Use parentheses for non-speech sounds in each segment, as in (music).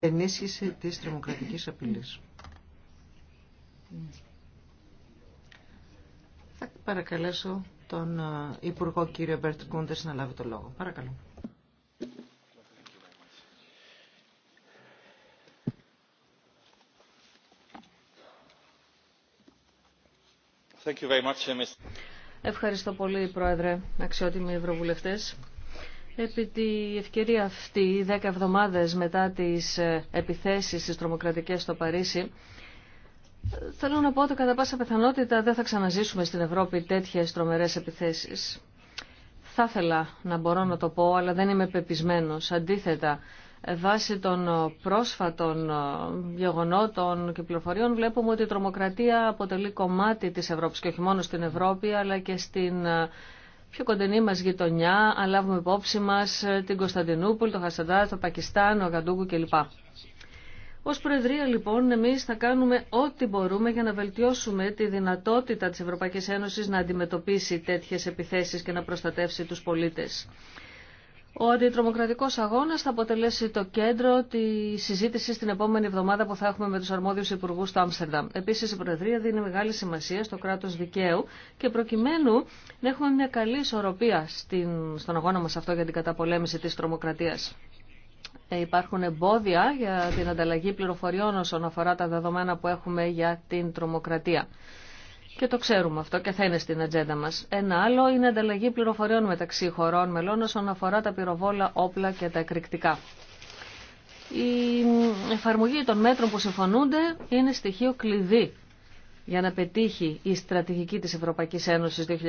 ενίσχυση της τρομοκρατικής απειλής. Θα παρακαλέσω τον ε, Υπουργό κύριο Μπέρτ Κούντερς να λάβει το λόγο. Παρακαλώ. Ευχαριστώ πολύ, Πρόεδρε, αξιότιμοι ευρωβουλευτές. Επί τη ευκαιρία αυτή, δέκα εβδομάδες μετά τις ε, επιθέσεις στις τρομοκρατικές στο Παρίσι, θέλω να πω ότι κατά πάσα πιθανότητα δεν θα ξαναζήσουμε στην Ευρώπη τέτοιες τρομερές επιθέσεις. Θα ήθελα να μπορώ να το πω, αλλά δεν είμαι πεπισμένος. Αντίθετα, βάσει των πρόσφατων ε, γεγονότων και πληροφοριών βλέπουμε ότι η τρομοκρατία αποτελεί κομμάτι της Ευρώπης και όχι μόνο στην Ευρώπη αλλά και στην ε, πιο κοντινή μας γειτονιά, αν λάβουμε υπόψη μας ε, την Κωνσταντινούπολη, το Χασαντά, το Πακιστάν, ο Αγαντούγκου κλπ. Ως Προεδρία λοιπόν εμείς θα κάνουμε ό,τι μπορούμε για να βελτιώσουμε τη δυνατότητα της Ευρωπαϊκής Ένωσης να αντιμετωπίσει τέτοιες επιθέσεις και να προστατεύσει τους πολίτες. Ο αντιτρομοκρατικός αγώνας θα αποτελέσει το κέντρο τη συζήτηση την επόμενη εβδομάδα που θα έχουμε με τους αρμόδιους υπουργούς του Άμστερνταμ. Επίσης η Προεδρία δίνει μεγάλη σημασία στο κράτος δικαίου και προκειμένου να έχουμε μια καλή ισορροπία στην, στον αγώνα μας αυτό για την καταπολέμηση της τρομοκρατίας. Ε, υπάρχουν εμπόδια για την ανταλλαγή πληροφοριών όσον αφορά τα δεδομένα που έχουμε για την τρομοκρατία. Και το ξέρουμε αυτό και θα είναι στην ατζέντα μα. Ένα άλλο είναι η ανταλλαγή πληροφοριών μεταξύ χωρών μελών όσον αφορά τα πυροβόλα, όπλα και τα εκρηκτικά. Η εφαρμογή των μέτρων που συμφωνούνται είναι στοιχείο κλειδί για να πετύχει η στρατηγική της Ευρωπαϊκής Ένωσης 2015-2020.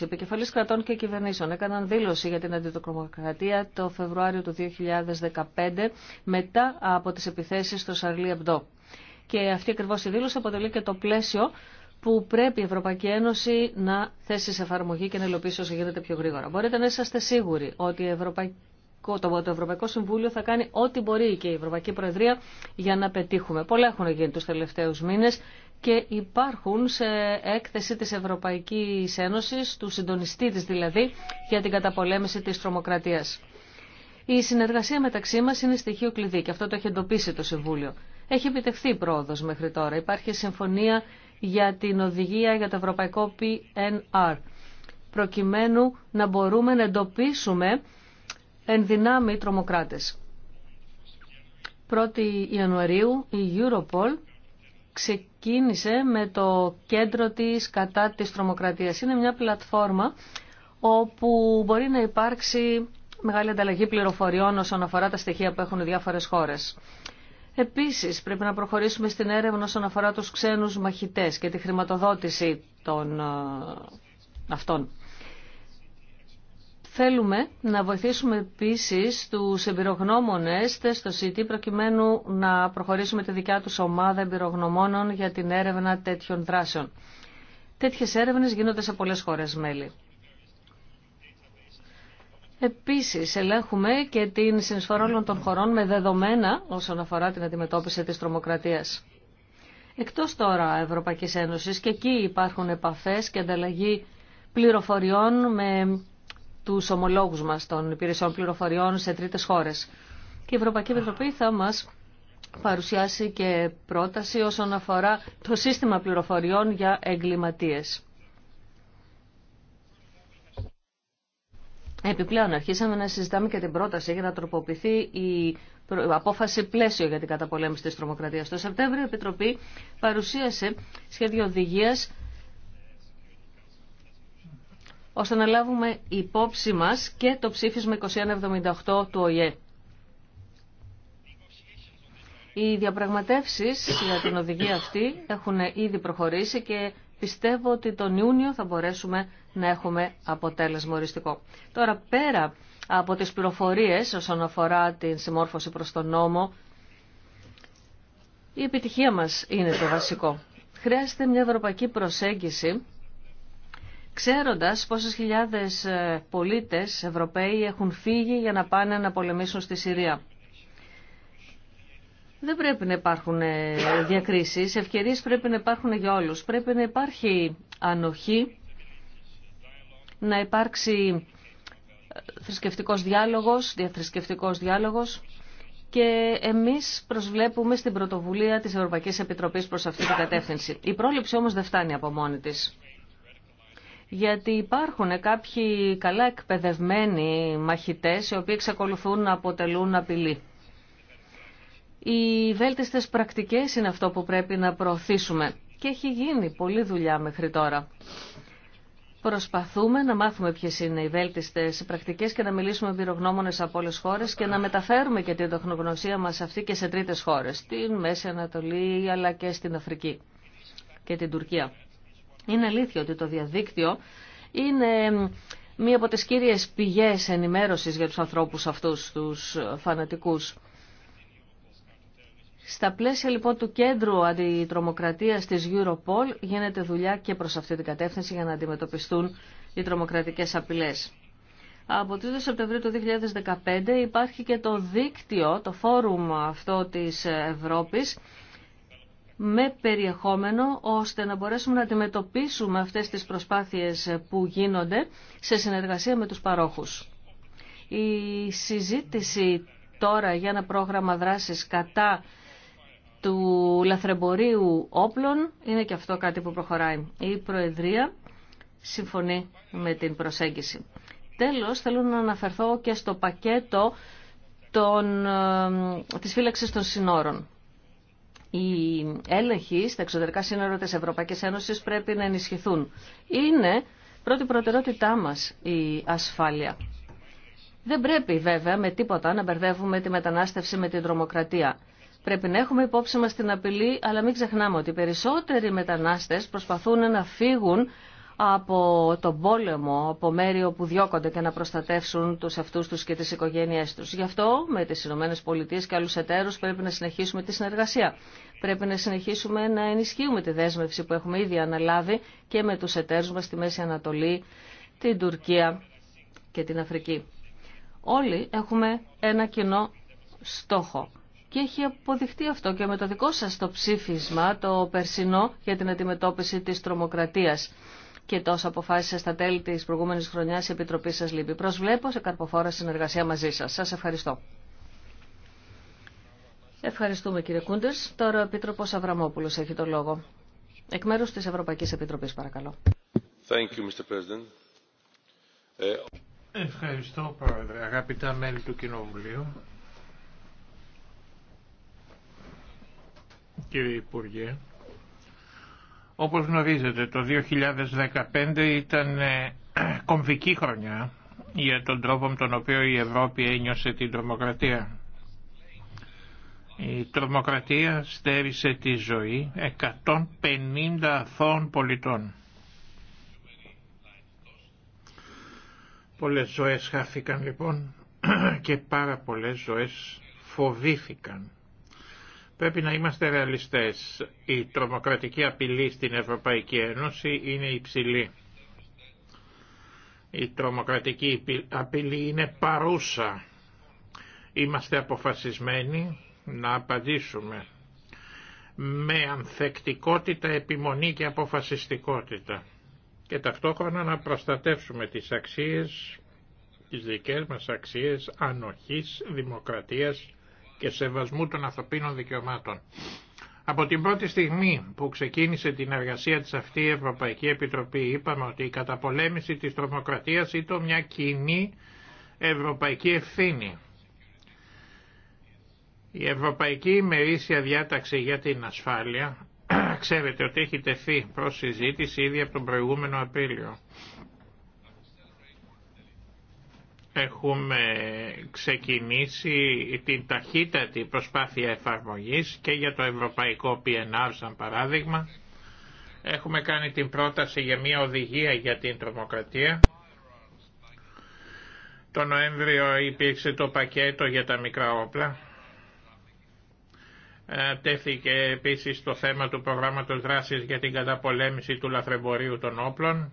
Επικεφαλής κρατών και κυβερνήσεων έκαναν δήλωση για την αντιτοκρομοκρατία το Φεβρουάριο του 2015 μετά από τις επιθέσεις στο Σαρλί Εμπτό. Και αυτή ακριβώ η δήλωση αποτελεί και το πλαίσιο που πρέπει η Ευρωπαϊκή Ένωση να θέσει σε εφαρμογή και να υλοποιήσει όσο γίνεται πιο γρήγορα. Μπορείτε να είσαστε σίγουροι ότι η Ευρωπαϊκή το, Ευρωπαϊκό Συμβούλιο θα κάνει ό,τι μπορεί και η Ευρωπαϊκή Προεδρία για να πετύχουμε. Πολλά έχουν γίνει τους τελευταίους μήνες και υπάρχουν σε έκθεση της Ευρωπαϊκής Ένωσης, του συντονιστή της δηλαδή, για την καταπολέμηση της τρομοκρατίας. Η συνεργασία μεταξύ μας είναι στοιχείο κλειδί και αυτό το έχει εντοπίσει το Συμβούλιο. Έχει επιτευχθεί πρόοδος μέχρι τώρα. Υπάρχει συμφωνία για την οδηγία για το ευρωπαϊκό PNR, προκειμένου να μπορούμε να εντοπίσουμε εν δυνάμει τρομοκράτες. 1η Ιανουαρίου η Europol ξεκίνησε με το κέντρο της κατά της τρομοκρατίας. Είναι μια πλατφόρμα όπου μπορεί να υπάρξει μεγάλη ανταλλαγή πληροφοριών όσον αφορά τα στοιχεία που έχουν οι διάφορες χώρες. Επίσης πρέπει να προχωρήσουμε στην έρευνα όσον αφορά του ξένους μαχητές και τη χρηματοδότηση των ε, αυτών. Θέλουμε να βοηθήσουμε επίσης τους εμπειρογνώμονε στο ΣΥΤΙ προκειμένου να προχωρήσουμε τη δικιά του ομάδα εμπειρογνωμόνων για την έρευνα τέτοιων δράσεων. Τέτοιε έρευνε γίνονται σε πολλές χώρε μέλη. Επίσης, ελέγχουμε και την συνεισφορά όλων των χωρών με δεδομένα όσον αφορά την αντιμετώπιση της τρομοκρατίας. Εκτός τώρα Ευρωπαϊκής Ένωσης και εκεί υπάρχουν επαφές και ανταλλαγή πληροφοριών με τους ομολόγους μας των υπηρεσιών πληροφοριών σε τρίτες χώρες. Και η Ευρωπαϊκή Επιτροπή θα μας παρουσιάσει και πρόταση όσον αφορά το σύστημα πληροφοριών για εγκληματίες. Επιπλέον αρχίσαμε να συζητάμε και την πρόταση για να τροποποιηθεί η απόφαση πλαίσιο για την καταπολέμηση της τρομοκρατίας. Το Σεπτέμβριο η Επιτροπή παρουσίασε σχέδιο οδηγία. ώστε να λάβουμε υπόψη μας και το ψήφισμα 2178 του ΟΗΕ. Οι διαπραγματεύσεις για την οδηγία αυτή έχουν ήδη προχωρήσει και πιστεύω ότι τον Ιούνιο θα μπορέσουμε να έχουμε αποτέλεσμα οριστικό. Τώρα πέρα από τις πληροφορίες όσον αφορά την συμμόρφωση προς τον νόμο, η επιτυχία μας είναι το βασικό. Χρειάζεται μια ευρωπαϊκή προσέγγιση, ξέροντας πόσες χιλιάδες ε, πολίτες Ευρωπαίοι έχουν φύγει για να πάνε να πολεμήσουν στη Συρία. Δεν πρέπει να υπάρχουν ε, διακρίσεις, ευκαιρίες πρέπει να υπάρχουν για όλους. Πρέπει να υπάρχει ανοχή, να υπάρξει ε, θρησκευτικός διάλογος, διαθρησκευτικός διάλογος και εμείς προσβλέπουμε στην πρωτοβουλία της Ευρωπαϊκής Επιτροπής προς αυτή την κατεύθυνση. Η πρόληψη όμως δεν φτάνει από μόνη της. Γιατί υπάρχουν κάποιοι καλά εκπαιδευμένοι μαχητές οι οποίοι εξακολουθούν να αποτελούν απειλή. Οι βέλτιστες πρακτικές είναι αυτό που πρέπει να προωθήσουμε και έχει γίνει πολλή δουλειά μέχρι τώρα. Προσπαθούμε να μάθουμε ποιε είναι οι βέλτιστε πρακτικέ και να μιλήσουμε με πυρογνώμονε από όλε χώρε και να μεταφέρουμε και την τεχνογνωσία μα αυτή και σε τρίτε χώρε, στην Μέση Ανατολή αλλά και στην Αφρική και την Τουρκία. Είναι αλήθεια ότι το διαδίκτυο είναι μία από τις κύριες πηγές ενημέρωσης για τους ανθρώπους αυτούς, τους φανατικούς. Στα πλαίσια λοιπόν του κέντρου αντιτρομοκρατίας της Europol γίνεται δουλειά και προς αυτή την κατεύθυνση για να αντιμετωπιστούν οι τρομοκρατικές απειλές. Από 3 Σεπτεμβρίου του 2015 υπάρχει και το δίκτυο, το φόρουμ αυτό της Ευρώπης με περιεχόμενο ώστε να μπορέσουμε να αντιμετωπίσουμε αυτές τις προσπάθειες που γίνονται σε συνεργασία με τους παρόχους. Η συζήτηση τώρα για ένα πρόγραμμα δράσης κατά του λαθρεμπορίου όπλων είναι και αυτό κάτι που προχωράει. Η Προεδρία συμφωνεί με την προσέγγιση. Τέλος, θέλω να αναφερθώ και στο πακέτο των, ε, της φύλαξης των συνόρων. Οι έλεγχοι στα εξωτερικά σύνορα της Ευρωπαϊκής Ένωσης πρέπει να ενισχυθούν. Είναι πρώτη προτεραιότητά μας η ασφάλεια. Δεν πρέπει βέβαια με τίποτα να μπερδεύουμε τη μετανάστευση με την τρομοκρατία. Πρέπει να έχουμε υπόψη μας την απειλή, αλλά μην ξεχνάμε ότι περισσότεροι μετανάστες προσπαθούν να φύγουν από τον πόλεμο, από μέρη όπου διώκονται και να προστατεύσουν τους αυτούς τους και τις οικογένειές τους. Γι' αυτό με τις Ηνωμένες Πολιτείες και άλλους εταίρους πρέπει να συνεχίσουμε τη συνεργασία. Πρέπει να συνεχίσουμε να ενισχύουμε τη δέσμευση που έχουμε ήδη αναλάβει και με τους εταίρους μας στη Μέση Ανατολή, την Τουρκία και την Αφρική. Όλοι έχουμε ένα κοινό στόχο και έχει αποδειχτεί αυτό και με το δικό σας το ψήφισμα, το περσινό, για την αντιμετώπιση της τρομοκρατίας και τόσο αποφάσισε στα τέλη της προηγούμενης χρονιάς η Επιτροπή σας λείπει. Προσβλέπω σε καρποφόρα συνεργασία μαζί σας. Σας ευχαριστώ. Ευχαριστούμε κύριε Κούντες. Τώρα ο Επίτροπος Αβραμόπουλος έχει το λόγο. Εκ μέρους της Ευρωπαϊκής Επιτροπής παρακαλώ. Thank you, Mr. Ε, ευχαριστώ Πρόεδρε, αγαπητά μέλη του Κοινοβουλίου. κύριε Υπουργέ. Όπως γνωρίζετε το 2015 ήταν ε, (clears throat) κομβική χρονιά για τον τρόπο με τον οποίο η Ευρώπη ένιωσε την τρομοκρατία. Η τρομοκρατία στέρισε τη ζωή 150 αθώων πολιτών. Πολλές ζωές χάθηκαν λοιπόν (clears throat) και πάρα πολλές ζωές φοβήθηκαν. Πρέπει να είμαστε ρεαλιστές. Η τρομοκρατική απειλή στην Ευρωπαϊκή Ένωση είναι υψηλή. Η τρομοκρατική απειλή είναι παρούσα. Είμαστε αποφασισμένοι να απαντήσουμε με ανθεκτικότητα, επιμονή και αποφασιστικότητα και ταυτόχρονα να προστατεύσουμε τις αξίες, τις δικές μας αξίες ανοχής, δημοκρατίας και σεβασμού των ανθρωπίνων δικαιωμάτων. Από την πρώτη στιγμή που ξεκίνησε την εργασία της αυτή η Ευρωπαϊκή Επιτροπή είπαμε ότι η καταπολέμηση της τρομοκρατίας ήταν μια κοινή ευρωπαϊκή ευθύνη. Η Ευρωπαϊκή Μερίσια Διάταξη για την Ασφάλεια (clears throat) ξέρετε ότι έχει τεθεί προς συζήτηση ήδη από τον προηγούμενο Απρίλιο έχουμε ξεκινήσει την ταχύτατη προσπάθεια εφαρμογής και για το Ευρωπαϊκό PNR σαν παράδειγμα. Έχουμε κάνει την πρόταση για μια οδηγία για την τρομοκρατία. Το Νοέμβριο υπήρξε το πακέτο για τα μικρά όπλα. Ε, τέθηκε επίσης το θέμα του προγράμματος δράσης για την καταπολέμηση του λαθρεμπορίου των όπλων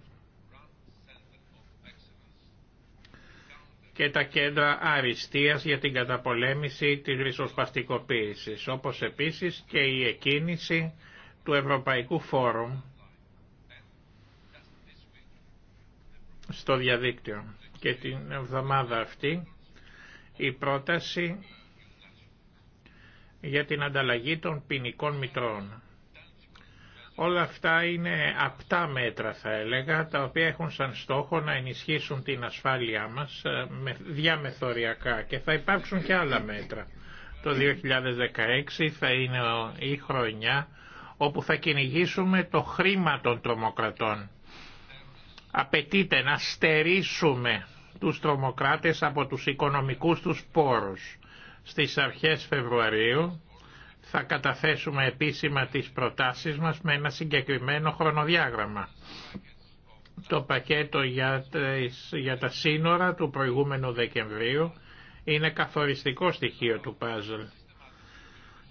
και τα κέντρα αριστείας για την καταπολέμηση της ρισοσπαστικοποίησης, όπως επίσης και η εκκίνηση του Ευρωπαϊκού Φόρουμ στο διαδίκτυο. Και την εβδομάδα αυτή η πρόταση για την ανταλλαγή των ποινικών μητρών. Όλα αυτά είναι απτά μέτρα θα έλεγα, τα οποία έχουν σαν στόχο να ενισχύσουν την ασφάλειά μας ε, διαμεθοριακά και θα υπάρξουν και άλλα μέτρα. Το 2016 θα είναι η χρονιά όπου θα κυνηγήσουμε το χρήμα των τρομοκρατών. Απαιτείται να στερήσουμε τους τρομοκράτες από τους οικονομικούς τους πόρους. Στις αρχές Φεβρουαρίου θα καταθέσουμε επίσημα τις προτάσεις μας με ένα συγκεκριμένο χρονοδιάγραμμα. Το πακέτο για, για τα σύνορα του προηγούμενου Δεκεμβρίου είναι καθοριστικό στοιχείο του παζλ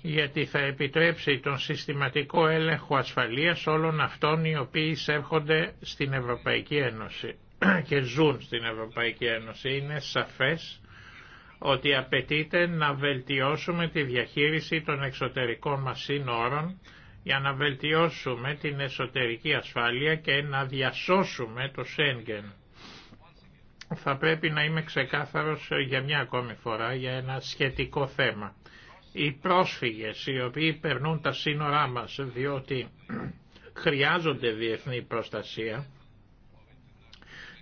γιατί θα επιτρέψει τον συστηματικό έλεγχο ασφαλείας όλων αυτών οι οποίοι εισέρχονται στην Ευρωπαϊκή Ένωση (clears throat) και ζουν στην Ευρωπαϊκή Ένωση. Είναι σαφές ότι απαιτείται να βελτιώσουμε τη διαχείριση των εξωτερικών μας σύνορων για να βελτιώσουμε την εσωτερική ασφάλεια και να διασώσουμε το Σέγγεν. Θα πρέπει να είμαι ξεκάθαρος για μια ακόμη φορά για ένα σχετικό θέμα. Οι πρόσφυγες οι οποίοι περνούν τα σύνορά μας διότι χρειάζονται διεθνή προστασία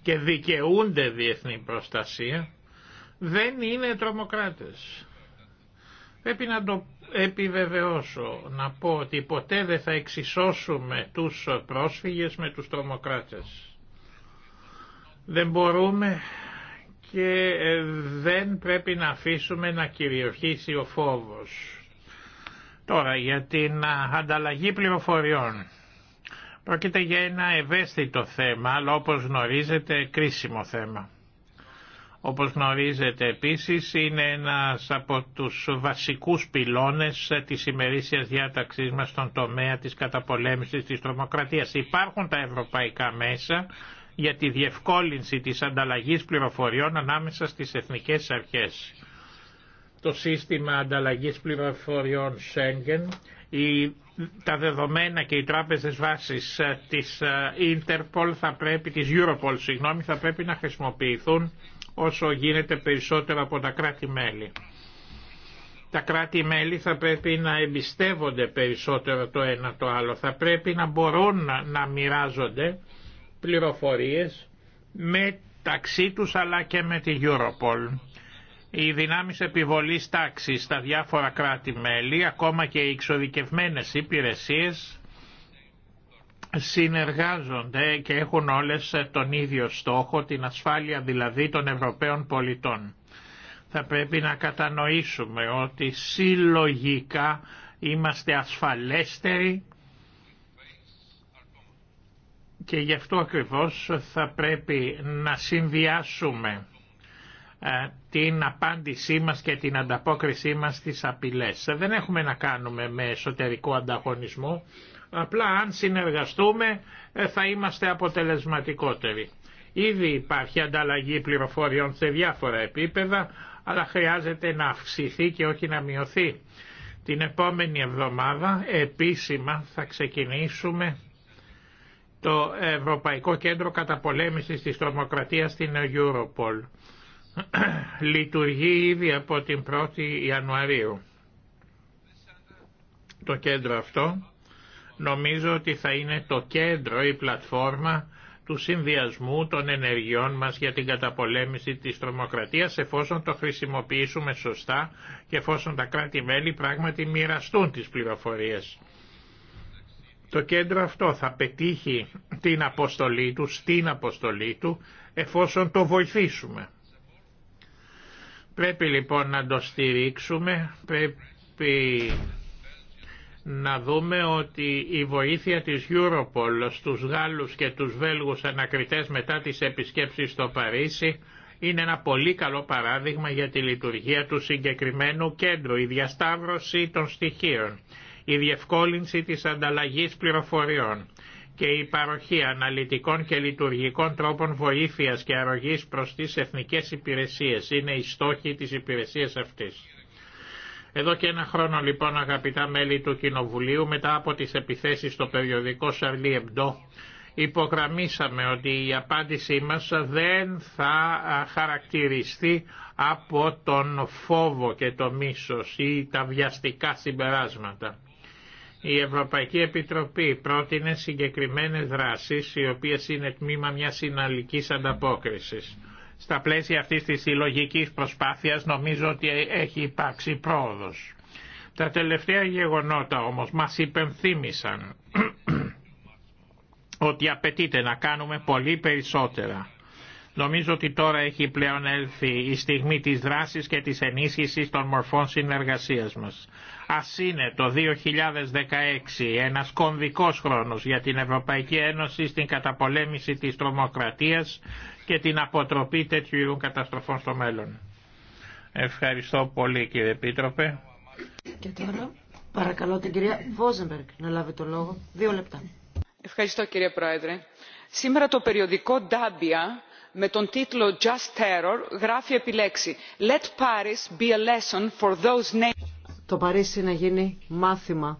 και δικαιούνται διεθνή προστασία δεν είναι τρομοκράτες. Πρέπει να το επιβεβαιώσω, να πω ότι ποτέ δεν θα εξισώσουμε τους πρόσφυγες με τους τρομοκράτες. Δεν μπορούμε και δεν πρέπει να αφήσουμε να κυριαρχήσει ο φόβος. Τώρα για την ανταλλαγή πληροφοριών. Πρόκειται για ένα ευαίσθητο θέμα, αλλά όπως γνωρίζετε κρίσιμο θέμα. Όπως γνωρίζετε επίσης είναι ένας από τους βασικούς πυλώνες της ημερήσιας διάταξής μας στον τομέα της καταπολέμησης της τρομοκρατίας. Υπάρχουν τα ευρωπαϊκά μέσα για τη διευκόλυνση της ανταλλαγής πληροφοριών ανάμεσα στις εθνικές αρχές. Το σύστημα ανταλλαγής πληροφοριών Schengen, η, τα δεδομένα και οι τράπεζες βάσης ε, της ε, Interpol θα πρέπει, της Europol συγγνώμη, θα πρέπει να χρησιμοποιηθούν όσο γίνεται περισσότερο από τα κράτη-μέλη. Τα κράτη-μέλη θα πρέπει να εμπιστεύονται περισσότερο το ένα το άλλο. Θα πρέπει να μπορούν να μοιράζονται πληροφορίες μεταξύ τους αλλά και με τη Europol. Οι δυνάμεις επιβολής τάξης στα διάφορα κράτη-μέλη, ακόμα και οι εξοδικευμένες υπηρεσίες, συνεργάζονται και έχουν όλες τον ίδιο στόχο, την ασφάλεια δηλαδή των Ευρωπαίων πολιτών. Θα πρέπει να κατανοήσουμε ότι συλλογικά είμαστε ασφαλέστεροι και γι' αυτό ακριβώς θα πρέπει να συνδυάσουμε ε, την απάντησή μας και την ανταπόκρισή μας στις απειλές. Δεν έχουμε να κάνουμε με εσωτερικό ανταγωνισμό, Απλά αν συνεργαστούμε ε, θα είμαστε αποτελεσματικότεροι. Ήδη υπάρχει ανταλλαγή πληροφοριών σε διάφορα επίπεδα, αλλά χρειάζεται να αυξηθεί και όχι να μειωθεί. Την επόμενη εβδομάδα επίσημα θα ξεκινήσουμε το Ευρωπαϊκό Κέντρο Καταπολέμησης της Τρομοκρατίας στην Europol. (clears throat) Λειτουργεί ήδη από την 1η Ιανουαρίου. Το κέντρο αυτό νομίζω ότι θα είναι το κέντρο, η πλατφόρμα του συνδυασμού των ενεργειών μας για την καταπολέμηση της τρομοκρατίας εφόσον το χρησιμοποιήσουμε σωστά και εφόσον τα κράτη-μέλη πράγματι μοιραστούν τις πληροφορίες. Το κέντρο αυτό θα πετύχει την αποστολή του, στην αποστολή του, εφόσον το βοηθήσουμε. Πρέπει λοιπόν να το στηρίξουμε, πρέπει να δούμε ότι η βοήθεια της Europol στους Γάλλους και τους Βέλγους ανακριτές μετά τις επισκέψεις στο Παρίσι είναι ένα πολύ καλό παράδειγμα για τη λειτουργία του συγκεκριμένου κέντρου, η διασταύρωση των στοιχείων, η διευκόλυνση της ανταλλαγής πληροφοριών και η παροχή αναλυτικών και λειτουργικών τρόπων βοήθειας και αρρωγής προς τις εθνικές υπηρεσίες. Είναι οι στόχοι της υπηρεσίας αυτής. Εδώ και ένα χρόνο λοιπόν αγαπητά μέλη του Κοινοβουλίου μετά από τις επιθέσεις στο περιοδικό Σαρλί Εμπτό υπογραμμίσαμε ότι η απάντησή μας δεν θα χαρακτηριστεί από τον φόβο και το μίσος ή τα βιαστικά συμπεράσματα. Η Ευρωπαϊκή Επιτροπή πρότεινε συγκεκριμένες δράσεις οι οποίες είναι τμήμα μιας συναλλικής ανταπόκρισης. Στα πλαίσια αυτής της συλλογική προσπάθειας νομίζω ότι έχει υπάρξει πρόοδος. Τα τελευταία γεγονότα όμως μας υπενθύμησαν ότι απαιτείται να κάνουμε πολύ περισσότερα. Νομίζω ότι τώρα έχει πλέον έλθει η στιγμή της δράσης και της ενίσχυσης των μορφών συνεργασίας μας. Ας είναι το 2016 ένας κονδικός χρόνος για την Ευρωπαϊκή Ένωση στην καταπολέμηση της τρομοκρατίας και την αποτροπή τέτοιου είδου καταστροφών στο μέλλον. Ευχαριστώ πολύ κύριε Επίτροπε. Και τώρα παρακαλώ την κυρία Βόζεμπεργκ να λάβει το λόγο. Δύο λεπτά. Ευχαριστώ κύριε Πρόεδρε. Σήμερα το περιοδικό Ντάμπια με τον τίτλο Just Terror γράφει επιλέξει Let Paris be a lesson for those nations. Το Παρίσι να γίνει μάθημα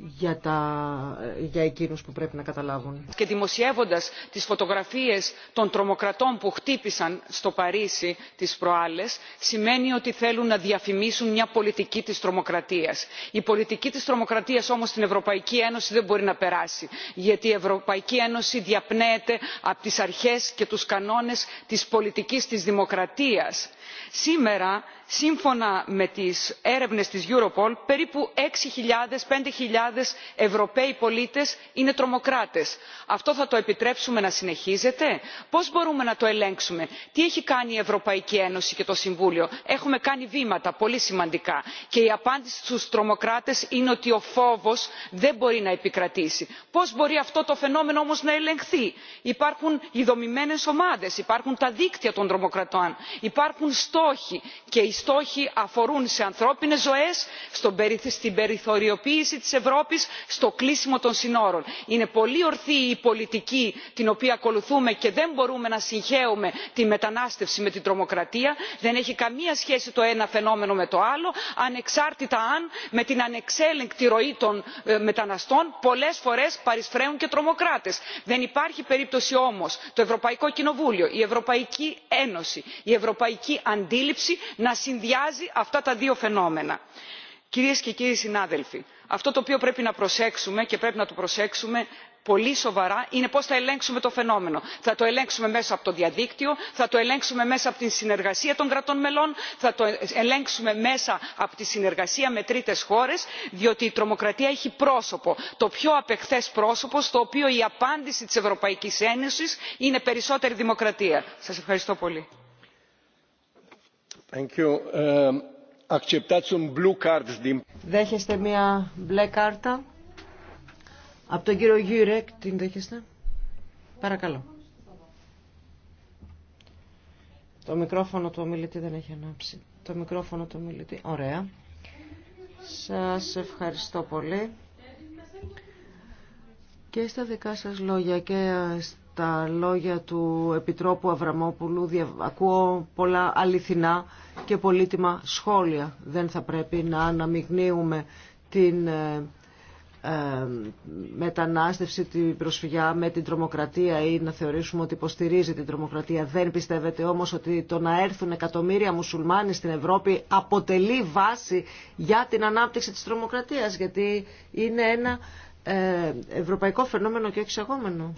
για, τα, για εκείνους που πρέπει να καταλάβουν. Και δημοσιεύοντας τις φωτογραφίες των τρομοκρατών που χτύπησαν στο Παρίσι τις προάλλες, σημαίνει ότι θέλουν να διαφημίσουν μια πολιτική της τρομοκρατίας. Η πολιτική της τρομοκρατίας όμως στην Ευρωπαϊκή Ένωση δεν μπορεί να περάσει, γιατί η Ευρωπαϊκή Ένωση διαπνέεται από τις αρχές και τους κανόνες της πολιτικής της δημοκρατίας σήμερα σύμφωνα με τις έρευνες της europol περίπου έξι χιλιάδες πέντε χιλιάδες ευρωπαίοι πολίτες είναι τρομοκράτες. αυτό θα το επιτρέψουμε να συνεχίζεται; πώς μπορούμε να το ελέγξουμε; τι έχει κάνει η ευρωπαϊκή ένωση και το συμβούλιο; έχουμε κάνει βήματα πολύ σημαντικά και η απάντηση στους τρομοκράτες είναι ότι ο φόβος δεν μπορεί να επικρατήσει. πώς μπορεί αυτό το φαινόμενο όμως να ελεγχθεί; υπάρχουν οι δομημένες ομάδες υπάρχουν τα δίκτυα των τρομοκρατών υπάρχουν στόχοι και οι στόχοι αφορούν σε ανθρώπινες ζωές στην περιθωριοποίηση της ευρώπης στο κλείσιμο των συνόρων. είναι πολύ ορθή η πολιτική την οποία ακολουθούμε και δεν μπορούμε να συγχέουμε τη μετανάστευση με την τρομοκρατία δεν έχει καμία σχέση το ένα φαινόμενο με το άλλο ανεξάρτητα αν με την ανεξέλεγκτη ροή των ε, μεταναστών πολλές φορές παρισφραίουν και τρομοκράτες. δεν υπάρχει περίπτωση όμως το ευρωπαϊκό κοινοβούλιο η ευρωπαϊκή ένωση η ευρωπαϊκή αντίληψη να συνδυάζει αυτά τα δύο φαινόμενα. Κυρίες και κύριοι συνάδελφοι, αυτό το οποίο πρέπει να προσέξουμε και πρέπει να το προσέξουμε πολύ σοβαρά είναι πώς θα ελέγξουμε το φαινόμενο. Θα το ελέγξουμε μέσα από το διαδίκτυο, θα το ελέγξουμε μέσα από την συνεργασία των κρατών μελών, θα το ελέγξουμε μέσα από τη συνεργασία με τρίτες χώρες, διότι η τρομοκρατία έχει πρόσωπο, το πιο απεχθές πρόσωπο, στο οποίο η απάντηση της Ευρωπαϊκής Ένωσης είναι περισσότερη δημοκρατία. Σας ευχαριστώ πολύ. Um, δέχεστε μια μπλε κάρτα από τον κύριο Γιούρεκ την δέχεστε παρακαλώ το μικρόφωνο του ομιλητή δεν έχει ανάψει το μικρόφωνο του ομιλητή ωραία σας ευχαριστώ πολύ και στα δικά σας λόγια και τα λόγια του Επιτρόπου Αβραμόπουλου ακούω πολλά αληθινά και πολύτιμα σχόλια. Δεν θα πρέπει να αναμειγνύουμε την ε, ε, μετανάστευση, την προσφυγιά με την τρομοκρατία ή να θεωρήσουμε ότι υποστηρίζει την τρομοκρατία. Δεν πιστεύετε όμως ότι το να έρθουν εκατομμύρια μουσουλμάνοι στην Ευρώπη αποτελεί βάση για την ανάπτυξη της τρομοκρατίας γιατί είναι ένα ε, ευρωπαϊκό φαινόμενο και εξαγόμενο.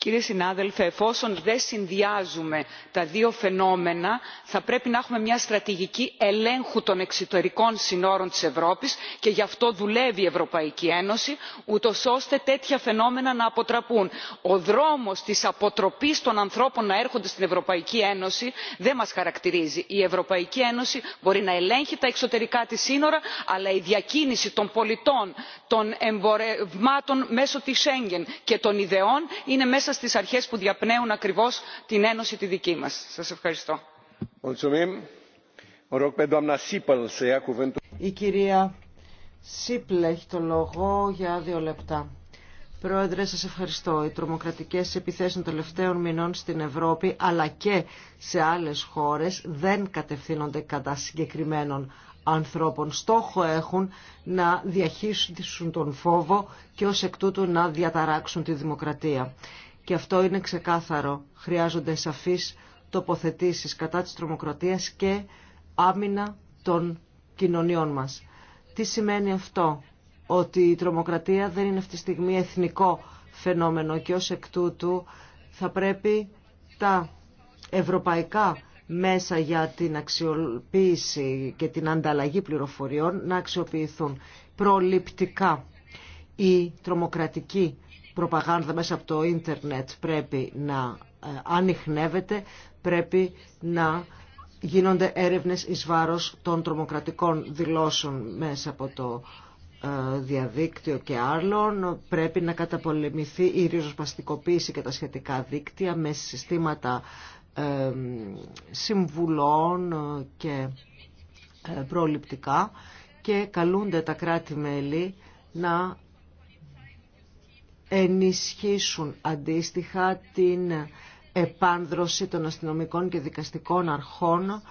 Κύριε συνάδελφε, εφόσον δεν συνδυάζουμε τα δύο φαινόμενα θα πρέπει να έχουμε μια στρατηγική ελέγχου των εξωτερικών συνόρων της ευρώπης και γι' αυτό δουλεύει η ευρωπαϊκή ένωση ούτως ώστε τέτοια φαινόμενα να αποτραπούν. ο δρόμος της αποτροπής των ανθρώπων να έρχονται στην ευρωπαϊκή ένωση δεν μας χαρακτηρίζει. η ευρωπαϊκή ένωση μπορεί να ελέγχει τα εξωτερικά της σύνορα αλλά η διακίνηση των πολιτών των εμπορευμάτων μέσω της σέγγεν και των ιδεών είναι μέσα μέσα στις αρχές που διαπνέουν ακριβώς την ένωση τη δική μας. σας ευχαριστώ. Η κυρία Σίπλε λόγο για δύο λεπτά. Πρόεδρε, σας ευχαριστώ. Οι τρομοκρατικές επιθέσεις των τελευταίων μηνών στην Ευρώπη αλλά και σε άλλες χώρες δεν κατευθύνονται κατά συγκεκριμένων ανθρώπων. Στόχο έχουν να διαχύσουν τον φόβο και ως εκ τούτου να διαταράξουν τη δημοκρατία. Και αυτό είναι ξεκάθαρο. Χρειάζονται σαφείς τοποθετήσεις κατά της τρομοκρατίας και άμυνα των κοινωνιών μας. Τι σημαίνει αυτό, ότι η τρομοκρατία δεν είναι αυτή τη στιγμή εθνικό φαινόμενο και ως εκ τούτου θα πρέπει τα ευρωπαϊκά μέσα για την αξιοποίηση και την ανταλλαγή πληροφοριών να αξιοποιηθούν προληπτικά. Η τρομοκρατική προπαγάνδα μέσα από το ίντερνετ πρέπει να ε, ανοιχνεύεται, πρέπει να γίνονται έρευνες εις βάρος των τρομοκρατικών δηλώσεων μέσα από το ε, διαδίκτυο και άλλων. Πρέπει να καταπολεμηθεί η ριζοσπαστικοποίηση και τα σχετικά δίκτυα με συστήματα ε, συμβουλών και προληπτικά και καλούνται τα κράτη-μέλη να ενισχύσουν αντίστοιχα την επάνδρωση των αστυνομικών και δικαστικών αρχών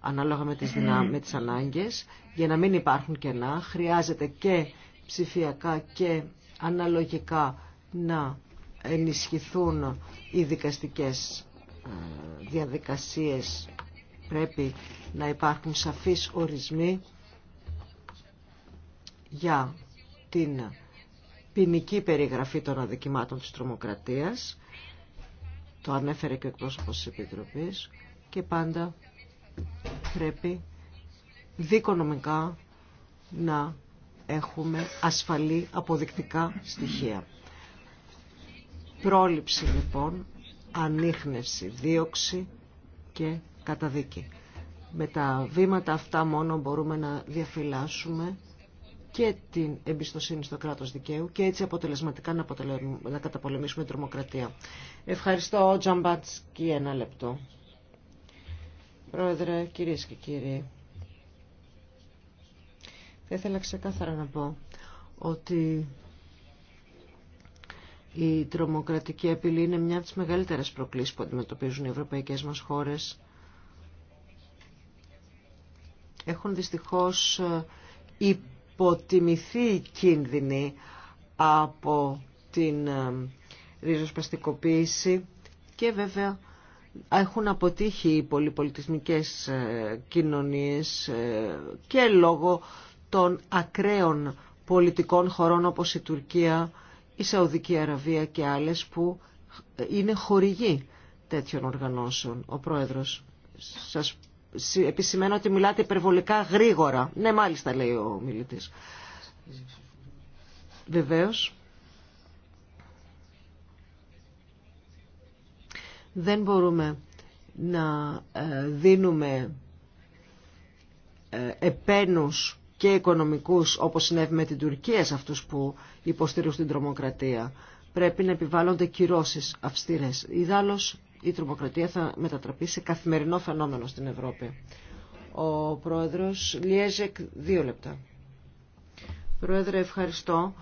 ανάλογα με τις, δυνα... ανάγκες για να μην υπάρχουν κενά. Χρειάζεται και ψηφιακά και αναλογικά να ενισχυθούν οι δικαστικές ε, διαδικασίες. Πρέπει να υπάρχουν σαφείς ορισμοί για την ποινική περιγραφή των αδικημάτων της τρομοκρατίας. Το ανέφερε και ο εκπρόσωπος της Επιτροπής. Και πάντα πρέπει δικονομικά να έχουμε ασφαλή αποδεικτικά στοιχεία. Πρόληψη λοιπόν, ανείχνευση, δίωξη και καταδίκη. Με τα βήματα αυτά μόνο μπορούμε να διαφυλάσσουμε και την εμπιστοσύνη στο κράτος δικαίου και έτσι αποτελεσματικά να, να καταπολεμήσουμε την τρομοκρατία. Ευχαριστώ, και ένα λεπτό. Πρόεδρε, κυρίε και κύριοι, θα ήθελα ξεκάθαρα να πω ότι η τρομοκρατική απειλή είναι μια από τις μεγαλύτερες προκλήσεις που αντιμετωπίζουν οι Ευρωπαϊκέ μας χώρε. Έχουν δυστυχώς υποτιμηθεί η κίνδυνη από την ε, ριζοσπαστικοποίηση και βέβαια έχουν αποτύχει οι πολυπολιτισμικές ε, κοινωνίες ε, και λόγω των ακραίων πολιτικών χωρών όπως η Τουρκία, η Σαουδική Αραβία και άλλες που είναι χορηγοί τέτοιων οργανώσεων. Ο Πρόεδρος, σας επισημαίνω ότι μιλάτε υπερβολικά γρήγορα. Ναι, μάλιστα, λέει ο μιλητής. Βεβαίως. Δεν μπορούμε να ε, δίνουμε ε, επένους και οικονομικούς όπως συνέβη με την Τουρκία σε αυτούς που υποστηρίζουν την τρομοκρατία. Πρέπει να επιβάλλονται κυρώσεις αυστηρές. Ιδάλλως η τρομοκρατία θα μετατραπεί σε καθημερινό φαινόμενο στην Ευρώπη. Ο πρόεδρος Λιέζεκ, δύο λεπτά. Πρόεδρε, ευχαριστώ.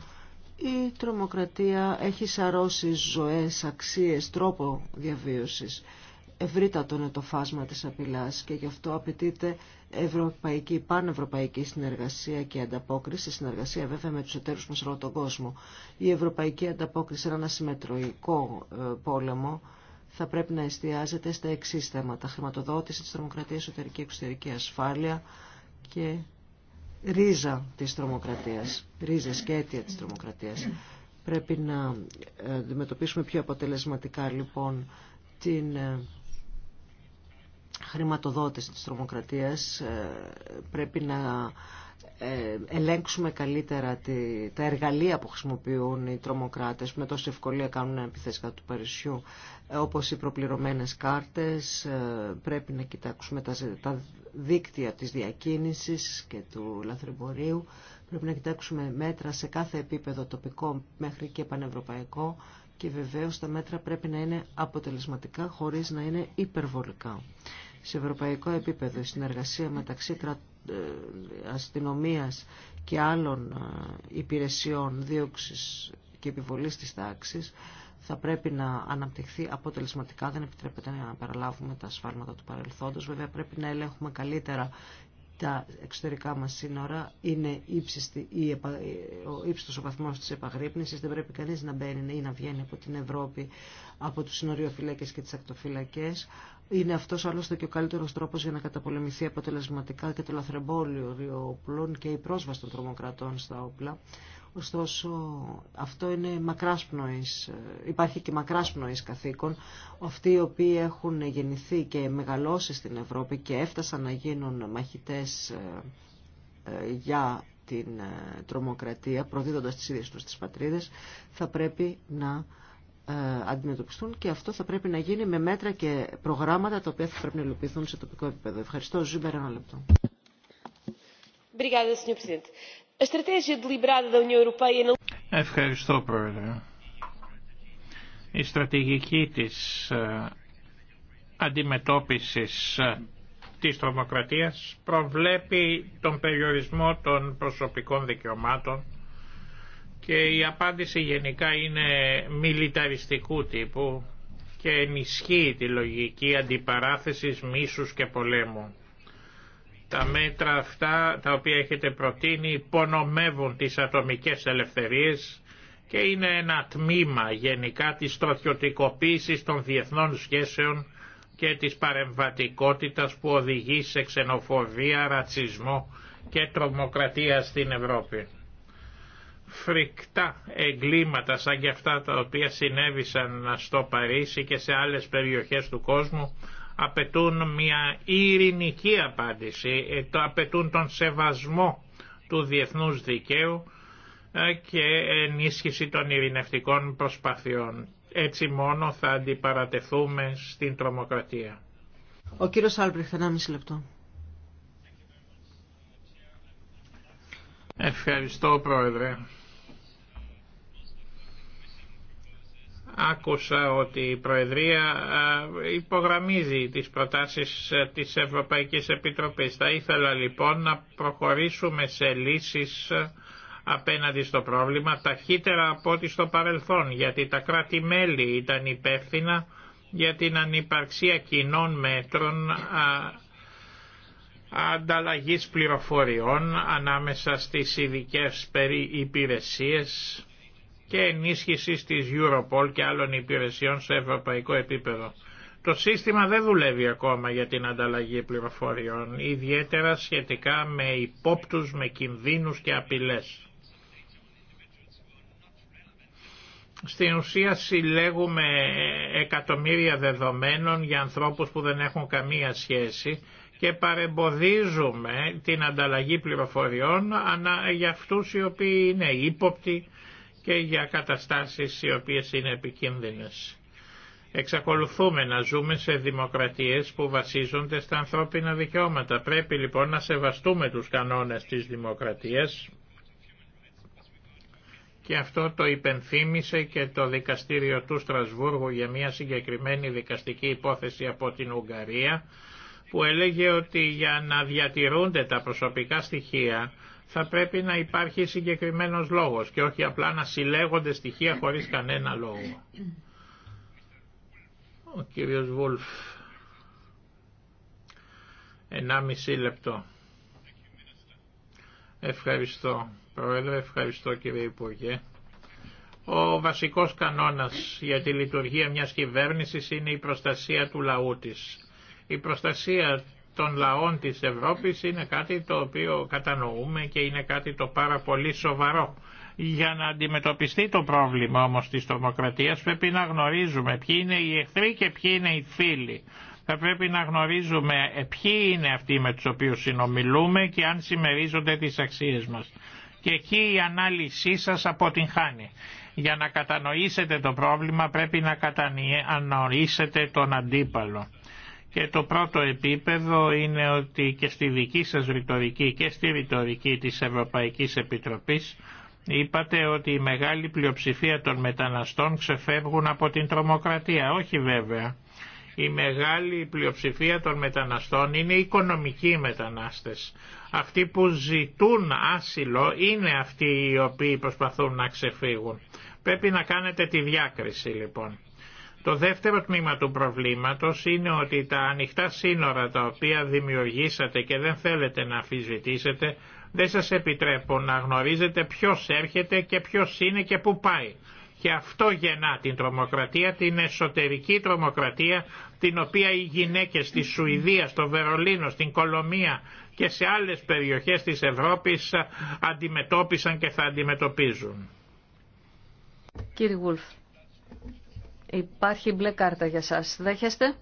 Η τρομοκρατία έχει σαρώσει ζωές, αξίες, τρόπο διαβίωσης. Ευρύτατο είναι το φάσμα της απειλάς και γι' αυτό απαιτείται ευρωπαϊκή, πανευρωπαϊκή συνεργασία και ανταπόκριση, συνεργασία βέβαια με τους εταίρους μας όλο τον κόσμο. Η ευρωπαϊκή ανταπόκριση είναι ένα συμμετροϊκό ε, πόλεμο θα πρέπει να εστιάζεται στα εξή θέματα. Χρηματοδότηση της τρομοκρατίας, εσωτερική και εξωτερική ασφάλεια και ρίζα της τρομοκρατίας, ρίζες και αίτια της τρομοκρατίας. Πρέπει να ε, αντιμετωπίσουμε πιο αποτελεσματικά λοιπόν την ε, χρηματοδότηση της τρομοκρατίας. Ε, πρέπει να ε, ελέγξουμε καλύτερα τα εργαλεία που χρησιμοποιούν οι τρομοκράτες που με τόση ευκολία κάνουν ένα κατά του Παρισιού ε, όπως οι προπληρωμένες κάρτες ε, πρέπει να κοιτάξουμε τα δίκτυα της διακίνησης και του λαθρεμπορίου πρέπει να κοιτάξουμε μέτρα σε κάθε επίπεδο τοπικό μέχρι και πανευρωπαϊκό και βεβαίως τα μέτρα πρέπει να είναι αποτελεσματικά χωρίς να είναι υπερβολικά σε ευρωπαϊκό επίπεδο, η συνεργασία μεταξύ ε, αστυνομίας και άλλων ε, υπηρεσιών δίωξης και επιβολής της τάξης θα πρέπει να αναπτυχθεί αποτελεσματικά. Δεν επιτρέπεται να παραλάβουμε τα ασφάλματα του παρελθόντος. Βέβαια πρέπει να ελέγχουμε καλύτερα τα εξωτερικά μας σύνορα είναι ύψιστη, η, ε, ο ύψιστος ο βαθμός της επαγρύπνησης. Δεν πρέπει κανείς να μπαίνει ή να βγαίνει από την Ευρώπη, από τους συνοριοφυλακές και τις ακτοφυλακές. Είναι αυτός άλλωστε και ο καλύτερος τρόπος για να καταπολεμηθεί αποτελεσματικά και το λαθρεμπόλιο όπλων και η πρόσβαση των τρομοκρατών στα όπλα. Ωστόσο, αυτό είναι μακράς πνοής. Ε, υπάρχει και μακράς πνοής καθήκων. Αυτοί οι οποίοι έχουν γεννηθεί και μεγαλώσει στην Ευρώπη και έφτασαν να γίνουν μαχητές ε, ε, για την τρομοκρατία, προδίδοντας τις ίδιες τους τις πατρίδες, θα πρέπει να αντιμετωπιστούν και αυτό θα πρέπει να γίνει με μέτρα και προγράμματα τα οποία θα πρέπει να υλοποιηθούν σε τοπικό επίπεδο. Ευχαριστώ. Ζήμπερα ένα λεπτό. Ευχαριστώ, Πρόεδρε. Η στρατηγική της ε, αντιμετώπισης ε, της τρομοκρατίας προβλέπει τον περιορισμό των προσωπικών δικαιωμάτων και η απάντηση γενικά είναι μιλιταριστικού τύπου και ενισχύει τη λογική αντιπαράθεσης μίσους και πολέμου. Τα μέτρα αυτά τα οποία έχετε προτείνει υπονομεύουν τις ατομικές ελευθερίες και είναι ένα τμήμα γενικά της στρατιωτικοποίησης των διεθνών σχέσεων και της παρεμβατικότητας που οδηγεί σε ξενοφοβία, ρατσισμό και τρομοκρατία στην Ευρώπη. Φρικτά εγκλήματα σαν και αυτά τα οποία συνέβησαν στο Παρίσι και σε άλλες περιοχές του κόσμου απαιτούν μια ειρηνική απάντηση, ε, το απαιτούν τον σεβασμό του διεθνούς δικαίου ε, και ενίσχυση των ειρηνευτικών προσπαθειών. Έτσι μόνο θα αντιπαρατεθούμε στην τρομοκρατία. Ο κύριος ένα μισή λεπτό. Ευχαριστώ, Πρόεδρε. άκουσα ότι η Προεδρία υπογραμμίζει τις προτάσεις της Ευρωπαϊκής Επιτροπής. Θα ήθελα λοιπόν να προχωρήσουμε σε λύσεις απέναντι στο πρόβλημα ταχύτερα από ό,τι στο παρελθόν, γιατί τα κράτη-μέλη ήταν υπεύθυνα για την ανυπαρξία κοινών μέτρων ανταλλαγής πληροφοριών ανάμεσα στις ειδικές περί υπηρεσίες και ενίσχυση της Europol και άλλων υπηρεσιών σε ευρωπαϊκό επίπεδο. Το σύστημα δεν δουλεύει ακόμα για την ανταλλαγή πληροφοριών, ιδιαίτερα σχετικά με υπόπτους, με κινδύνους και απειλές. Στην ουσία συλλέγουμε εκατομμύρια δεδομένων για ανθρώπους που δεν έχουν καμία σχέση και παρεμποδίζουμε την ανταλλαγή πληροφοριών για αυτούς οι οποίοι είναι ύποπτοι, και για καταστάσεις οι οποίες είναι επικίνδυνες. Εξακολουθούμε να ζούμε σε δημοκρατίες που βασίζονται στα ανθρώπινα δικαιώματα. Πρέπει λοιπόν να σεβαστούμε τους κανόνες της δημοκρατίας και αυτό το υπενθύμησε και το δικαστήριο του Στρασβούργου για μια συγκεκριμένη δικαστική υπόθεση από την Ουγγαρία που έλεγε ότι για να διατηρούνται τα προσωπικά στοιχεία θα πρέπει να υπάρχει συγκεκριμένος λόγος και όχι απλά να συλλέγονται στοιχεία χωρίς κανένα λόγο. Ο κύριος Βούλφ. Ενάμιση λεπτό. Ευχαριστώ. Πρόεδρε, ευχαριστώ κύριε Υπουργέ. Ο βασικός κανόνας για τη λειτουργία μιας κυβέρνησης είναι η προστασία του λαού της. Η προστασία των λαών της Ευρώπης είναι κάτι το οποίο κατανοούμε και είναι κάτι το πάρα πολύ σοβαρό. Για να αντιμετωπιστεί το πρόβλημα όμως της τρομοκρατίας πρέπει να γνωρίζουμε ποιοι είναι οι εχθροί και ποιοι είναι οι φίλοι. Θα πρέπει να γνωρίζουμε ποιοι είναι αυτοί με τους οποίους συνομιλούμε και αν συμμερίζονται τις αξίες μας. Και εκεί η ανάλυση σας αποτυγχάνει. Για να κατανοήσετε το πρόβλημα πρέπει να κατανοήσετε τον αντίπαλο. Και το πρώτο επίπεδο είναι ότι και στη δική σας ρητορική και στη ρητορική της Ευρωπαϊκής Επιτροπής είπατε ότι η μεγάλη πλειοψηφία των μεταναστών ξεφεύγουν από την τρομοκρατία. Όχι βέβαια. Η μεγάλη πλειοψηφία των μεταναστών είναι οικονομικοί μετανάστες. Αυτοί που ζητούν άσυλο είναι αυτοί οι οποίοι προσπαθούν να ξεφύγουν. Πρέπει να κάνετε τη διάκριση λοιπόν. Το δεύτερο τμήμα του προβλήματος είναι ότι τα ανοιχτά σύνορα τα οποία δημιουργήσατε και δεν θέλετε να αφισβητήσετε δεν σας επιτρέπουν να γνωρίζετε ποιος έρχεται και ποιος είναι και πού πάει. Και αυτό γεννά την τρομοκρατία, την εσωτερική τρομοκρατία την οποία οι γυναίκες στη Σουηδία, στο Βερολίνο, στην Κολομία και σε άλλες περιοχές της Ευρώπης αντιμετώπισαν και θα αντιμετωπίζουν. Υπάρχει μπλε κάρτα για σας. Δέχεστε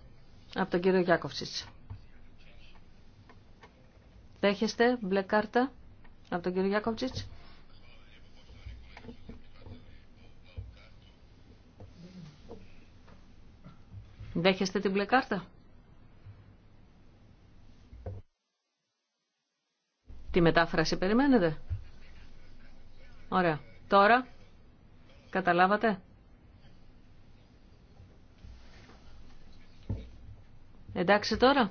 από τον κύριο Γιάκοφτσιτς. Δέχεστε μπλε κάρτα από τον κύριο Γιάκοφτσιτς. Δέχεστε την μπλε κάρτα. Τη μετάφραση περιμένετε. Ωραία. Τώρα, καταλάβατε. Εντάξει τώρα.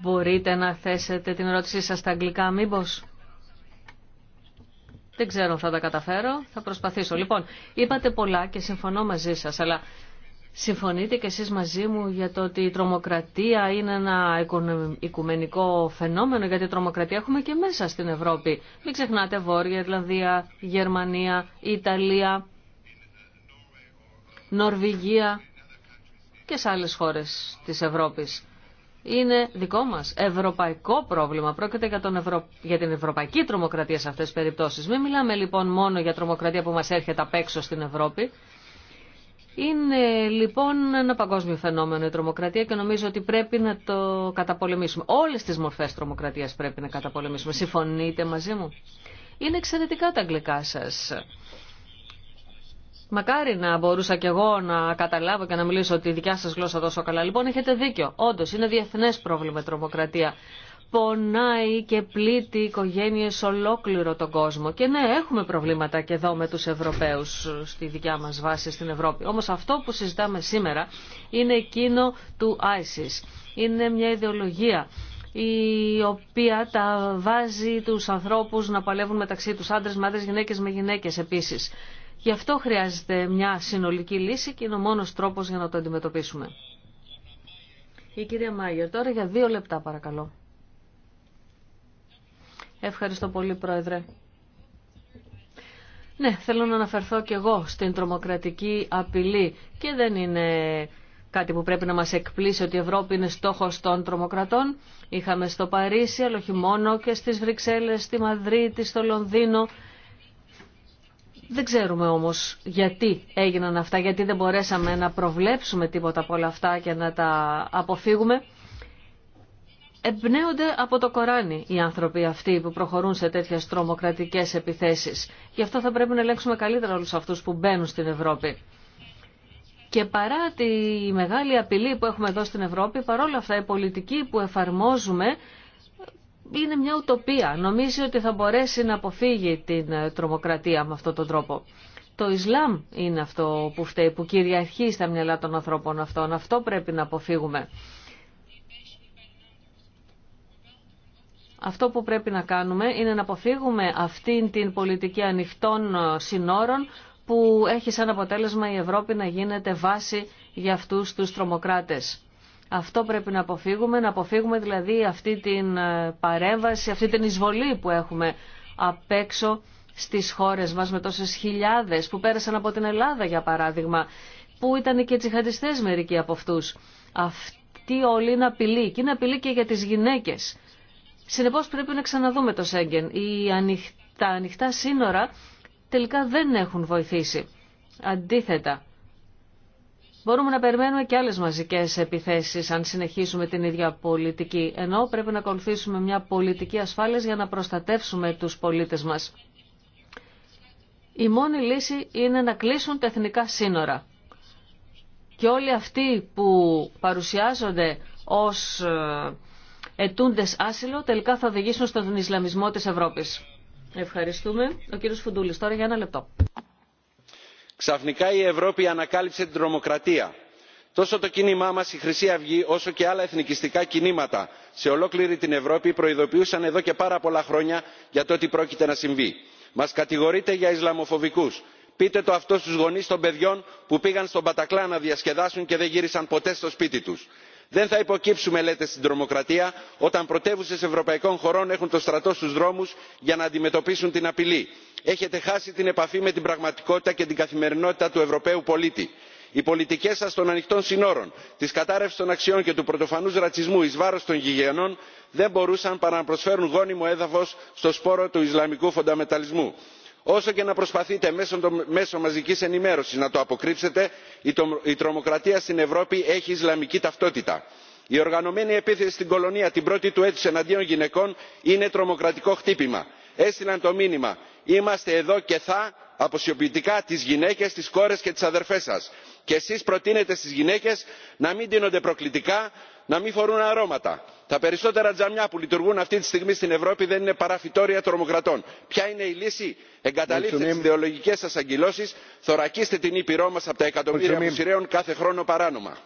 Μπορείτε να θέσετε την ερώτησή σας στα αγγλικά μήπως. Δεν ξέρω αν θα τα καταφέρω, θα προσπαθήσω. Λοιπόν, είπατε πολλά και συμφωνώ μαζί σας, αλλά Συμφωνείτε και εσείς μαζί μου για το ότι η τρομοκρατία είναι ένα οικουμενικό φαινόμενο, γιατί τρομοκρατία έχουμε και μέσα στην Ευρώπη. Μην ξεχνάτε Βόρεια Ιρλανδία, Γερμανία, Ιταλία, Νορβηγία και σε άλλες χώρες της Ευρώπης. Είναι δικό μας ευρωπαϊκό πρόβλημα. Πρόκειται για, τον για την ευρωπαϊκή τρομοκρατία σε αυτές τις περιπτώσεις. Μην μιλάμε λοιπόν μόνο για τρομοκρατία που μας έρχεται απ' έξω στην Ευρώπη. Είναι λοιπόν ένα παγκόσμιο φαινόμενο η τρομοκρατία και νομίζω ότι πρέπει να το καταπολεμήσουμε. Όλες τις μορφές τρομοκρατίας πρέπει να καταπολεμήσουμε. Συμφωνείτε μαζί μου. Είναι εξαιρετικά τα αγγλικά σας. Μακάρι να μπορούσα κι εγώ να καταλάβω και να μιλήσω τη δικιά σας γλώσσα τόσο καλά. Λοιπόν, έχετε δίκιο. Όντως, είναι διεθνές πρόβλημα η τρομοκρατία πονάει και πλήττει οικογένειε ολόκληρο τον κόσμο. Και ναι, έχουμε προβλήματα και εδώ με του Ευρωπαίου στη δικιά μα βάση στην Ευρώπη. Όμω αυτό που συζητάμε σήμερα είναι εκείνο του ISIS. Είναι μια ιδεολογία η οποία τα βάζει τους ανθρώπους να παλεύουν μεταξύ τους άντρες με άντρες, γυναίκες με γυναίκες επίση Γι' αυτό χρειάζεται μια συνολική λύση και είναι ο μόνος τρόπος για να το αντιμετωπίσουμε. Η κυρία Μάγερ, τώρα για δύο λεπτά παρακαλώ. Ευχαριστώ πολύ, Πρόεδρε. Ναι, θέλω να αναφερθώ και εγώ στην τρομοκρατική απειλή και δεν είναι κάτι που πρέπει να μας εκπλήσει ότι η Ευρώπη είναι στόχος των τρομοκρατών. Είχαμε στο Παρίσι, αλλά όχι μόνο και στις Βρυξέλλες, στη Μαδρίτη, στο Λονδίνο. Δεν ξέρουμε όμως γιατί έγιναν αυτά, γιατί δεν μπορέσαμε να προβλέψουμε τίποτα από όλα αυτά και να τα αποφύγουμε εμπνέονται από το Κοράνι οι άνθρωποι αυτοί που προχωρούν σε τέτοιε τρομοκρατικέ επιθέσει. Γι' αυτό θα πρέπει να ελέγξουμε καλύτερα όλου αυτού που μπαίνουν στην Ευρώπη. Και παρά τη μεγάλη απειλή που έχουμε εδώ στην Ευρώπη, παρόλα αυτά η πολιτική που εφαρμόζουμε είναι μια ουτοπία. Νομίζει ότι θα μπορέσει να αποφύγει την τρομοκρατία με αυτόν τον τρόπο. Το Ισλάμ είναι αυτό που φταίει, που κυριαρχεί στα μυαλά των ανθρώπων αυτών. Αυτό πρέπει να αποφύγουμε. Αυτό που πρέπει να κάνουμε είναι να αποφύγουμε αυτήν την πολιτική ανοιχτών ε, συνόρων που έχει σαν αποτέλεσμα η Ευρώπη να γίνεται βάση για αυτούς τους τρομοκράτες. Αυτό πρέπει να αποφύγουμε, να αποφύγουμε δηλαδή αυτή την ε, παρέμβαση, αυτή την εισβολή που έχουμε απ' έξω στις χώρες μας με τόσες χιλιάδες που πέρασαν από την Ελλάδα για παράδειγμα, που ήταν και τσιχαντιστές μερικοί από αυτούς. Αυτή όλη είναι απειλή και είναι απειλή και για τις γυναίκες. Συνεπώς πρέπει να ξαναδούμε το Σέγγεν. Τα ανοιχτά σύνορα τελικά δεν έχουν βοηθήσει. Αντίθετα, μπορούμε να περιμένουμε και άλλες μαζικές επιθέσεις αν συνεχίσουμε την ίδια πολιτική. Ενώ πρέπει να ακολουθήσουμε μια πολιτική ασφάλειας για να προστατεύσουμε τους πολίτες μας. Η μόνη λύση είναι να κλείσουν τα εθνικά σύνορα. Και όλοι αυτοί που παρουσιάζονται ως ε, ετούντες άσυλο τελικά θα οδηγήσουν στον Ισλαμισμό της Ευρώπης. Ευχαριστούμε. Ο κύριος Φουντούλης τώρα για ένα λεπτό. Ξαφνικά η Ευρώπη ανακάλυψε την τρομοκρατία. Τόσο το κίνημά μας η Χρυσή Αυγή όσο και άλλα εθνικιστικά κινήματα σε ολόκληρη την Ευρώπη προειδοποιούσαν εδώ και πάρα πολλά χρόνια για το ότι πρόκειται να συμβεί. Μας κατηγορείτε για Ισλαμοφοβικούς. Πείτε το αυτό στους γονείς των παιδιών που πήγαν στον Πατακλά να διασκεδάσουν και δεν γύρισαν ποτέ στο σπίτι τους δεν θα υποκύψουμε λέτε στην τρομοκρατία όταν πρωτεύουσε ευρωπαϊκών χωρών έχουν το στρατό στους δρόμους για να αντιμετωπίσουν την απειλή. έχετε χάσει την επαφή με την πραγματικότητα και την καθημερινότητα του ευρωπαίου πολίτη. οι πολιτικές σας των ανοιχτών συνόρων της κατάρρευσης των αξιών και του πρωτοφανούς ρατσισμού εις βάρος των γηγενών δεν μπορούσαν παρά να προσφέρουν γόνιμο έδαφος στο σπόρο του ισλαμικού φονταμεταλισμού όσο και να προσπαθείτε μέσω των μέσων μαζικής ενημέρωσης να το αποκρύψετε η τρομοκρατία στην ευρώπη έχει ισλαμική ταυτότητα. η οργανωμένη επίθεση στην κολονία την πρώτη του έτους εναντίον γυναικών είναι τρομοκρατικό χτύπημα. έστειλαν το μήνυμα είμαστε εδώ και θα αποσιωπητικά τις γυναίκες τις κόρες και τις αδερφές σας και εσείς προτείνετε στις γυναίκες να μην ντύνονται προκλητικά να μην φορούν αρώματα. τα περισσότερα τζαμιά που λειτουργούν αυτή τη στιγμή στην ευρώπη δεν είναι παρά φυτώρια τρομοκρατών. ποια είναι η λύση; εγκαταλείψτε τις ιδεολογικές σας αγκυλώσεις θωρακίστε την ήπειρό μας από τα εκατομμύρια που κάθε χρόνο παράνομα.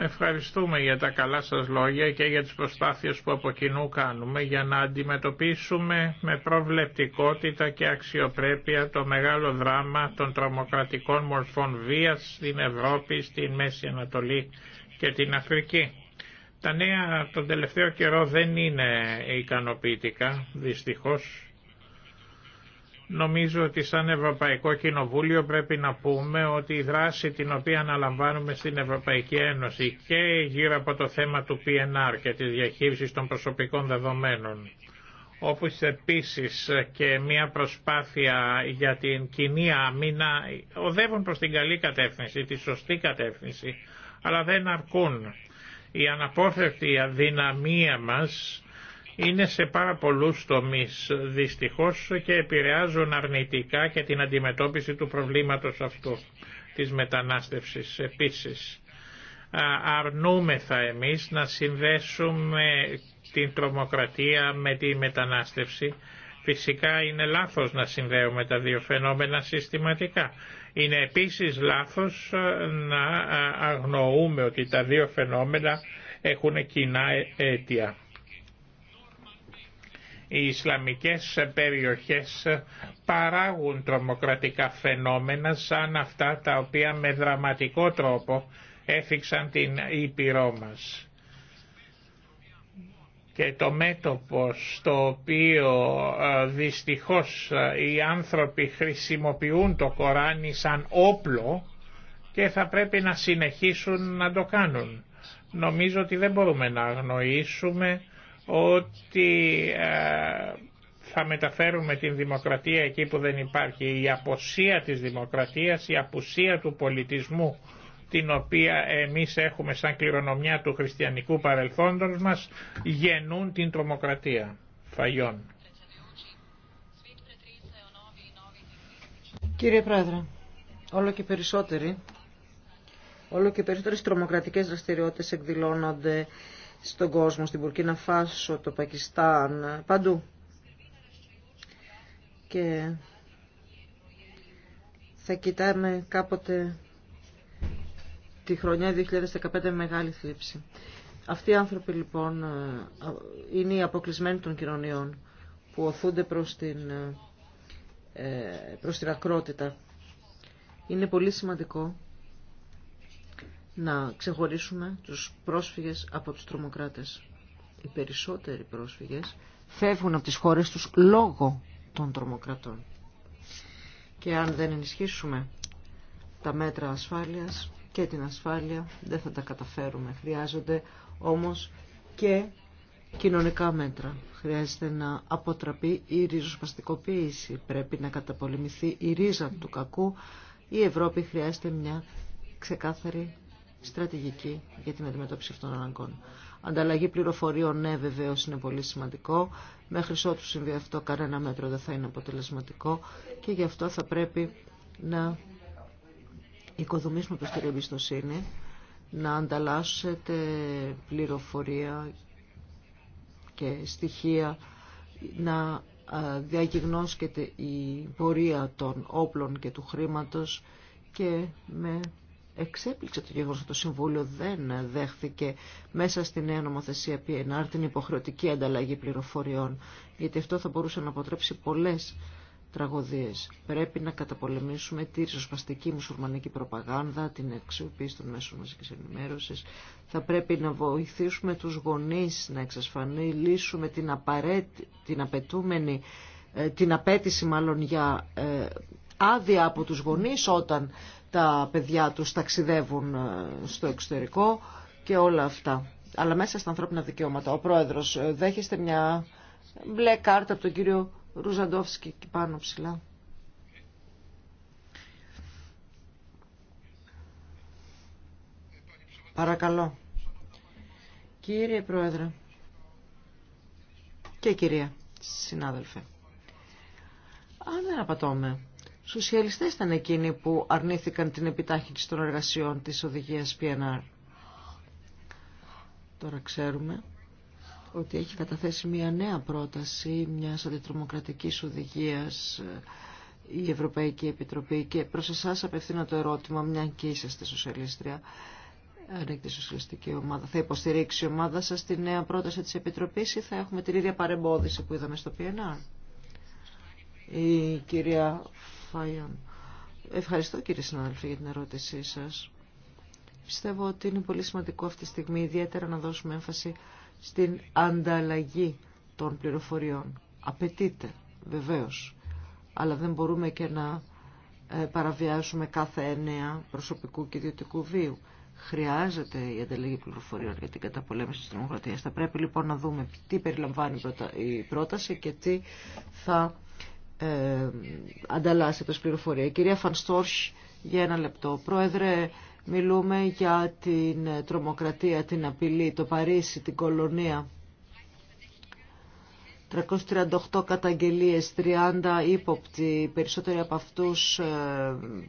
Ευχαριστούμε για τα καλά σας λόγια και για τις προσπάθειες που από κοινού κάνουμε για να αντιμετωπίσουμε με προβλεπτικότητα και αξιοπρέπεια το μεγάλο δράμα των τρομοκρατικών μορφών βίας στην Ευρώπη, στην Μέση Ανατολή και την Αφρική. Τα νέα τον τελευταίο καιρό δεν είναι ικανοποιητικά, δυστυχώς Νομίζω ότι σαν Ευρωπαϊκό Κοινοβούλιο πρέπει να πούμε ότι η δράση την οποία αναλαμβάνουμε στην Ευρωπαϊκή Ένωση και γύρω από το θέμα του PNR και της διαχείρισης των προσωπικών δεδομένων, όπως επίσης και μια προσπάθεια για την κοινή άμυνα, οδεύουν προς την καλή κατεύθυνση, τη σωστή κατεύθυνση, αλλά δεν αρκούν. Η αναπόφευκτη αδυναμία μας είναι σε πάρα πολλούς τομείς δυστυχώς και επηρεάζουν αρνητικά και την αντιμετώπιση του προβλήματος αυτού της μετανάστευσης επίσης. Αρνούμεθα εμείς να συνδέσουμε την τρομοκρατία με τη μετανάστευση. Φυσικά είναι λάθος να συνδέουμε τα δύο φαινόμενα συστηματικά. Είναι επίσης λάθος να αγνοούμε ότι τα δύο φαινόμενα έχουν κοινά αίτια οι Ισλαμικές περιοχές παράγουν τρομοκρατικά φαινόμενα σαν αυτά τα οποία με δραματικό τρόπο έφυξαν την Ήπειρό μας και το μέτωπο στο οποίο δυστυχώς οι άνθρωποι χρησιμοποιούν το Κοράνι σαν όπλο και θα πρέπει να συνεχίσουν να το κάνουν. Νομίζω ότι δεν μπορούμε να αγνοήσουμε ότι ε, θα μεταφέρουμε την δημοκρατία εκεί που δεν υπάρχει. Η αποσία της δημοκρατίας, η απουσία του πολιτισμού την οποία εμείς έχουμε σαν κληρονομιά του χριστιανικού παρελθόντος μας γεννούν την τρομοκρατία. Φαγιών. Κύριε Πρόεδρε, όλο και περισσότεροι, όλο και περισσότερες τρομοκρατικές δραστηριότητες εκδηλώνονται στον κόσμο, στην Πουρκίνα Φάσο, το Πακιστάν, παντού. Και θα κοιτάμε κάποτε τη χρονιά 2015 με μεγάλη θλίψη. Αυτοί οι άνθρωποι λοιπόν ε, είναι οι αποκλεισμένοι των κοινωνιών που οθούνται προς την, ε, προς την ακρότητα. Είναι πολύ σημαντικό να ξεχωρίσουμε τους πρόσφυγες από τους τρομοκράτες. Οι περισσότεροι πρόσφυγες φεύγουν από τις χώρες τους λόγω των τρομοκρατών. Και αν δεν ενισχύσουμε τα μέτρα ασφάλειας και την ασφάλεια δεν θα τα καταφέρουμε. Χρειάζονται όμως και κοινωνικά μέτρα. Χρειάζεται να αποτραπεί η ριζοσπαστικοποίηση. Πρέπει να καταπολεμηθεί η ρίζα του κακού. Η Ευρώπη χρειάζεται μια ξεκάθαρη στρατηγική για την αντιμετώπιση αυτών των αναγκών. Ανταλλαγή πληροφοριών, ναι, βεβαίω είναι πολύ σημαντικό. Μέχρι ότου συμβεί αυτό, κανένα μέτρο δεν θα είναι αποτελεσματικό και γι' αυτό θα πρέπει να οικοδομήσουμε το την εμπιστοσύνη, να ανταλλάσσετε πληροφορία και στοιχεία, να διαγιγνώσκεται η πορεία των όπλων και του χρήματος και με εξέπληξε το γεγονός ότι το Συμβούλιο δεν δέχθηκε μέσα στη νέα νομοθεσία PNR την υποχρεωτική ανταλλαγή πληροφοριών, γιατί αυτό θα μπορούσε να αποτρέψει πολλές τραγωδίες. Πρέπει να καταπολεμήσουμε τη ριζοσπαστική μουσουλμανική προπαγάνδα, την αξιοποίηση των μέσων μαζική ενημέρωση. Θα πρέπει να βοηθήσουμε του γονεί να λύσουμε την, απαραίτη, την απαιτούμενη ε, την απέτηση μάλλον για ε, άδεια από τους γονείς όταν τα παιδιά τους ταξιδεύουν ε, στο εξωτερικό και όλα αυτά. Αλλά μέσα στα ανθρώπινα δικαιώματα. Ο πρόεδρος, ε, δέχεστε μια μπλε κάρτα από τον κύριο Ρουζαντόφσκι εκεί πάνω ψηλά. Παρακαλώ. Κύριε Πρόεδρε και κυρία συνάδελφε. Αν δεν απατώμε, σοσιαλιστές ήταν εκείνοι που αρνήθηκαν την επιτάχυνση των εργασιών της οδηγίας PNR. Τώρα ξέρουμε ότι έχει καταθέσει μια νέα πρόταση μιας αντιτρομοκρατικής οδηγίας ε, η Ευρωπαϊκή Επιτροπή και προς εσάς απευθύνω το ερώτημα, μια και είσαστε σοσιαλίστρια, έχετε σοσιαλιστική ομάδα, θα υποστηρίξει η ομάδα σας τη νέα πρόταση της Επιτροπής ή θα έχουμε την ίδια παρεμπόδιση που είδαμε στο PNR. Η κυρία Ευχαριστώ κύριε συνάδελφε για την ερώτησή σας. Πιστεύω ότι είναι πολύ σημαντικό αυτή τη στιγμή ιδιαίτερα να δώσουμε έμφαση στην ανταλλαγή των πληροφοριών. Απαιτείται βεβαίως, αλλά δεν μπορούμε και να ε, παραβιάσουμε κάθε έννοια προσωπικού και ιδιωτικού βίου. Χρειάζεται η ανταλλαγή πληροφοριών για την καταπολέμηση της δημοκρατίας. Θα πρέπει λοιπόν να δούμε τι περιλαμβάνει η πρόταση και τι θα ε, ανταλλάσσεται ως πληροφορία. κυρία Φανστόρχ, για ένα λεπτό. Πρόεδρε, μιλούμε για την τρομοκρατία, την απειλή, το Παρίσι, την κολονία. 338 καταγγελίες, 30 ύποπτοι, περισσότεροι από αυτούς ε,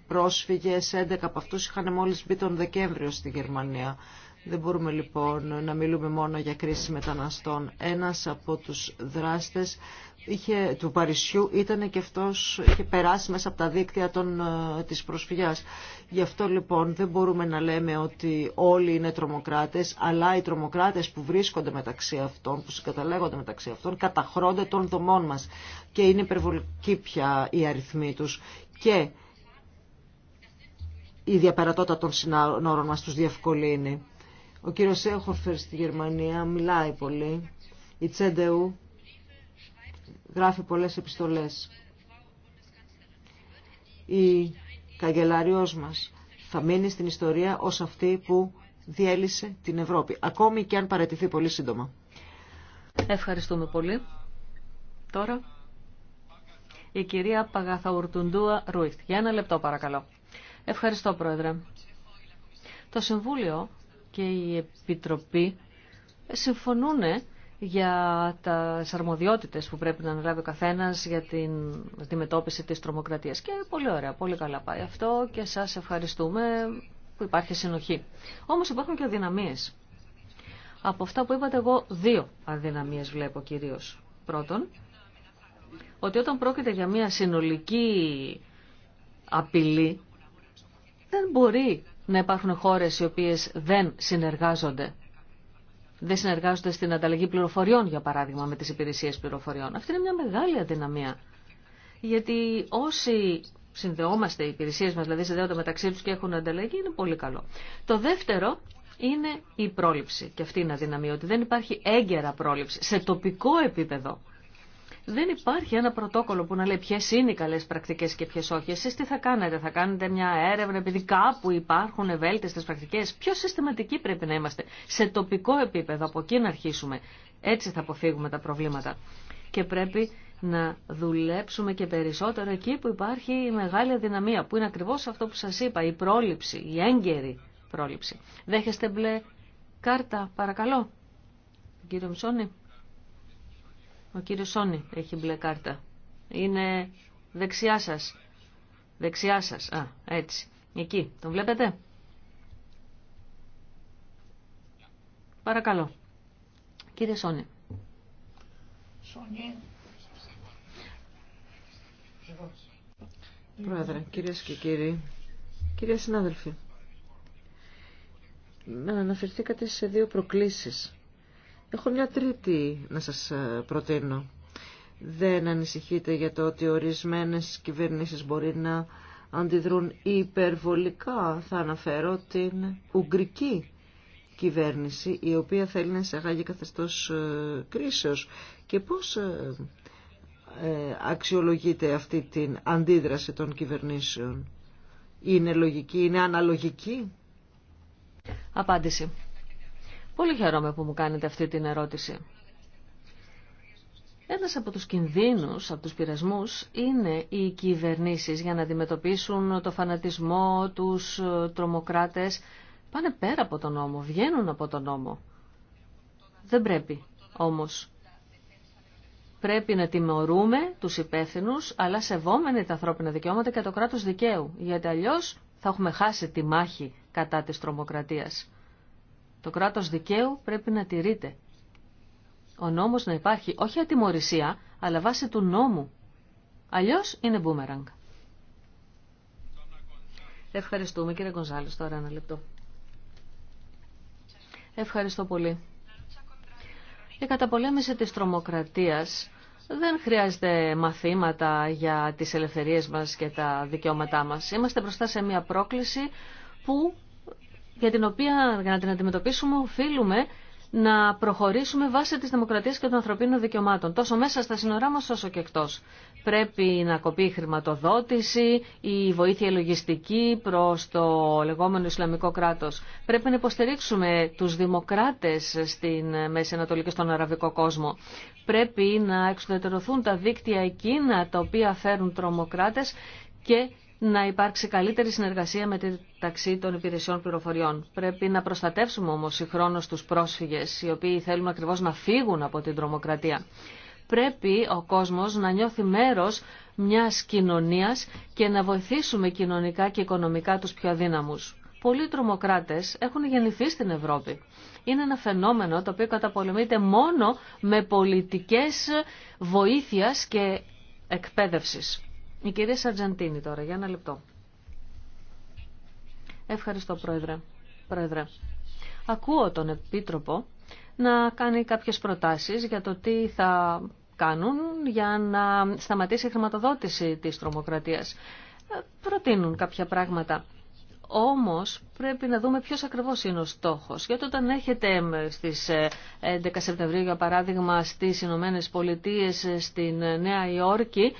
πρόσφυγες, 11 από αυτούς είχαν μόλις μπει τον Δεκέμβριο στη Γερμανία. Δεν μπορούμε λοιπόν να μιλούμε μόνο για κρίση μεταναστών. Ένας από τους δράστες είχε, του Παρισιού ήταν και αυτός είχε περάσει μέσα από τα δίκτυα των, ε, της προσφυγιάς. Γι' αυτό λοιπόν δεν μπορούμε να λέμε ότι όλοι είναι τρομοκράτες, αλλά οι τρομοκράτες που βρίσκονται μεταξύ αυτών, που συγκαταλέγονται μεταξύ αυτών, καταχρώνται των δομών μας και είναι υπερβολική πια η αριθμή τους. Και η διαπερατότητα των συνόρων μας τους διευκολύνει. Ο κύριο Σέχοφερ στη Γερμανία μιλάει πολύ. Η Τσέντεου γράφει πολλές επιστολές. Η καγκελάριός μας θα μείνει στην ιστορία ως αυτή που διέλυσε την Ευρώπη, ακόμη και αν παρατηθεί πολύ σύντομα. Ευχαριστούμε πολύ. Τώρα η κυρία Παγαθαουρτουντούα Ρουίχτ. Για ένα λεπτό παρακαλώ. Ευχαριστώ Πρόεδρε. Το Συμβούλιο και η Επιτροπή συμφωνούν για τα αρμοδιότητες που πρέπει να αναλάβει ο καθένας για την αντιμετώπιση της τρομοκρατίας. Και πολύ ωραία, πολύ καλά πάει αυτό και σας ευχαριστούμε που υπάρχει συνοχή. Όμως υπάρχουν και αδυναμίες. Από αυτά που είπατε εγώ δύο αδυναμίες βλέπω κυρίως. Πρώτον, ότι όταν πρόκειται για μια συνολική απειλή δεν μπορεί να υπάρχουν χώρες οι οποίες δεν συνεργάζονται. Δεν συνεργάζονται στην ανταλλαγή πληροφοριών, για παράδειγμα, με τις υπηρεσίες πληροφοριών. Αυτή είναι μια μεγάλη αδυναμία. Γιατί όσοι συνδεόμαστε, οι υπηρεσίες μας δηλαδή συνδέονται μεταξύ τους και έχουν ανταλλαγή, είναι πολύ καλό. Το δεύτερο είναι η πρόληψη. Και αυτή είναι αδυναμία, ότι δεν υπάρχει έγκαιρα πρόληψη σε τοπικό επίπεδο. Δεν υπάρχει ένα πρωτόκολλο που να λέει ποιε είναι οι καλέ πρακτικέ και ποιε όχι. Εσεί τι θα κάνετε, θα κάνετε μια έρευνα επειδή κάπου υπάρχουν ευέλτιστε πρακτικέ. Πιο συστηματικοί πρέπει να είμαστε. Σε τοπικό επίπεδο, από εκεί να αρχίσουμε. Έτσι θα αποφύγουμε τα προβλήματα. Και πρέπει να δουλέψουμε και περισσότερο εκεί που υπάρχει η μεγάλη αδυναμία, που είναι ακριβώ αυτό που σα είπα, η πρόληψη, η έγκαιρη πρόληψη. Δέχεστε μπλε κάρτα, παρακαλώ. Κύριε Μισόνη. Ο κύριο Σόνι έχει μπλε κάρτα. Είναι δεξιά σα. Δεξιά σα. Α, έτσι. Εκεί. Τον βλέπετε. Παρακαλώ. Κύριε Σόνι. Σόνι. Πρόεδρε, κυρίες και κύριοι, κυρία συνάδελφοι, αναφερθήκατε σε δύο προκλήσεις Έχω μια τρίτη να σας ε, προτείνω. Δεν ανησυχείτε για το ότι ορισμένες κυβερνήσεις μπορεί να αντιδρούν υπερβολικά. Θα αναφέρω την Ουγγρική κυβέρνηση η οποία θέλει να εισαγάγει καθεστώς ε, κρίσεως. Και πώς ε, αξιολογείται αυτή την αντίδραση των κυβερνήσεων. Είναι λογική, είναι αναλογική. Απάντηση. Πολύ χαίρομαι που μου κάνετε αυτή την ερώτηση. Ένας από τους κινδύνους, από τους πειρασμούς, είναι οι κυβερνήσεις για να αντιμετωπίσουν το φανατισμό, τους ε, τρομοκράτες. Πάνε πέρα από τον νόμο, βγαίνουν από τον νόμο. Δεν πρέπει όμως. Πρέπει να τιμωρούμε τους υπεύθυνους, αλλά σεβόμενοι τα ανθρώπινα δικαιώματα και το κράτος δικαίου, γιατί αλλιώς θα έχουμε χάσει τη μάχη κατά της τρομοκρατίας. Το κράτος δικαίου πρέπει να τηρείται. Ο νόμος να υπάρχει όχι ατιμορρησία, αλλά βάσει του νόμου. Αλλιώς είναι μπούμεραγκ. Ευχαριστούμε κύριε Γκονζάλης τώρα ένα λεπτό. Ευχαριστώ πολύ. Η καταπολέμηση της τρομοκρατίας δεν χρειάζεται μαθήματα για τις ελευθερίες μας και τα δικαιώματά μας. Είμαστε μπροστά σε μια πρόκληση που για την οποία για να την αντιμετωπίσουμε οφείλουμε να προχωρήσουμε βάσει της δημοκρατίας και των ανθρωπίνων δικαιωμάτων, τόσο μέσα στα σύνορά μας όσο και εκτός. Πρέπει να κοπεί η χρηματοδότηση, η βοήθεια λογιστική προς το λεγόμενο Ισλαμικό κράτος. Πρέπει να υποστηρίξουμε τους δημοκράτες στην Μέση Ανατολή και στον Αραβικό κόσμο. Πρέπει να εξουδετερωθούν τα δίκτυα εκείνα τα οποία φέρουν τρομοκράτε. και να υπάρξει καλύτερη συνεργασία με την ταξί των υπηρεσιών πληροφοριών. Πρέπει να προστατεύσουμε όμως χρόνο τους πρόσφυγες, οι οποίοι θέλουν ακριβώς να φύγουν από την τρομοκρατία. Πρέπει ο κόσμος να νιώθει μέρος μιας κοινωνίας και να βοηθήσουμε κοινωνικά και οικονομικά τους πιο αδύναμους. Πολλοί τρομοκράτες έχουν γεννηθεί στην Ευρώπη. Είναι ένα φαινόμενο το οποίο καταπολεμείται μόνο με πολιτικές βοήθειας και εκπαίδευσης. Η κυρία Σαρτζαντίνη τώρα, για ένα λεπτό. Ευχαριστώ, Πρόεδρε. Πρόεδρε. Ακούω τον Επίτροπο να κάνει κάποιες προτάσεις για το τι θα κάνουν για να σταματήσει η χρηματοδότηση της τρομοκρατίας. Ε, προτείνουν κάποια πράγματα. Όμως πρέπει να δούμε ποιος ακριβώς είναι ο στόχος. Γιατί όταν έχετε στις 11 ε, Σεπτεμβρίου, για παράδειγμα, στις Ηνωμένε Πολιτείες, ε, στην Νέα Υόρκη,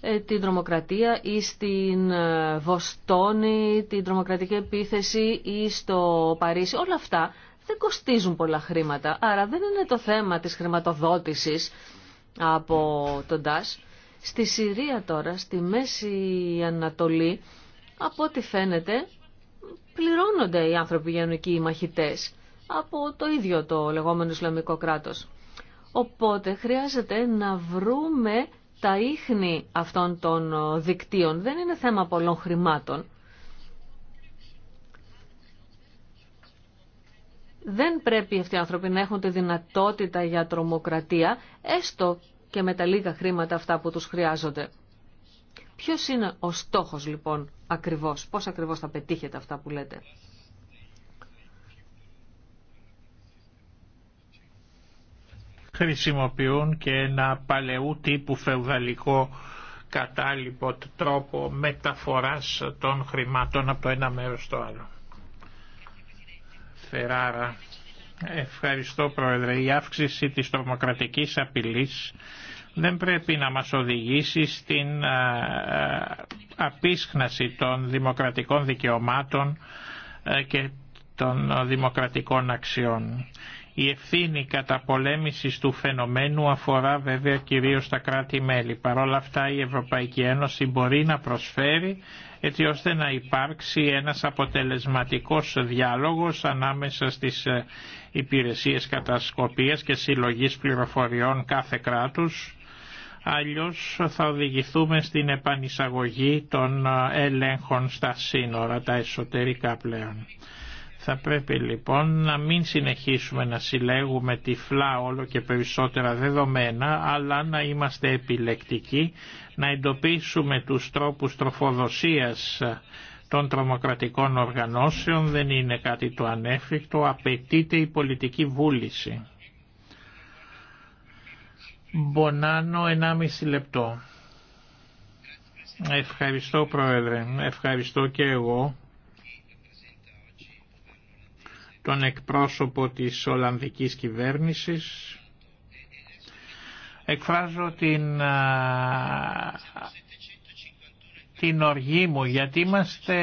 ε, την τρομοκρατία ή στην ε, Βοστόνη, την τρομοκρατική επίθεση ή στο Παρίσι. Όλα αυτά δεν κοστίζουν πολλά χρήματα. Άρα δεν είναι το θέμα της χρηματοδότησης από τον ΤΑΣ. Στη Συρία τώρα, στη Μέση Ανατολή, από ό,τι φαίνεται, πληρώνονται οι άνθρωποι για εκεί οι μαχητές από το ίδιο το λεγόμενο Ισλαμικό κράτος. Οπότε χρειάζεται να βρούμε τα ίχνη αυτών των ε, δικτύων δεν είναι θέμα πολλών χρημάτων. Δεν πρέπει αυτοί οι άνθρωποι να έχουν τη δυνατότητα για τρομοκρατία, έστω και με τα λίγα χρήματα αυτά που τους χρειάζονται. Ποιος είναι ο στόχος λοιπόν ακριβώς, πώς ακριβώς θα πετύχετε αυτά που λέτε. χρησιμοποιούν και ένα παλαιού τύπου φεουδαλικό κατάλοιπο τρόπο μεταφοράς των χρημάτων από το ένα μέρος στο άλλο. Φεράρα, ευχαριστώ Πρόεδρε. Η αύξηση της τρομοκρατικής απειλής δεν πρέπει να μας οδηγήσει στην απίσχναση των δημοκρατικών δικαιωμάτων ε, και των δημοκρατικών αξιών. Η ευθύνη πολέμησης του φαινομένου αφορά βέβαια κυρίως τα κράτη-μέλη. Παρ' όλα αυτά η Ευρωπαϊκή Ένωση μπορεί να προσφέρει έτσι ώστε να υπάρξει ένας αποτελεσματικός διάλογος ανάμεσα στις ε, υπηρεσίες κατασκοπίας και συλλογής πληροφοριών κάθε κράτους αλλιώς θα οδηγηθούμε στην επανεισαγωγή των ε, ελέγχων στα σύνορα, τα εσωτερικά πλέον. Θα πρέπει λοιπόν να μην συνεχίσουμε να συλλέγουμε τυφλά όλο και περισσότερα δεδομένα, αλλά να είμαστε επιλεκτικοί, να εντοπίσουμε τους τρόπους τροφοδοσίας των τρομοκρατικών οργανώσεων, δεν είναι κάτι το ανέφικτο, απαιτείται η πολιτική βούληση. Μπονάνο 1,5 λεπτό. Ευχαριστώ Πρόεδρε, ευχαριστώ και εγώ τον εκπρόσωπο της Ολλανδικής κυβέρνησης. Εκφράζω την, την οργή μου γιατί είμαστε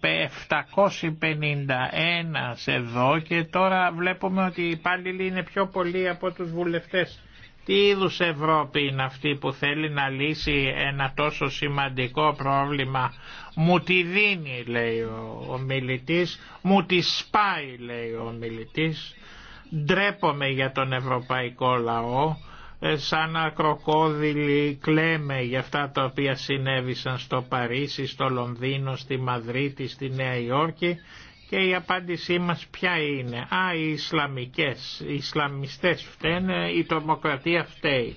751 εδώ και τώρα βλέπουμε ότι οι υπάλληλοι είναι πιο πολλοί από τους βουλευτές. Τι είδου Ευρώπη είναι αυτή που θέλει να λύσει ένα τόσο σημαντικό πρόβλημα. Μου τη δίνει λέει ο, ο μιλητής, μου τη σπάει λέει ο μιλητής. Ντρέπομαι για τον ευρωπαϊκό λαό, ε, σαν ακροκόδιλοι κλαίμε για αυτά τα οποία συνέβησαν στο Παρίσι, στο Λονδίνο, στη Μαδρίτη, στη Νέα Υόρκη και η απάντησή μας ποια είναι. Α, οι Ισλαμικές, οι Ισλαμιστές φταίνε, η τρομοκρατία φταίει.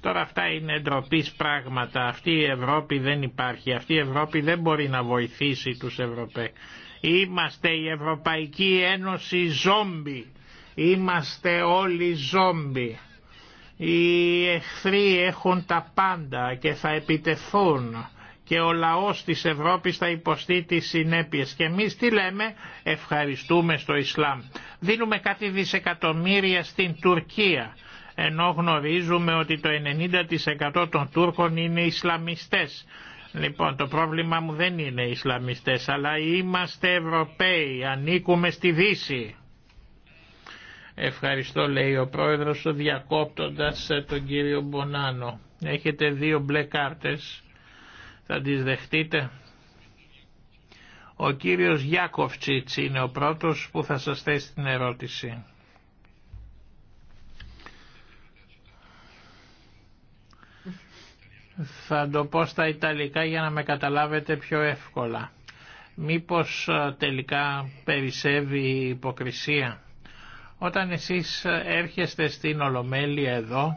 Τώρα αυτά είναι ντροπή πράγματα. Αυτή η Ευρώπη δεν υπάρχει. Αυτή η Ευρώπη δεν μπορεί να βοηθήσει τους Ευρωπαίους. Είμαστε η Ευρωπαϊκή Ένωση ζόμπι. Είμαστε όλοι ζόμπι. Οι εχθροί έχουν τα πάντα και θα επιτεθούν και ο λαός της Ευρώπης θα υποστεί τις συνέπειες. Και εμείς τι λέμε, ευχαριστούμε στο Ισλάμ. Δίνουμε κάτι δισεκατομμύρια στην Τουρκία, ενώ γνωρίζουμε ότι το 90% των Τούρκων είναι Ισλαμιστές. Λοιπόν, το πρόβλημα μου δεν είναι οι Ισλαμιστές, αλλά είμαστε Ευρωπαίοι, ανήκουμε στη Δύση. Ευχαριστώ λέει ο πρόεδρος διακόπτοντας τον κύριο Μπονάνο. Έχετε δύο μπλε κάρτες. Θα τις δεχτείτε. Ο κύριος Γιάκοφτσιτς είναι ο πρώτος που θα σας θέσει την ερώτηση. Θα το πω στα Ιταλικά για να με καταλάβετε πιο εύκολα. Μήπως ε, τελικά περισσεύει η υποκρισία. Όταν εσείς έρχεστε στην Ολομέλεια εδώ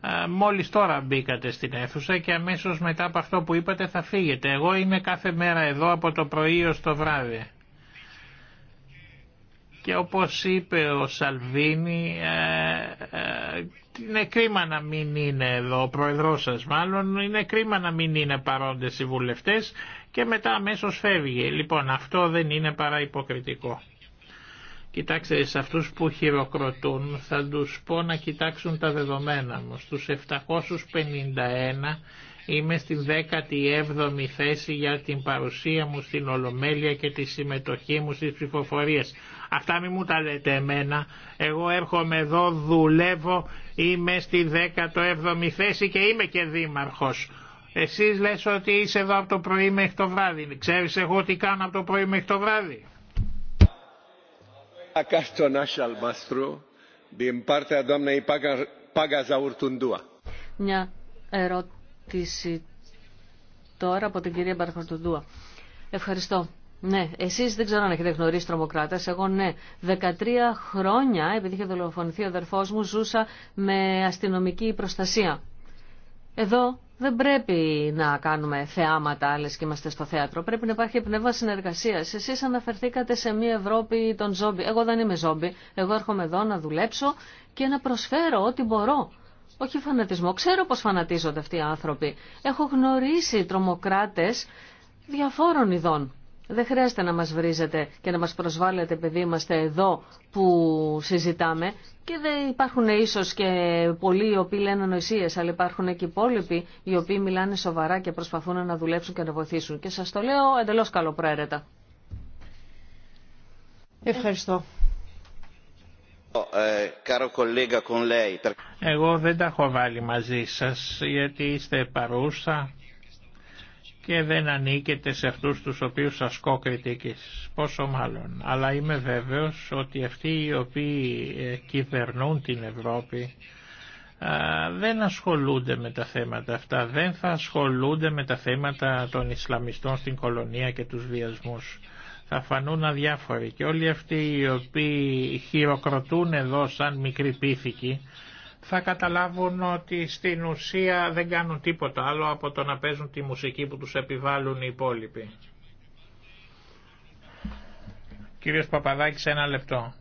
ε, μόλις τώρα μπήκατε στην αίθουσα και αμέσως μετά από αυτό που είπατε θα φύγετε. Εγώ είμαι κάθε μέρα εδώ από το πρωί ως το βράδυ. Και όπως είπε ο Σαλβίνη, ε, ε, είναι κρίμα να μην είναι εδώ ο πρόεδρός σας μάλλον, είναι κρίμα να μην είναι παρόντες οι βουλευτές και μετά αμέσως φεύγει. Λοιπόν αυτό δεν είναι παρά υποκριτικό. Κοιτάξτε, σε αυτούς που χειροκροτούν θα τους πω να κοιτάξουν τα δεδομένα μου. Στους 751 είμαι στην 17η θέση για την παρουσία μου στην Ολομέλεια και τη συμμετοχή μου στις ψηφοφορίες. Αυτά μην μου τα λέτε εμένα. Εγώ έρχομαι εδώ, δουλεύω, είμαι στη 17η θέση και είμαι και δήμαρχος. Εσείς λες ότι είσαι εδώ από το πρωί μέχρι το βράδυ. Ξέρεις εγώ τι κάνω από το πρωί μέχρι το βράδυ. Μια ερώτηση τώρα από την κυρία Ευχαριστώ. Ναι, εσεί δεν ξέρω αν έχετε γνωρίσει τρομοκράτε. Εγώ ναι. 13 χρόνια, επειδή είχε δολοφονηθεί ο αδερφό μου, ζούσα με αστυνομική προστασία. Εδώ δεν πρέπει να κάνουμε θεάματα, άλλες και είμαστε στο θέατρο. Πρέπει να υπάρχει πνεύμα συνεργασία. Εσεί αναφερθήκατε σε μια Ευρώπη των ζόμπι. Εγώ δεν είμαι ζόμπι. Εγώ έρχομαι εδώ να δουλέψω και να προσφέρω ό,τι μπορώ. Όχι φανατισμό. Ξέρω πώ φανατίζονται αυτοί οι άνθρωποι. Έχω γνωρίσει τρομοκράτε διαφόρων ειδών. Δεν χρειάζεται να μας βρίζετε και να μας προσβάλλετε επειδή είμαστε εδώ που συζητάμε και δεν υπάρχουν ίσως και πολλοί οι οποίοι λένε νοησίες, αλλά υπάρχουν και υπόλοιποι οι οποίοι μιλάνε σοβαρά και προσπαθούν να δουλέψουν και να βοηθήσουν. Και σας το λέω εντελώς καλοπροαίρετα. Ευχαριστώ. Ε, Εγώ δεν τα έχω βάλει μαζί σας γιατί είστε παρούσα και δεν ανήκετε σε αυτούς τους οποίους ασκώ κριτικής, πόσο μάλλον. Αλλά είμαι βέβαιος ότι αυτοί οι οποίοι ε, κυβερνούν την Ευρώπη δεν ασχολούνται με τα θέματα αυτά, δεν θα ασχολούνται με τα θέματα των Ισλαμιστών στην κολονία και τους βιασμούς. Θα φανούν αδιάφοροι και όλοι αυτοί οι οποίοι χειροκροτούν εδώ σαν μικροί πίθηκοι, θα καταλάβουν ότι στην ουσία δεν κάνουν τίποτα άλλο από το να παίζουν τη μουσική που τους επιβάλλουν οι υπόλοιποι. Κύριος Παπαδάκης, ένα λεπτό.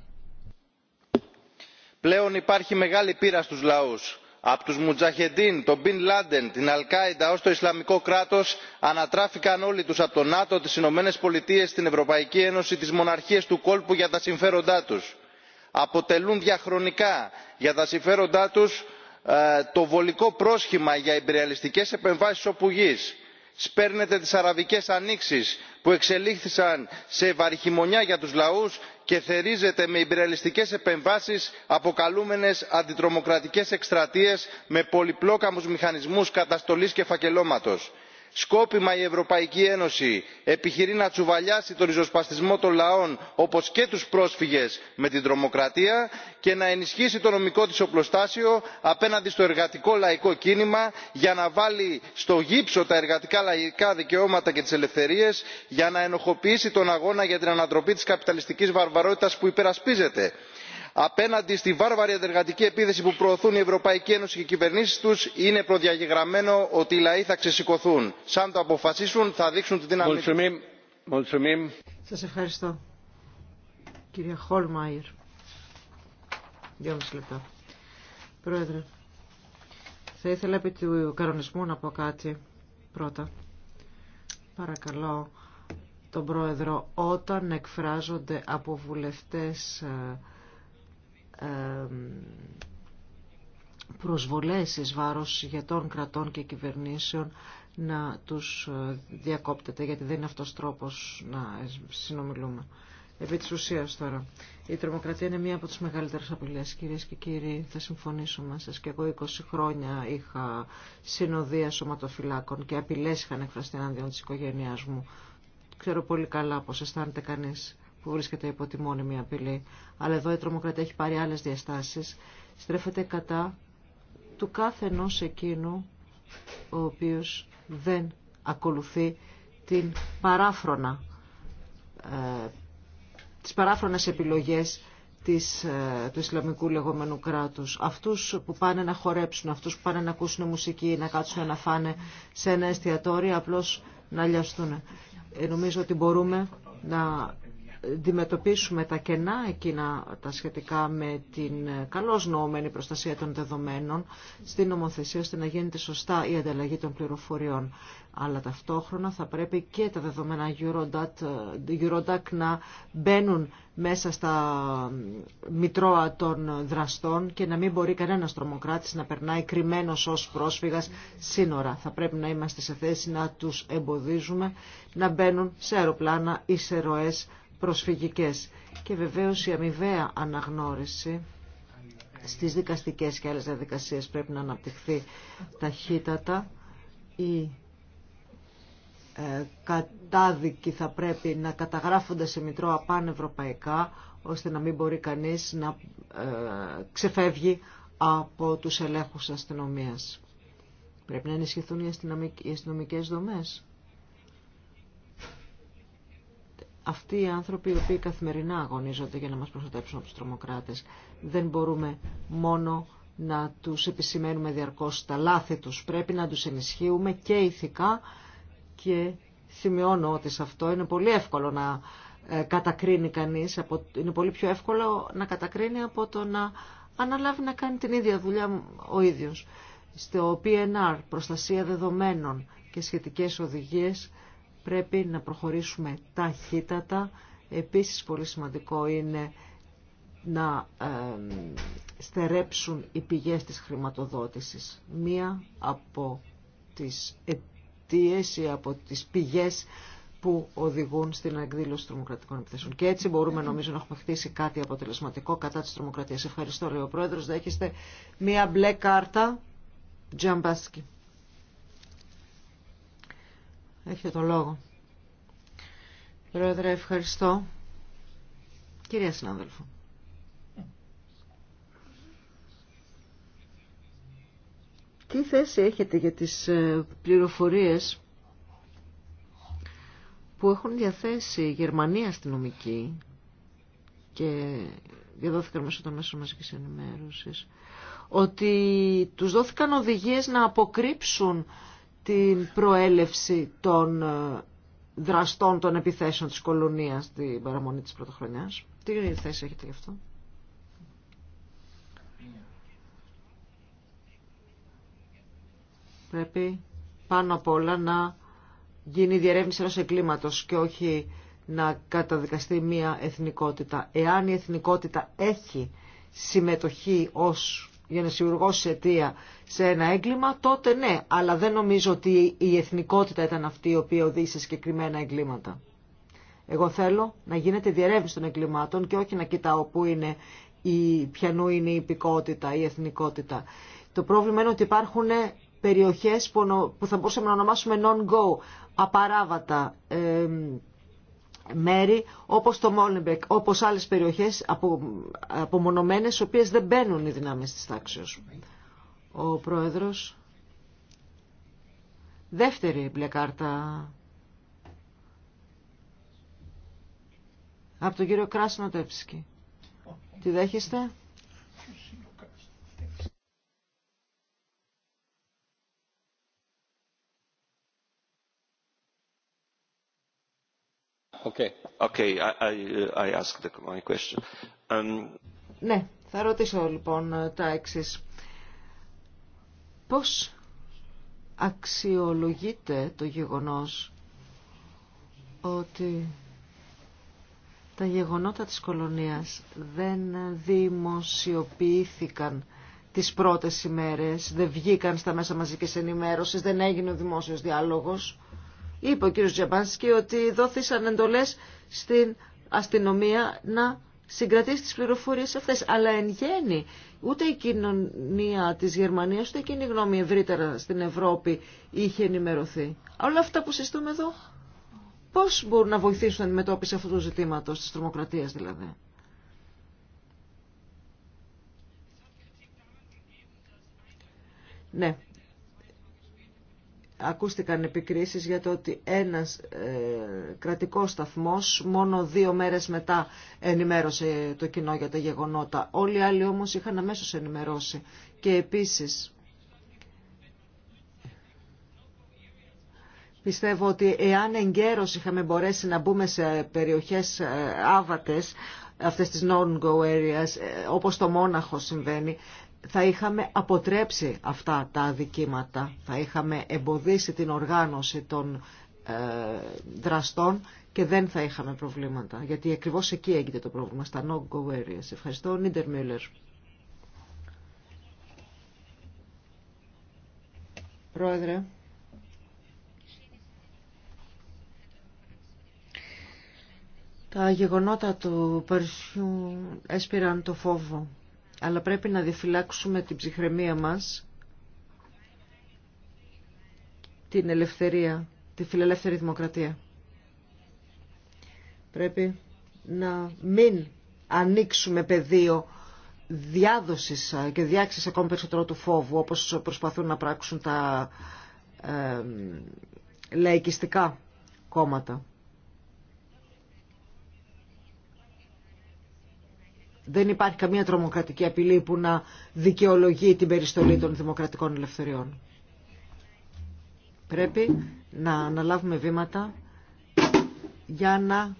Πλέον υπάρχει μεγάλη πείρα στους λαούς. Από τους Μουτζαχεντίν, τον Μπιν Λάντεν, την Αλκάιντα ως το Ισλαμικό κράτος ανατράφηκαν όλοι τους από το ΝΑΤΟ, τις Ηνωμένες Πολιτείες, την Ευρωπαϊκή Ένωση, τις μοναρχίες του κόλπου για τα συμφέροντά τους αποτελούν διαχρονικά για τα συμφέροντά τους ε, το βολικό πρόσχημα για ιμπεριαλιστικές επεμβάσεις όπου γης. σπέρνετε τις αραβικές ανοίξεις που εξελίχθησαν σε βαρχημονιά για τους λαούς και θερίζεται με ιμπεριαλιστικές επεμβάσεις αποκαλούμενες αντιτρομοκρατικές εκστρατείες με πολυπλόκαμους μηχανισμούς καταστολής και φακελώματος σκόπιμα η ευρωπαϊκή ένωση επιχειρεί να τσουβαλιάσει τον ριζοσπαστισμό των λαών όπως και τους πρόσφυγες με την τρομοκρατία και να ενισχύσει το νομικό της οπλοστάσιο απέναντι στο εργατικό λαϊκό κίνημα για να βάλει στο γύψο τα εργατικά λαϊκά δικαιώματα και τις ελευθερίες για να ενοχοποιήσει τον αγώνα για την ανατροπή της καπιταλιστικής βαρβαρότητας που υπερασπίζεται απέναντι στη βάρβαρη εργατική επίθεση που προωθούν η ευρωπαϊκή ένωση και οι κυβερνήσεις τους είναι προδιαγεγραμμένο ότι οι λαοί θα ξεσηκωθούν. σαν το αποφασίσουν θα δείξουν τη δύναμη τους. Σας ευχαριστώ. Κυρία Χολμάιρ. Δυόμιση λεπτά. Πρόεδρε, θα ήθελα επί του κανονισμού να πω κάτι πρώτα. Παρακαλώ τον Πρόεδρο, όταν εκφράζονται από βουλευτές ε, προσβολές εις βάρος ηγετών κρατών και κυβερνήσεων να τους ε, διακόπτεται, γιατί δεν είναι αυτός τρόπος να ε, συνομιλούμε. Επί της ουσίας τώρα. Η τρομοκρατία είναι μία από τις μεγαλύτερες απειλές, κυρίες και κύριοι. Θα συμφωνήσω μαζί σας. Και εγώ 20 χρόνια είχα συνοδεία σωματοφυλάκων και απειλές είχαν εκφραστεί αντίον της οικογένειάς μου. Ξέρω πολύ καλά πώς αισθάνεται κανείς που βρίσκεται υπό τη μόνιμη απειλή. Αλλά εδώ η τρομοκρατία έχει πάρει άλλες διαστάσεις. Στρέφεται κατά του κάθε ενός εκείνου ο οποίος δεν ακολουθεί την παράφρονα, ε, τις παράφρονες επιλογές της, ε, του Ισλαμικού λεγόμενου κράτους. Αυτούς που πάνε να χορέψουν, αυτούς που πάνε να ακούσουν μουσική, να κάτσουν να φάνε σε ένα εστιατόριο, απλώς να λιαστούν. Ε, νομίζω ότι μπορούμε να αντιμετωπίσουμε τα κενά εκείνα τα σχετικά με την καλώς νοωμένη προστασία των δεδομένων στην νομοθεσία ώστε να γίνεται σωστά η ανταλλαγή των πληροφοριών. Αλλά ταυτόχρονα θα πρέπει και τα δεδομένα Eurodac, Eurodac να μπαίνουν μέσα στα μητρώα των δραστών και να μην μπορεί κανένας τρομοκράτης να περνάει κρυμμένος ως πρόσφυγας σύνορα. Θα πρέπει να είμαστε σε θέση να τους εμποδίζουμε να μπαίνουν σε αεροπλάνα ή σε ροές προσφυγικές. Και βεβαίως η αμοιβαία αναγνώριση στις δικαστικές και άλλες διαδικασίες πρέπει να αναπτυχθεί ταχύτατα. Η ε, κατάδικοι θα πρέπει να καταγράφονται σε μητρό πανευρωπαϊκά ώστε να μην μπορεί κανείς να ε, ξεφεύγει από τους ελέγχους αστυνομίας. Πρέπει να ενισχυθούν οι αστυνομικές δομές αυτοί οι άνθρωποι οι οποίοι καθημερινά αγωνίζονται για να μας προστατέψουν από τους τρομοκράτες. Δεν μπορούμε μόνο να τους επισημαίνουμε διαρκώς τα λάθη τους. Πρέπει να τους ενισχύουμε και ηθικά και σημειώνω ότι σε αυτό είναι πολύ εύκολο να ε, κατακρίνει κανείς, είναι πολύ πιο εύκολο να κατακρίνει από το να αναλάβει να κάνει την ίδια δουλειά ο ίδιος. Στο PNR, προστασία δεδομένων και σχετικές οδηγίες, Πρέπει να προχωρήσουμε ταχύτατα. Επίσης πολύ σημαντικό είναι να στερέψουν οι πηγές της χρηματοδότησης. Μία από τις αιτίες ή από τις πηγές που οδηγούν στην εκδήλωση τρομοκρατικών επιθέσεων. Και έτσι μπορούμε νομίζω να έχουμε χτίσει κάτι αποτελεσματικό κατά της τρομοκρατίας. Ευχαριστώ, λέει ο Πρόεδρος. Δέχεστε μία μπλε κάρτα. Τζαμπάσκι. Έχετε το λόγο. Πρόεδρε, ευχαριστώ. Κυρία συνάδελφο. Τι θέση έχετε για τις ε, πληροφορίες που έχουν διαθέσει η Γερμανία αστυνομική και διαδόθηκαν μέσω των μέσων μαζικής ενημέρωσης ότι τους δόθηκαν οδηγίες να αποκρύψουν την προέλευση των ε, δραστών των επιθέσεων της κολονίας την παραμονή της πρωτοχρονιάς. Τι θέση έχετε γι' αυτό. Πρέπει πάνω απ' όλα να γίνει η διερεύνηση ενός εγκλήματος και όχι να καταδικαστεί μία εθνικότητα. Εάν η εθνικότητα έχει συμμετοχή ως για να σιουργώσει αιτία σε ένα έγκλημα, τότε ναι. Αλλά δεν νομίζω ότι η εθνικότητα ήταν αυτή η οποία οδήγησε σε συγκεκριμένα εγκλήματα. Εγώ θέλω να γίνεται διερεύνηση των εγκλημάτων και όχι να κοιτάω πού είναι η, πιανού είναι η υπηκότητα, η εθνικότητα. Το πρόβλημα είναι ότι υπάρχουν περιοχές που θα μπορούσαμε να ονομάσουμε non-go, απαράβατα, ε, μέρη όπως το Μόλεμπεκ, όπως άλλες περιοχές απο, απομονωμένες, οι οποίες δεν μπαίνουν οι δυνάμεις της τάξεως. Ο Πρόεδρος. Δεύτερη μπλε κάρτα. Από τον κύριο Κράσινο Τέψικη. Τη δέχεστε. Ναι, θα ρωτήσω λοιπόν τα εξή. Πώς αξιολογείται το γεγονός ότι τα γεγονότα της κολονίας δεν δημοσιοποιήθηκαν τις πρώτες ημέρες, δεν βγήκαν στα μέσα μαζικής ενημέρωσης, δεν έγινε ο δημόσιος διάλογος. Είπε ο κύριος Τζεμπάνσκι ότι δόθησαν εντολές στην αστυνομία να συγκρατήσει τις πληροφορίες αυτές. Αλλά εν γέννη ούτε η κοινωνία της Γερμανίας ούτε εκείνη η γνώμη ευρύτερα στην Ευρώπη είχε ενημερωθεί. Όλα αυτά που συστούμε εδώ πώς μπορούν να βοηθήσουν την αντιμετώπιση αυτού του ζητήματος της τρομοκρατίας δηλαδή. Ναι, ακούστηκαν επικρίσεις για το ότι ένας ε, κρατικός σταθμός μόνο δύο μέρες μετά ενημέρωσε το κοινό για τα γεγονότα. Όλοι οι άλλοι όμως είχαν αμέσως ενημερώσει. Και επίσης πιστεύω ότι εάν εγκαίρως είχαμε μπορέσει να μπούμε σε περιοχές ε, άβατες, αυτές τις non-go areas, ε, όπως το Μόναχο συμβαίνει, θα είχαμε αποτρέψει αυτά τα αδικήματα, θα είχαμε εμποδίσει την οργάνωση των ε, δραστών και δεν θα είχαμε προβλήματα. Γιατί ακριβώς εκεί έγινε το πρόβλημα, στα no-go areas. Ευχαριστώ, Νίτερ Μίλλερ. Πρόεδρε. Τα γεγονότα του Παρισιού έσπηραν το φόβο αλλά πρέπει να διαφυλάξουμε την ψυχραιμία μας, την ελευθερία, τη φιλελεύθερη δημοκρατία. Πρέπει να μην ανοίξουμε πεδίο διάδοσης ε, και διάξης ακόμη περισσότερο του φόβου, όπως προσπαθούν να πράξουν τα ε, λαϊκιστικά κόμματα. Δεν υπάρχει καμία τρομοκρατική απειλή που να δικαιολογεί την περιστολή των δημοκρατικών ελευθεριών. Πρέπει να αναλάβουμε βήματα για να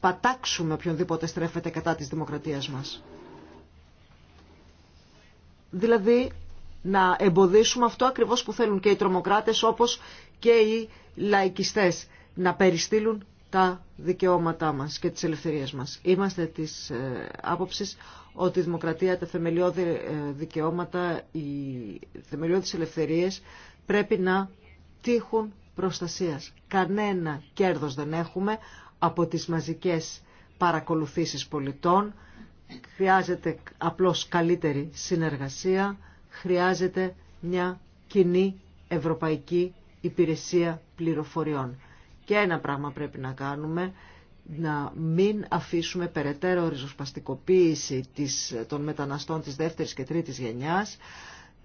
πατάξουμε οποιονδήποτε στρέφεται κατά της δημοκρατίας μας. Δηλαδή να εμποδίσουμε αυτό ακριβώς που θέλουν και οι τρομοκράτες όπως και οι λαϊκιστές να περιστήλουν τα δικαιώματά μας και τις ελευθερίες μας. Είμαστε της ε, άποψης ότι η δημοκρατία, τα θεμελιώδη ε, δικαιώματα, οι θεμελιώδεις ελευθερίες πρέπει να τύχουν προστασίας. Κανένα κέρδος δεν έχουμε από τις μαζικές παρακολουθήσεις πολιτών. Χρειάζεται απλώς καλύτερη συνεργασία, χρειάζεται μια κοινή ευρωπαϊκή υπηρεσία πληροφοριών. Και ένα πράγμα πρέπει να κάνουμε, να μην αφήσουμε περαιτέρω ριζοσπαστικοποίηση της, των μεταναστών της δεύτερης και τρίτης γενιάς,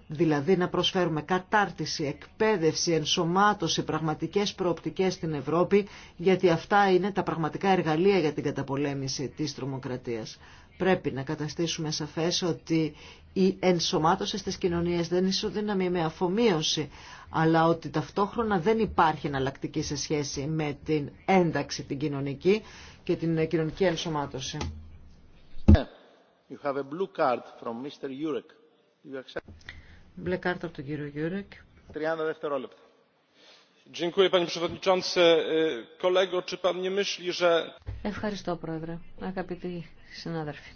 δηλαδή να προσφέρουμε κατάρτιση, εκπαίδευση, ενσωμάτωση, πραγματικές προοπτικές στην Ευρώπη, γιατί αυτά είναι τα πραγματικά εργαλεία για την καταπολέμηση της τρομοκρατίας. Πρέπει να καταστήσουμε σαφές ότι η ενσωμάτωση στις κοινωνίες δεν ισοδυναμεί με αφομοίωση, αλλά ότι ταυτόχρονα δεν υπάρχει εναλλακτική σε σχέση με την ένταξη την κοινωνική και την κοινωνική ενσωμάτωση. You have a blue card from Mr. Jurek. You accept... Μπλε κάρτα από τον κύριο Γιούρεκ. 30 δευτερόλεπτα. Ευχαριστώ, Πρόεδρε. Αγαπητοί συνάδελφοι.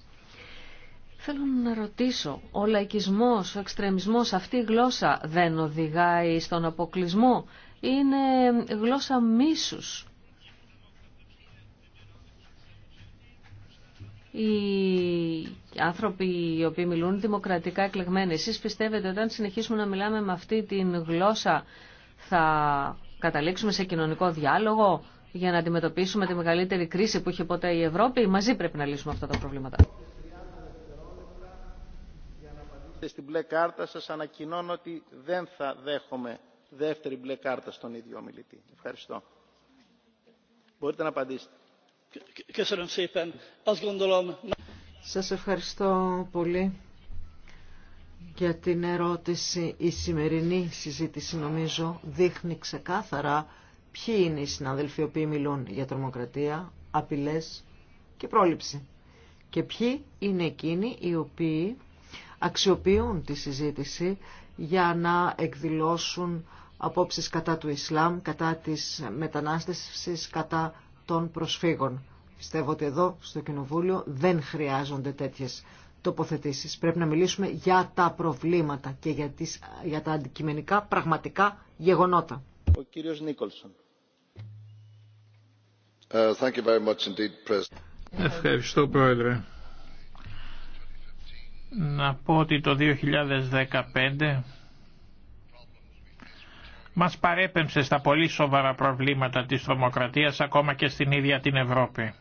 Θέλω να ρωτήσω, ο λαϊκισμός, ο εξτρεμισμός, αυτή η γλώσσα δεν οδηγάει στον αποκλεισμό. Είναι γλώσσα μίσους. οι άνθρωποι οι οποίοι μιλούν δημοκρατικά εκλεγμένοι. Εσείς πιστεύετε ότι όταν συνεχίσουμε να μιλάμε με αυτή την γλώσσα θα καταλήξουμε σε κοινωνικό διάλογο, για να αντιμετωπίσουμε τη μεγαλύτερη κρίση που είχε ποτέ η Ευρώπη. Μαζί πρέπει να λύσουμε αυτά τα προβλήματα. Στην μπλε κάρτα σας ανακοινώνω ότι δεν θα δέχομαι δεύτερη μπλε κάρτα στον ίδιο ομιλητή. Ευχαριστώ. Μπορείτε να απαντήσετε. Σας ευχαριστώ πολύ για την ερώτηση. Η σημερινή συζήτηση νομίζω δείχνει ξεκάθαρα ποιοι είναι οι συνάδελφοι οι οποίοι μιλούν για τρομοκρατία, απειλές και πρόληψη. Και ποιοι είναι εκείνοι οι οποίοι αξιοποιούν τη συζήτηση για να εκδηλώσουν απόψεις κατά του Ισλάμ, κατά της μετανάστευσης, κατά των προσφύγων. Πιστεύω ότι εδώ στο Κοινοβούλιο δεν χρειάζονται τέτοιες τοποθετήσεις. Πρέπει να μιλήσουμε για τα προβλήματα και για, τα αντικειμενικά πραγματικά γεγονότα. Ο κύριος Νίκολσον. Uh, Ευχαριστώ Πρόεδρε. Να πω ότι το 2015 μας παρέπεμψε στα πολύ σοβαρά προβλήματα της τρομοκρατίας ακόμα και στην ίδια την Ευρώπη.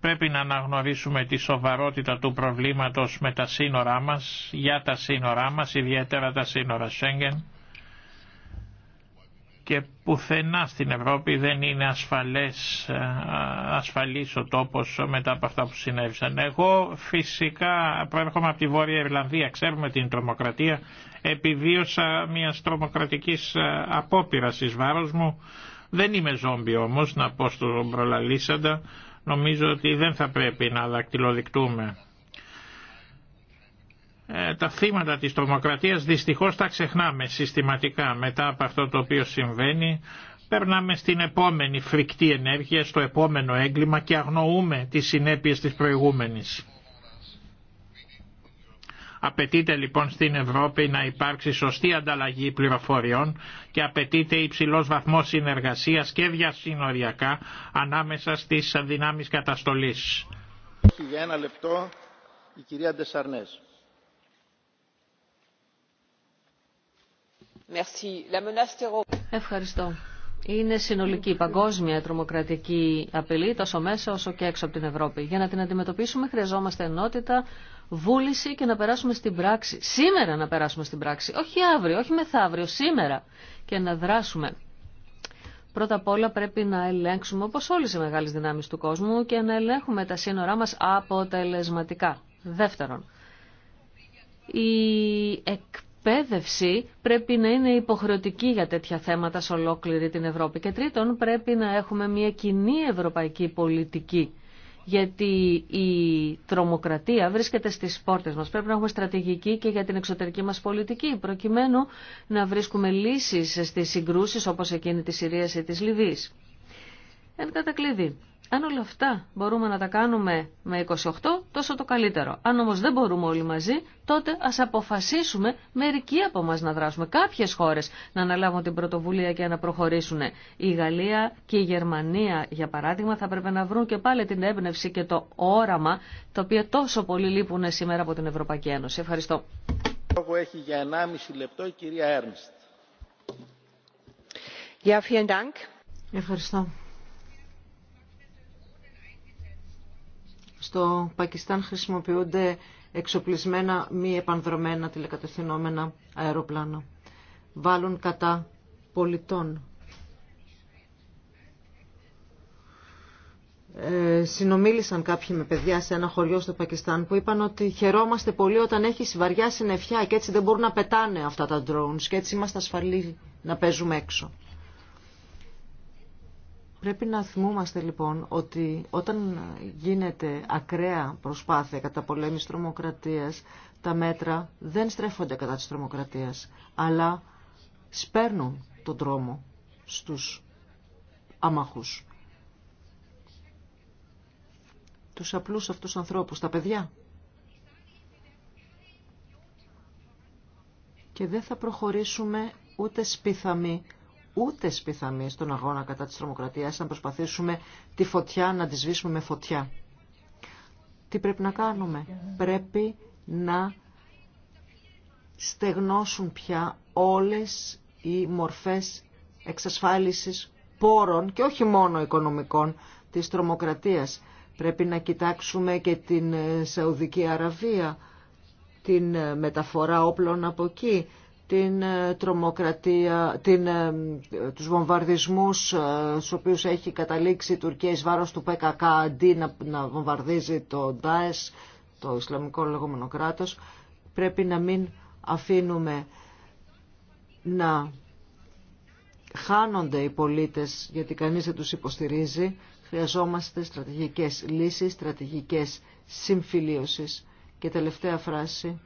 Πρέπει να αναγνωρίσουμε τη σοβαρότητα του προβλήματος με τα σύνορά μας, για τα σύνορά μας, ιδιαίτερα τα σύνορα Σέγγεν, και πουθενά στην Ευρώπη δεν είναι ασφαλές, ε, ασφαλής ο τόπος μετά από αυτά που συνέβησαν. Εγώ φυσικά προέρχομαι από τη Βόρεια Ιρλανδία, ξέρουμε την τρομοκρατία, επιβίωσα μια τρομοκρατικής ε, απόπειρα εις βάρος μου. Δεν είμαι ζόμπι όμως, να πω στον προλαλήσαντα, νομίζω ότι δεν θα πρέπει να δακτυλοδεικτούμε. Ε, τα θύματα της τρομοκρατίας δυστυχώς τα ξεχνάμε συστηματικά μετά από αυτό το οποίο συμβαίνει περνάμε στην επόμενη φρικτή ενέργεια, στο επόμενο έγκλημα και αγνοούμε τις συνέπειες της προηγούμενης. Απαιτείται λοιπόν στην Ευρώπη να υπάρξει σωστή ανταλλαγή πληροφοριών και απαιτείται υψηλός βαθμός συνεργασίας και διασυνοριακά ανάμεσα στις δυνάμεις καταστολής. Για ένα λεπτό, η κυρία Ευχαριστώ. Είναι συνολική παγκόσμια τρομοκρατική απειλή τόσο μέσα όσο και έξω από την Ευρώπη. Για να την αντιμετωπίσουμε χρειαζόμαστε ενότητα, βούληση και να περάσουμε στην πράξη. Σήμερα να περάσουμε στην πράξη. Όχι αύριο, όχι μεθαύριο, σήμερα. Και να δράσουμε. Πρώτα απ' όλα πρέπει να ελέγξουμε όπως όλες οι μεγάλες δυνάμεις του κόσμου και να ελέγχουμε τα σύνορά μας αποτελεσματικά. Δεύτερον, η εκπαίδευση εκπαίδευση πρέπει να είναι υποχρεωτική για τέτοια θέματα σε ολόκληρη την Ευρώπη. Και τρίτον, πρέπει να έχουμε μια κοινή ευρωπαϊκή πολιτική. Γιατί η τρομοκρατία βρίσκεται στις πόρτες μας. Πρέπει να έχουμε στρατηγική και για την εξωτερική μας πολιτική, προκειμένου να βρίσκουμε λύσεις στις συγκρούσεις όπως εκείνη τη Συρίας ή της Λιβύης. Εν κατακλείδη, αν όλα αυτά μπορούμε να τα κάνουμε με 28, τόσο το καλύτερο. Αν όμως δεν μπορούμε όλοι μαζί, τότε ας αποφασίσουμε μερικοί από μας να δράσουμε. Κάποιες χώρες να αναλάβουν την πρωτοβουλία και να προχωρήσουν. Η Γαλλία και η Γερμανία, για παράδειγμα, θα πρέπει να βρουν και πάλι την έμπνευση και το όραμα, το οποίο τόσο πολύ λείπουν σήμερα από την Ευρωπαϊκή Ένωση. Ευχαριστώ. για 1,5 λεπτό η κυρία Ευχαριστώ. στο Πακιστάν χρησιμοποιούνται εξοπλισμένα μη επανδρομένα τηλεκατευθυνόμενα αεροπλάνα. Βάλουν κατά πολιτών. Ε, συνομίλησαν κάποιοι με παιδιά σε ένα χωριό στο Πακιστάν που είπαν ότι χαιρόμαστε πολύ όταν έχει βαριά συννεφιά και έτσι δεν μπορούν να πετάνε αυτά τα drones και έτσι είμαστε ασφαλείς να παίζουμε έξω. Πρέπει να θυμούμαστε λοιπόν ότι όταν γίνεται ακραία προσπάθεια κατά πολέμης τρομοκρατίας, τα μέτρα δεν στρέφονται κατά της τρομοκρατίας, αλλά σπέρνουν τον τρόμο στους αμαχούς. Τους απλούς αυτούς ανθρώπους, τα παιδιά. Και δεν θα προχωρήσουμε ούτε σπίθαμοι ούτε σπιθαμή στον αγώνα κατά της τρομοκρατίας, να προσπαθήσουμε τη φωτιά να τη σβήσουμε με φωτιά. Τι πρέπει να κάνουμε. Πρέπει να στεγνώσουν πια όλες οι μορφές εξασφάλισης πόρων και όχι μόνο οικονομικών της τρομοκρατίας. Πρέπει να κοιτάξουμε και την Σαουδική Αραβία, την μεταφορά όπλων από εκεί, την ε, τρομοκρατία, την, ε, ε, τους βομβαρδισμούς στους οποίους έχει καταλήξει η Τουρκία εις βάρος του ΠΚΚ αντί να, να βομβαρδίζει το ΝΤΑΕΣ, το Ισλαμικό λεγόμενο κράτος, πρέπει να μην αφήνουμε να χάνονται οι πολίτες γιατί κανείς δεν τους υποστηρίζει. Χρειαζόμαστε στρατηγικές λύσεις, στρατηγικές συμφιλίωσης. Και τελευταία φράση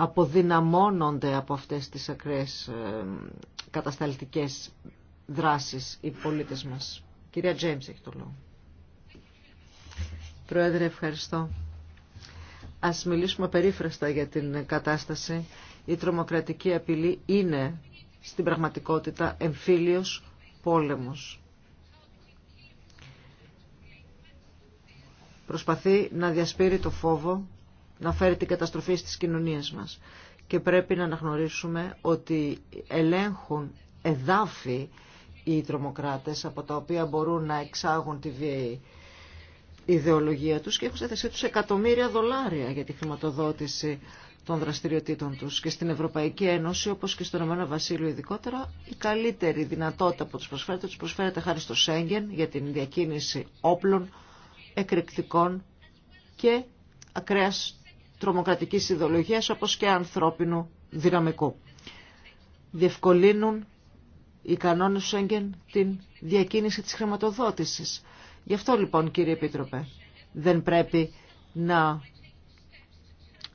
αποδυναμώνονται από αυτές τις ακραίες ε, κατασταλτικές δράσεις οι πολίτες μας. Κυρία Τζέιμς έχει το λόγο. Πρόεδρε, ευχαριστώ. Ας μιλήσουμε περίφραστα για την κατάσταση. Η τρομοκρατική απειλή είναι στην πραγματικότητα εμφύλιος πόλεμος. Προσπαθεί να διασπείρει το φόβο να φέρει την καταστροφή στις κοινωνίες μας. Και πρέπει να αναγνωρίσουμε ότι ελέγχουν εδάφη οι τρομοκράτες από τα οποία μπορούν να εξάγουν τη βίαιη ιδεολογία τους και έχουν σε τους εκατομμύρια δολάρια για τη χρηματοδότηση των δραστηριοτήτων τους. Και στην Ευρωπαϊκή Ένωση, όπως και στον Ηνωμένο Βασίλειο ειδικότερα, η καλύτερη δυνατότητα που τους προσφέρεται, τους προσφέρεται χάρη στο Σέγγεν για την διακίνηση όπλων, εκρηκτικών και ακραίας τρομοκρατικής ιδεολογίας όπως και ανθρώπινου δυναμικού. Διευκολύνουν οι κανόνες του Σέγγεν την διακίνηση της χρηματοδότησης. Γι' αυτό λοιπόν κύριε Επίτροπε δεν πρέπει να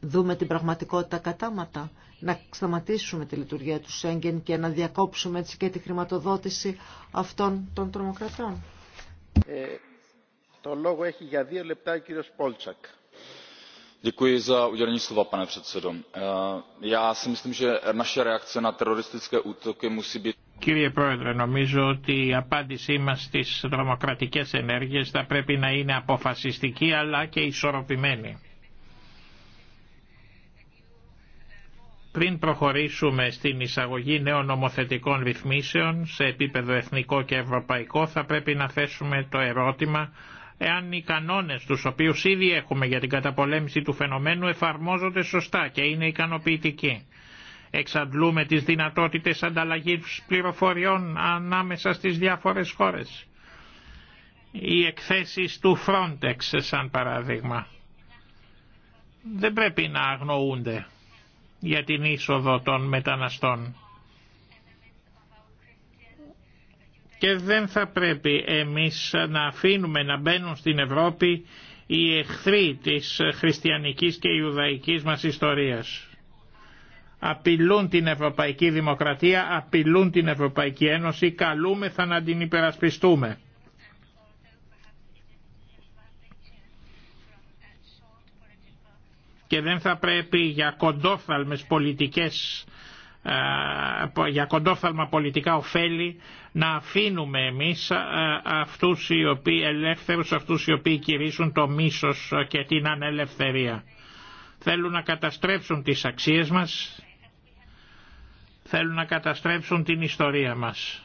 δούμε την πραγματικότητα κατάματα, να σταματήσουμε τη λειτουργία του Σέγγεν και να διακόψουμε έτσι και τη χρηματοδότηση αυτών των τρομοκρατών. Ε, το λόγο έχει για δύο λεπτά ο κύριος Πόλτσακ. Κύριε Πρόεδρε, νομίζω ότι η απάντησή μας στις δρομοκρατικές ενέργειες θα πρέπει να είναι αποφασιστική αλλά και ισορροπημένη. Πριν προχωρήσουμε στην εισαγωγή νέων νομοθετικών ρυθμίσεων σε επίπεδο εθνικό και ευρωπαϊκό θα πρέπει να θέσουμε το ερώτημα εάν οι κανόνες τους οποίους ήδη έχουμε για την καταπολέμηση του φαινομένου εφαρμόζονται σωστά και είναι ικανοποιητικοί. Εξαντλούμε τις δυνατότητες ανταλλαγής πληροφοριών ανάμεσα στις διάφορες χώρες. Οι εκθέσεις του Frontex σαν παράδειγμα δεν πρέπει να αγνοούνται για την είσοδο των μεταναστών. και δεν θα πρέπει εμείς να αφήνουμε να μπαίνουν στην Ευρώπη οι εχθροί της χριστιανικής και ιουδαϊκής μας ιστορίας. Απειλούν την Ευρωπαϊκή Δημοκρατία, απειλούν την Ευρωπαϊκή Ένωση, καλούμεθα να την υπερασπιστούμε. Και δεν θα πρέπει για κοντόφθαλμες πολιτικές ε, για κοντόφθαλμα πολιτικά ωφέλη να αφήνουμε εμείς ε, αυτούς οι οποίοι ελεύθερους, αυτούς οι οποίοι κηρύσουν το μίσος και την ανελευθερία. Θέλουν να καταστρέψουν τις αξίες μας, θέλουν να καταστρέψουν την ιστορία μας.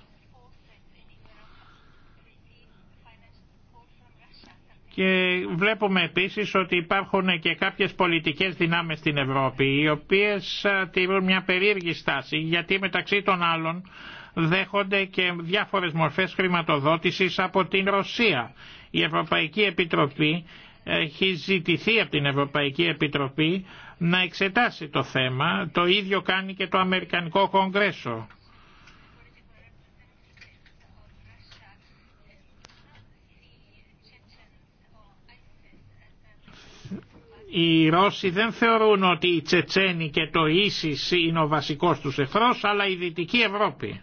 βλέπουμε επίσης ότι υπάρχουν και κάποιες πολιτικές δυνάμεις στην Ευρώπη οι οποίες τηρούν μια περίεργη στάση γιατί μεταξύ των άλλων δέχονται και διάφορες μορφές χρηματοδότησης από την Ρωσία. Η Ευρωπαϊκή Επιτροπή έχει ζητηθεί από την Ευρωπαϊκή Επιτροπή να εξετάσει το θέμα. Το ίδιο κάνει και το Αμερικανικό Κογκρέσο. οι Ρώσοι δεν θεωρούν ότι η Τσετσένοι και το Ίσις είναι ο βασικός τους εχθρός, αλλά η Δυτική Ευρώπη.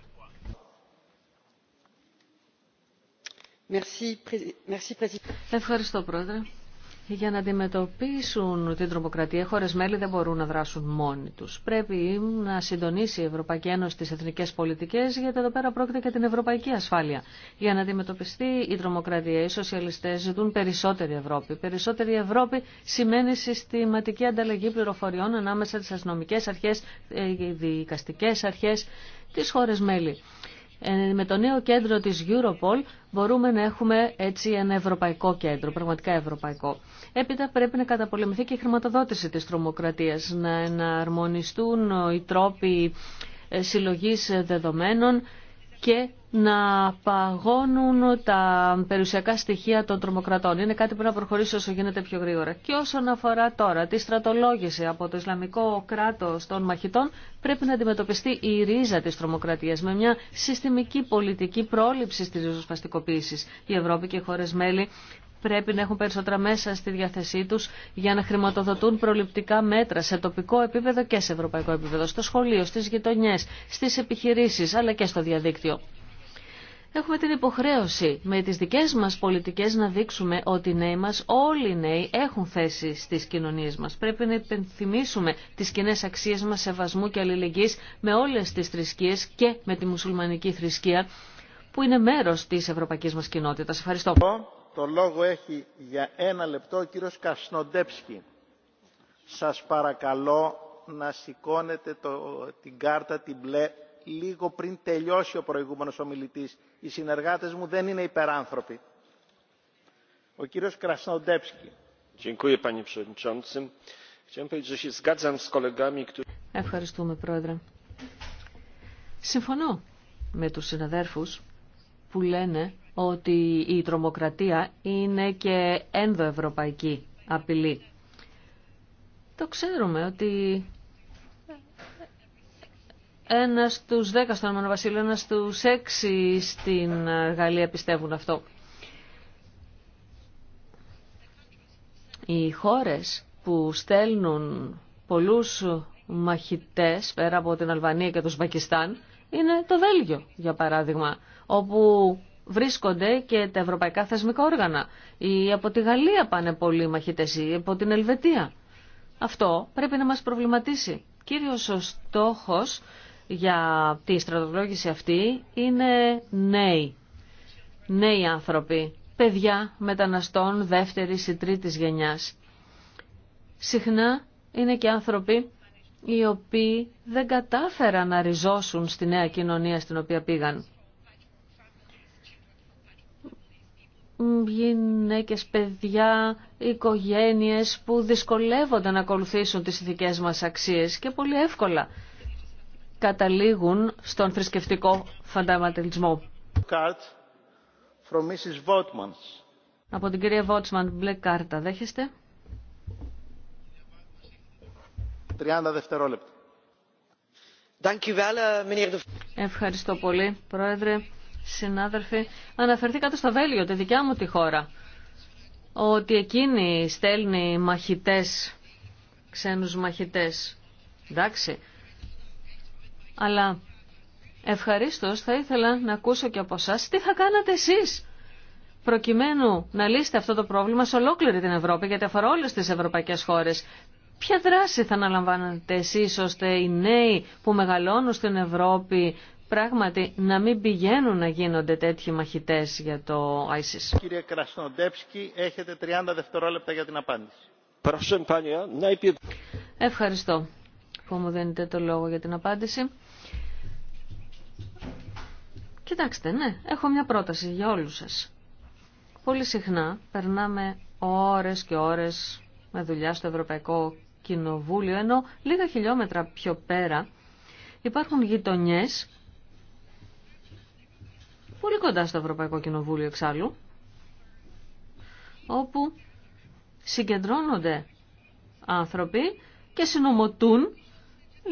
Ευχαριστώ Πρόεδρε για να αντιμετωπίσουν την τρομοκρατία, χώρες μέλη δεν μπορούν να δράσουν μόνοι τους. Πρέπει να συντονίσει η Ευρωπαϊκή Ένωση τις εθνικές πολιτικές, γιατί εδώ πέρα πρόκειται για την ευρωπαϊκή ασφάλεια. Για να αντιμετωπιστεί η τρομοκρατία, οι σοσιαλιστές ζητούν περισσότερη Ευρώπη. Περισσότερη Ευρώπη σημαίνει συστηματική ανταλλαγή πληροφοριών ανάμεσα στις αστυνομικές αρχές, ε, δικαστικές αρχές, τις χώρες μέλη. Ε, με το νέο κέντρο της Europol μπορούμε να έχουμε έτσι ένα ευρωπαϊκό κέντρο, πραγματικά ευρωπαϊκό. Έπειτα πρέπει να καταπολεμηθεί και η χρηματοδότηση της τρομοκρατίας, να εναρμονιστούν οι τρόποι ε, συλλογής ε, δεδομένων, και να παγώνουν τα περιουσιακά στοιχεία των τρομοκρατών. Είναι κάτι που να προχωρήσει όσο γίνεται πιο γρήγορα. Και όσον αφορά τώρα τη στρατολόγηση από το Ισλαμικό κράτο των μαχητών, πρέπει να αντιμετωπιστεί η ρίζα τη τρομοκρατίας με μια συστημική πολιτική πρόληψη τη ριζοσπαστικοποίηση. Η Ευρώπη και οι χωρέ μέλη πρέπει να έχουν περισσότερα μέσα στη διάθεσή του για να χρηματοδοτούν προληπτικά μέτρα σε τοπικό επίπεδο και σε ευρωπαϊκό επίπεδο, στο σχολείο, στι γειτονιέ, στι επιχειρήσει, αλλά και στο διαδίκτυο. Έχουμε την υποχρέωση με τις δικές μας πολιτικές να δείξουμε ότι οι νέοι μας, όλοι οι νέοι έχουν θέση στις κοινωνίες μας. Πρέπει να υπενθυμίσουμε τις κοινέ αξίες μας σεβασμού και αλληλεγγύης με όλες τις θρησκείες και με τη μουσουλμανική θρησκεία που είναι μέρος της ευρωπαϊκής μας κοινότητας. Ευχαριστώ το λόγο έχει για ένα λεπτό ο κύριος Κασνοντέψκι. Σας παρακαλώ να σηκώνετε την κάρτα την μπλε λίγο πριν τελειώσει ο προηγούμενος ομιλητής. Οι συνεργάτες μου δεν είναι υπεράνθρωποι. Ο κύριος Κρασνοντέψκι. Ευχαριστούμε, Πρόεδρε. Συμφωνώ με τους συναδέρφους που λένε ότι η τρομοκρατία είναι και ενδοευρωπαϊκή απειλή. Το ξέρουμε ότι ένας στους δέκα στον Ανωμένο Βασίλειο, ένας στους έξι στην Γαλλία πιστεύουν αυτό. Οι χώρες που στέλνουν πολλούς μαχητές πέρα από την Αλβανία και το Σπακιστάν είναι το Βέλγιο, για παράδειγμα όπου βρίσκονται και τα ευρωπαϊκά θεσμικά όργανα. Ή από τη Γαλλία πάνε πολλοί μαχητές ή από την Ελβετία. Αυτό πρέπει να μας προβληματίσει. Κύριος ο στόχος για τη στρατολόγηση αυτή είναι νέοι. Νέοι άνθρωποι, παιδιά μεταναστών δεύτερης ή τρίτης γενιάς. Συχνά είναι και άνθρωποι οι οποίοι δεν κατάφεραν να ριζώσουν στη νέα κοινωνία στην οποία πήγαν. γυναίκες, παιδιά, οικογένειες που δυσκολεύονται να ακολουθήσουν τις ηθικές μας αξίες και πολύ εύκολα καταλήγουν στον θρησκευτικό φανταματισμό. Από την κυρία Βότσμαν, μπλε κάρτα, δέχεστε. 30 δευτερόλεπτα. Eh, Ευχαριστώ πολύ, Πρόεδρε συνάδελφοι, αναφερθήκατε στο Βέλγιο, τη δικιά μου τη χώρα, ότι εκείνη στέλνει μαχητές, ξένους μαχητές. Εντάξει. Αλλά ευχαρίστως θα ήθελα να ακούσω και από εσά τι θα κάνατε εσείς προκειμένου να λύσετε αυτό το πρόβλημα σε ολόκληρη την Ευρώπη, γιατί αφορά όλες τις ευρωπαϊκές χώρες. Ποια δράση θα αναλαμβάνετε εσείς ώστε οι νέοι που μεγαλώνουν στην Ευρώπη πράγματι να μην πηγαίνουν να γίνονται τέτοιοι μαχητές για το ISIS. Κύριε έχετε 30 δευτερόλεπτα για την απάντηση. Ευχαριστώ που μου δίνετε το λόγο για την απάντηση. Κοιτάξτε, ναι, έχω μια πρόταση για όλους σας. Πολύ συχνά περνάμε ώρες και ώρες με δουλειά στο Ευρωπαϊκό Κοινοβούλιο, ενώ λίγα χιλιόμετρα πιο πέρα υπάρχουν γειτονιές πολύ κοντά στο Ευρωπαϊκό Κοινοβούλιο εξάλλου, όπου συγκεντρώνονται άνθρωποι και συνομωτούν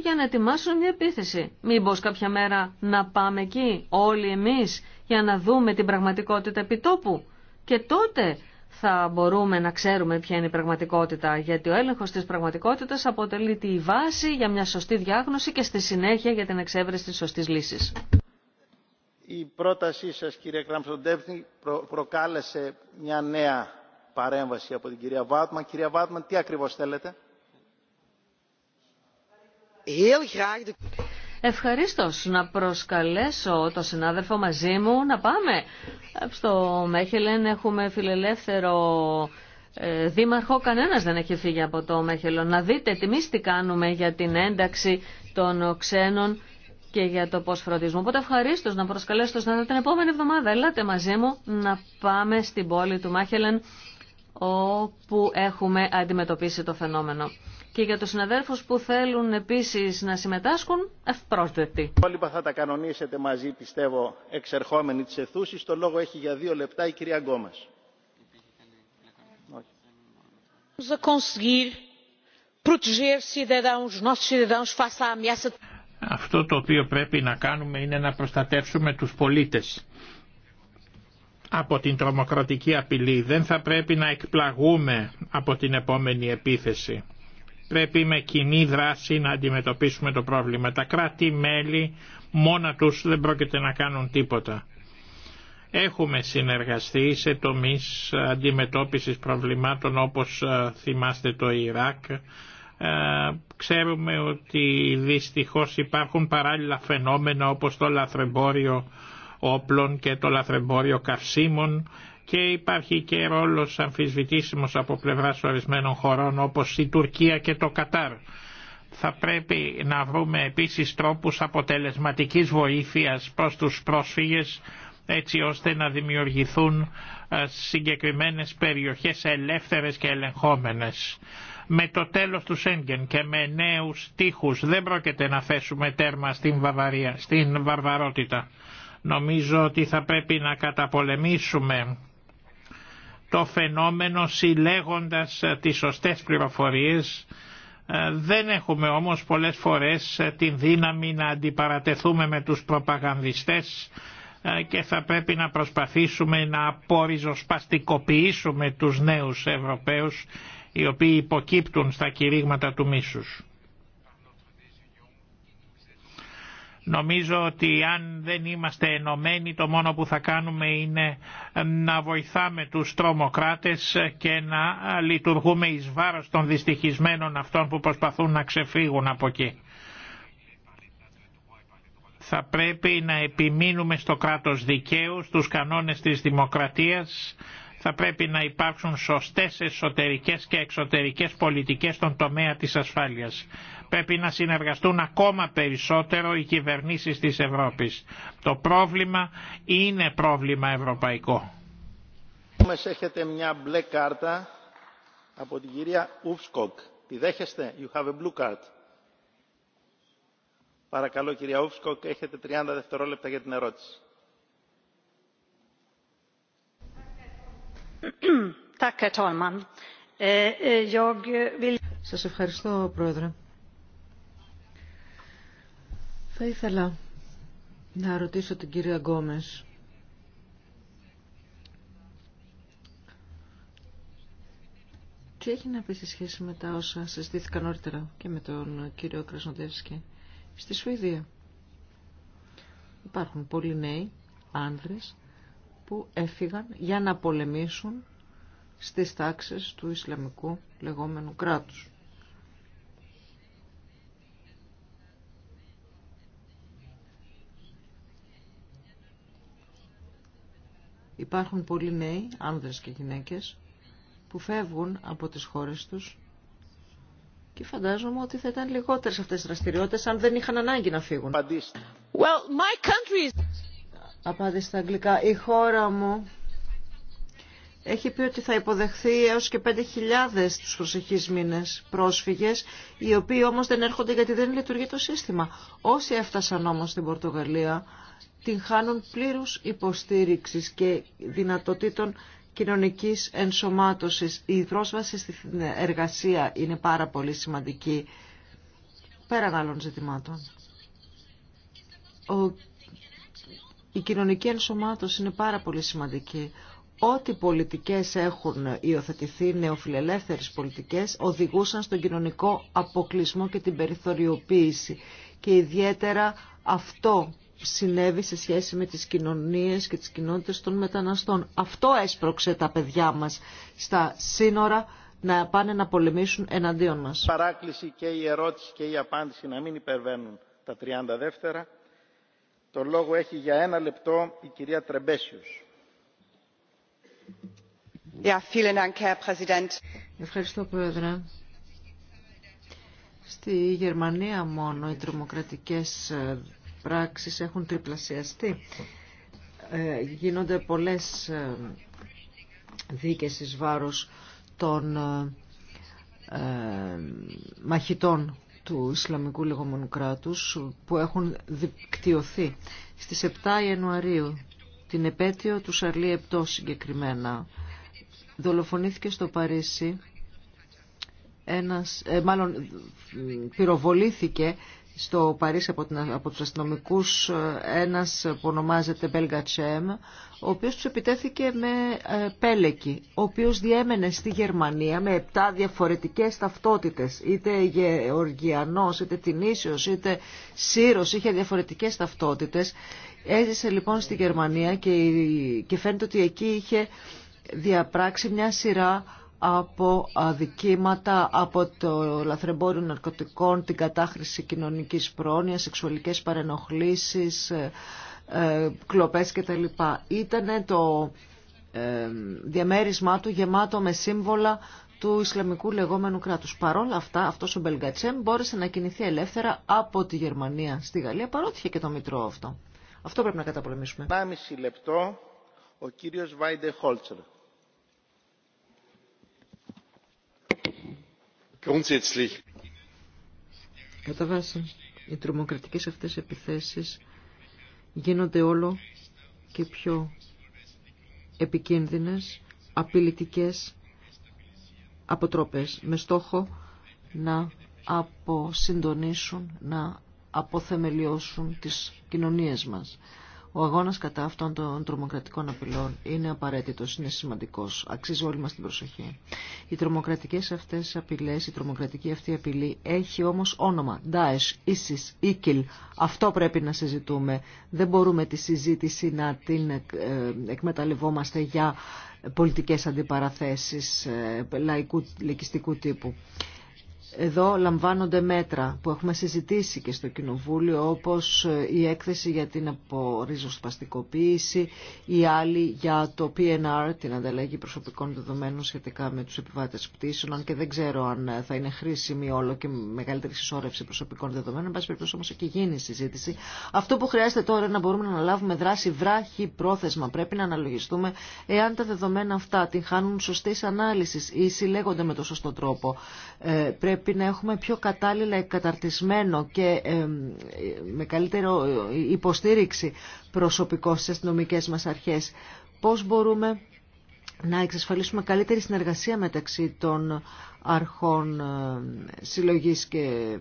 για να ετοιμάσουν μια επίθεση. Μήπως κάποια μέρα να πάμε εκεί όλοι εμείς για να δούμε την πραγματικότητα επιτόπου. Και τότε θα μπορούμε να ξέρουμε ποια είναι η πραγματικότητα, γιατί ο έλεγχος της πραγματικότητας αποτελεί τη βάση για μια σωστή διάγνωση και στη συνέχεια για την εξέβρεση της σωστής λύσης η πρότασή σας κύριε Κραμψοντέφνη προκάλεσε μια νέα παρέμβαση από την κυρία Βάτμαν. Κυρία Βάτμαν, τι ακριβώς θέλετε. Ευχαριστώ να προσκαλέσω το συνάδελφο μαζί μου να πάμε. Στο Μέχελεν έχουμε φιλελεύθερο ε, δήμαρχο, κανένας δεν έχει φύγει από το Μέχελο. Να δείτε τι τι κάνουμε για την ένταξη των ξένων και για το πώς φροντίζουμε. Οπότε ευχαρίστω να προσκαλέσω τον την επόμενη εβδομάδα. Ελάτε μαζί μου να πάμε στην πόλη του Μάχελεν όπου έχουμε αντιμετωπίσει το φαινόμενο. Και για τους συναδέρφους που θέλουν επίσης να συμμετάσχουν, ευπρόσδεκτοι. Όλοι θα τα κανονίσετε μαζί, πιστεύω, εξερχόμενοι της αιθούσης. Το λόγο έχει για δύο λεπτά η κυρία Γκόμας. ameaça. Αυτό το οποίο πρέπει να κάνουμε είναι να προστατεύσουμε τους πολίτες από την τρομοκρατική απειλή. Δεν θα πρέπει να εκπλαγούμε από την επόμενη επίθεση. Πρέπει με κοινή δράση να αντιμετωπίσουμε το πρόβλημα. Τα κράτη-μέλη μόνα τους δεν πρόκειται να κάνουν τίποτα. Έχουμε συνεργαστεί σε τομείς αντιμετώπισης προβλημάτων όπως ε, θυμάστε το Ιράκ ε, Ξέρουμε ότι δυστυχώς υπάρχουν παράλληλα φαινόμενα όπως το λαθρεμπόριο όπλων και το λαθρεμπόριο καυσίμων και υπάρχει και ρόλος αμφισβητήσιμος από πλευράς ορισμένων χωρών όπως η Τουρκία και το Κατάρ. Θα πρέπει να βρούμε επίσης τρόπους αποτελεσματικής βοήθειας προς τους πρόσφυγες έτσι ώστε να δημιουργηθούν ε, συγκεκριμένες περιοχές ελεύθερες και ελεγχόμενες με το τέλος του Σέγγεν και με νέους τείχους δεν πρόκειται να θέσουμε τέρμα στην, βαβαρία, στην βαρβαρότητα. Νομίζω ότι θα πρέπει να καταπολεμήσουμε το φαινόμενο συλλέγοντας τις σωστές πληροφορίες. Ε, δεν έχουμε όμως πολλές φορές την δύναμη να αντιπαρατεθούμε με τους προπαγανδιστές ε, και θα πρέπει να προσπαθήσουμε να απορριζοσπαστικοποιήσουμε τους νέους Ευρωπαίους οι οποίοι υποκύπτουν στα κηρύγματα του μίσους. Νομίζω ότι αν δεν είμαστε ενωμένοι το μόνο που θα κάνουμε είναι να βοηθάμε τους τρομοκράτες και να λειτουργούμε εις βάρος των δυστυχισμένων αυτών που προσπαθούν να ξεφύγουν από εκεί. Θα πρέπει να επιμείνουμε στο κράτος δικαίου, στους κανόνες της δημοκρατίας, θα πρέπει να υπάρξουν σωστές εσωτερικές και εξωτερικές πολιτικές στον τομέα της ασφάλειας. Πρέπει να συνεργαστούν ακόμα περισσότερο οι κυβερνήσεις της Ευρώπης. Το πρόβλημα είναι πρόβλημα ευρωπαϊκό. Μας έχετε μια μπλε κάρτα από την κυρία Ουφσκοκ. Τη δέχεστε? You have a blue card. Παρακαλώ κυρία Ουφσκοκ, έχετε 30 δευτερόλεπτα για την ερώτηση. Eh, eh, Σας ευχαριστώ, Πρόεδρε. Θα ήθελα να ρωτήσω την κυρία Γκόμες τι έχει να πει στη σχέση με τα όσα συζητήθηκαν νωρίτερα και με τον κύριο Κρασνοτεύσκη στη Σουηδία. Υπάρχουν πολλοί νέοι άνδρες που έφυγαν για να πολεμήσουν στις τάξεις του Ισλαμικού λεγόμενου κράτους. Υπάρχουν πολλοί νέοι, άνδρες και γυναίκες, που φεύγουν από τις χώρες τους και φαντάζομαι ότι θα ήταν λιγότερες αυτές τις δραστηριότητες αν δεν είχαν ανάγκη να φύγουν. Well, my country στα αγγλικά. Η χώρα μου έχει πει ότι θα υποδεχθεί έως και 5.000 τους προσεχείς μήνες πρόσφυγες, οι οποίοι όμως δεν έρχονται γιατί δεν λειτουργεί το σύστημα. Όσοι έφτασαν όμως στην Πορτογαλία, την χάνουν πλήρους υποστήριξης και δυνατοτήτων κοινωνικής ενσωμάτωσης. Η πρόσβαση στην εργασία είναι πάρα πολύ σημαντική, πέραν άλλων ζητημάτων. Ο η κοινωνική ενσωμάτωση είναι πάρα πολύ σημαντική. Ό,τι πολιτικές έχουν υιοθετηθεί νεοφιλελεύθερες πολιτικές οδηγούσαν στον κοινωνικό αποκλεισμό και την περιθωριοποίηση. Και ιδιαίτερα αυτό συνέβη σε σχέση με τις κοινωνίες και τις κοινότητες των μεταναστών. Αυτό έσπρωξε τα παιδιά μας στα σύνορα να πάνε να πολεμήσουν εναντίον μας. Παράκληση και η ερώτηση και η απάντηση να μην υπερβαίνουν τα 30 δεύτερα. Το λόγο έχει για ένα λεπτό η κυρία Τρεμπέσιους. Ευχαριστώ, Πρόεδρε. Στη Γερμανία μόνο οι τρομοκρατικές ε, πράξεις έχουν τριπλασιαστεί. Ε, γίνονται πολλές ε, δίκες εις βάρος των μαχητών του Ισλαμικού λεγόμενου που έχουν δικτυωθεί. Στις 7 Ιανουαρίου, την επέτειο του Σαρλί Επτό συγκεκριμένα, δολοφονήθηκε στο Παρίσι ένας, ε, μάλλον πυροβολήθηκε στο Παρίσι από, την, από τους αστυνομικούς ε, ένας που ονομάζεται Μπέλγατσέμ, ο οποίος τους επιτέθηκε με ε, πέλεκη, ο οποίος διέμενε στη Γερμανία με επτά διαφορετικές ταυτότητες, είτε γεωργιανός, είτε τινήσιος, είτε σύρος, είχε διαφορετικές ταυτότητες. Έζησε λοιπόν στη Γερμανία και, και φαίνεται ότι εκεί είχε διαπράξει μια σειρά από αδικήματα, από το λαθρεμπόριο ναρκωτικών, την κατάχρηση κοινωνικής πρόνοιας, σεξουαλικές παρενοχλήσεις, ε, ε, κλοπές κτλ. Ήταν το ε, διαμέρισμά του γεμάτο με σύμβολα του Ισλαμικού λεγόμενου κράτους. Παρόλα αυτά, αυτός ο Μπελγκατσέμ μπόρεσε να κινηθεί ελεύθερα από τη Γερμανία στη Γαλλία, παρότι είχε και το μητρό αυτό. Αυτό πρέπει να καταπολεμήσουμε. 1,5 λεπτό ο κύριος Βάιντε Χόλτσερ. Grundsätzlich. Κατά βάση, οι τρομοκρατικές αυτές επιθέσεις γίνονται όλο και πιο επικίνδυνες, απειλητικές, αποτρόπες, με στόχο να αποσυντονίσουν, να αποθεμελιώσουν τις κοινωνίες μας. Ο αγώνας κατά αυτών των τρομοκρατικών απειλών είναι απαραίτητος, είναι σημαντικός, αξίζει όλη μα την προσοχή. Οι τρομοκρατικέ αυτές απειλέ, η τρομοκρατική αυτή απειλή έχει όμως όνομα. Ντάεσ, ISIS, Ίκυλ, αυτό πρέπει να συζητούμε. Δεν μπορούμε τη συζήτηση να την ε, εκμεταλλευόμαστε για πολιτικές αντιπαραθέσεις ε, λαϊκού, λαϊκιστικού τύπου. Εδώ λαμβάνονται μέτρα που έχουμε συζητήσει και στο Κοινοβούλιο όπως η έκθεση για την απορριζοσπαστικοποίηση ή άλλη για το PNR, την ανταλλαγή προσωπικών δεδομένων σχετικά με τους επιβάτες πτήσεων, αν και δεν ξέρω αν θα είναι χρήσιμη όλο και μεγαλύτερη συσσόρευση προσωπικών δεδομένων, εν πάση περιπτώσει όμως έχει γίνει η συζήτηση. Αυτό που χρειάζεται τώρα είναι να μπορούμε να αναλάβουμε δράση βράχη πρόθεσμα. Πρέπει να αναλογιστούμε εάν τα δεδομένα αυτά την χάνουν σωστή ανάλυση ή συλλέγονται με το σωστό τρόπο. Ε, πρέπει να έχουμε πιο κατάλληλα καταρτισμένο και με καλύτερο ε, υποστήριξη προσωπικό στις αστυνομικές μας αρχές. Πώς μπορούμε να εξασφαλίσουμε καλύτερη συνεργασία μεταξύ των αρχών ε, συλλογής και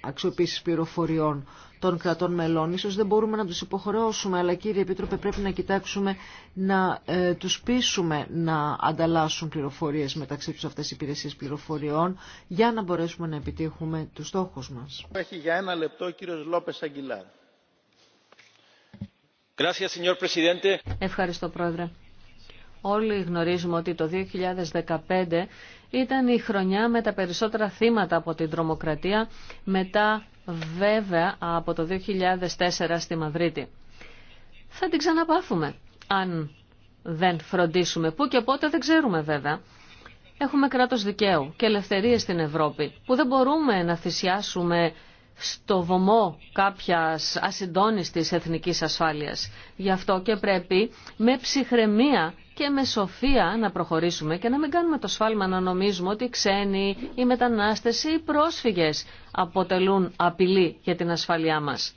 αξιοποίησης πληροφοριών των κρατών μελών. Ίσως δεν μπορούμε να τους υποχρεώσουμε, αλλά κύριε Επίτροπε πρέπει να κοιτάξουμε να ε, τους πείσουμε να ανταλλάσσουν πληροφορίες μεταξύ τους αυτές οι υπηρεσίες πληροφοριών για να μπορέσουμε να επιτύχουμε τους στόχους μας. για ένα λεπτό Ευχαριστώ, Πρόεδρε. Όλοι γνωρίζουμε ότι το 2015 ήταν η χρονιά με τα περισσότερα θύματα από την τρομοκρατία, μετά βέβαια από το 2004 στη Μαδρίτη. Θα την ξαναπάθουμε, αν δεν φροντίσουμε. Πού και πότε δεν ξέρουμε βέβαια. Έχουμε κράτος δικαίου και ελευθερίες στην Ευρώπη, που δεν μπορούμε να θυσιάσουμε στο βωμό κάποιας ασυντόνιστης εθνικής ασφάλειας. Γι' αυτό και πρέπει με ψυχραιμία και με σοφία να προχωρήσουμε και να μην κάνουμε το σφάλμα να νομίζουμε ότι οι ξένοι, οι μετανάστες ή οι πρόσφυγες αποτελούν απειλή για την ασφαλειά μας.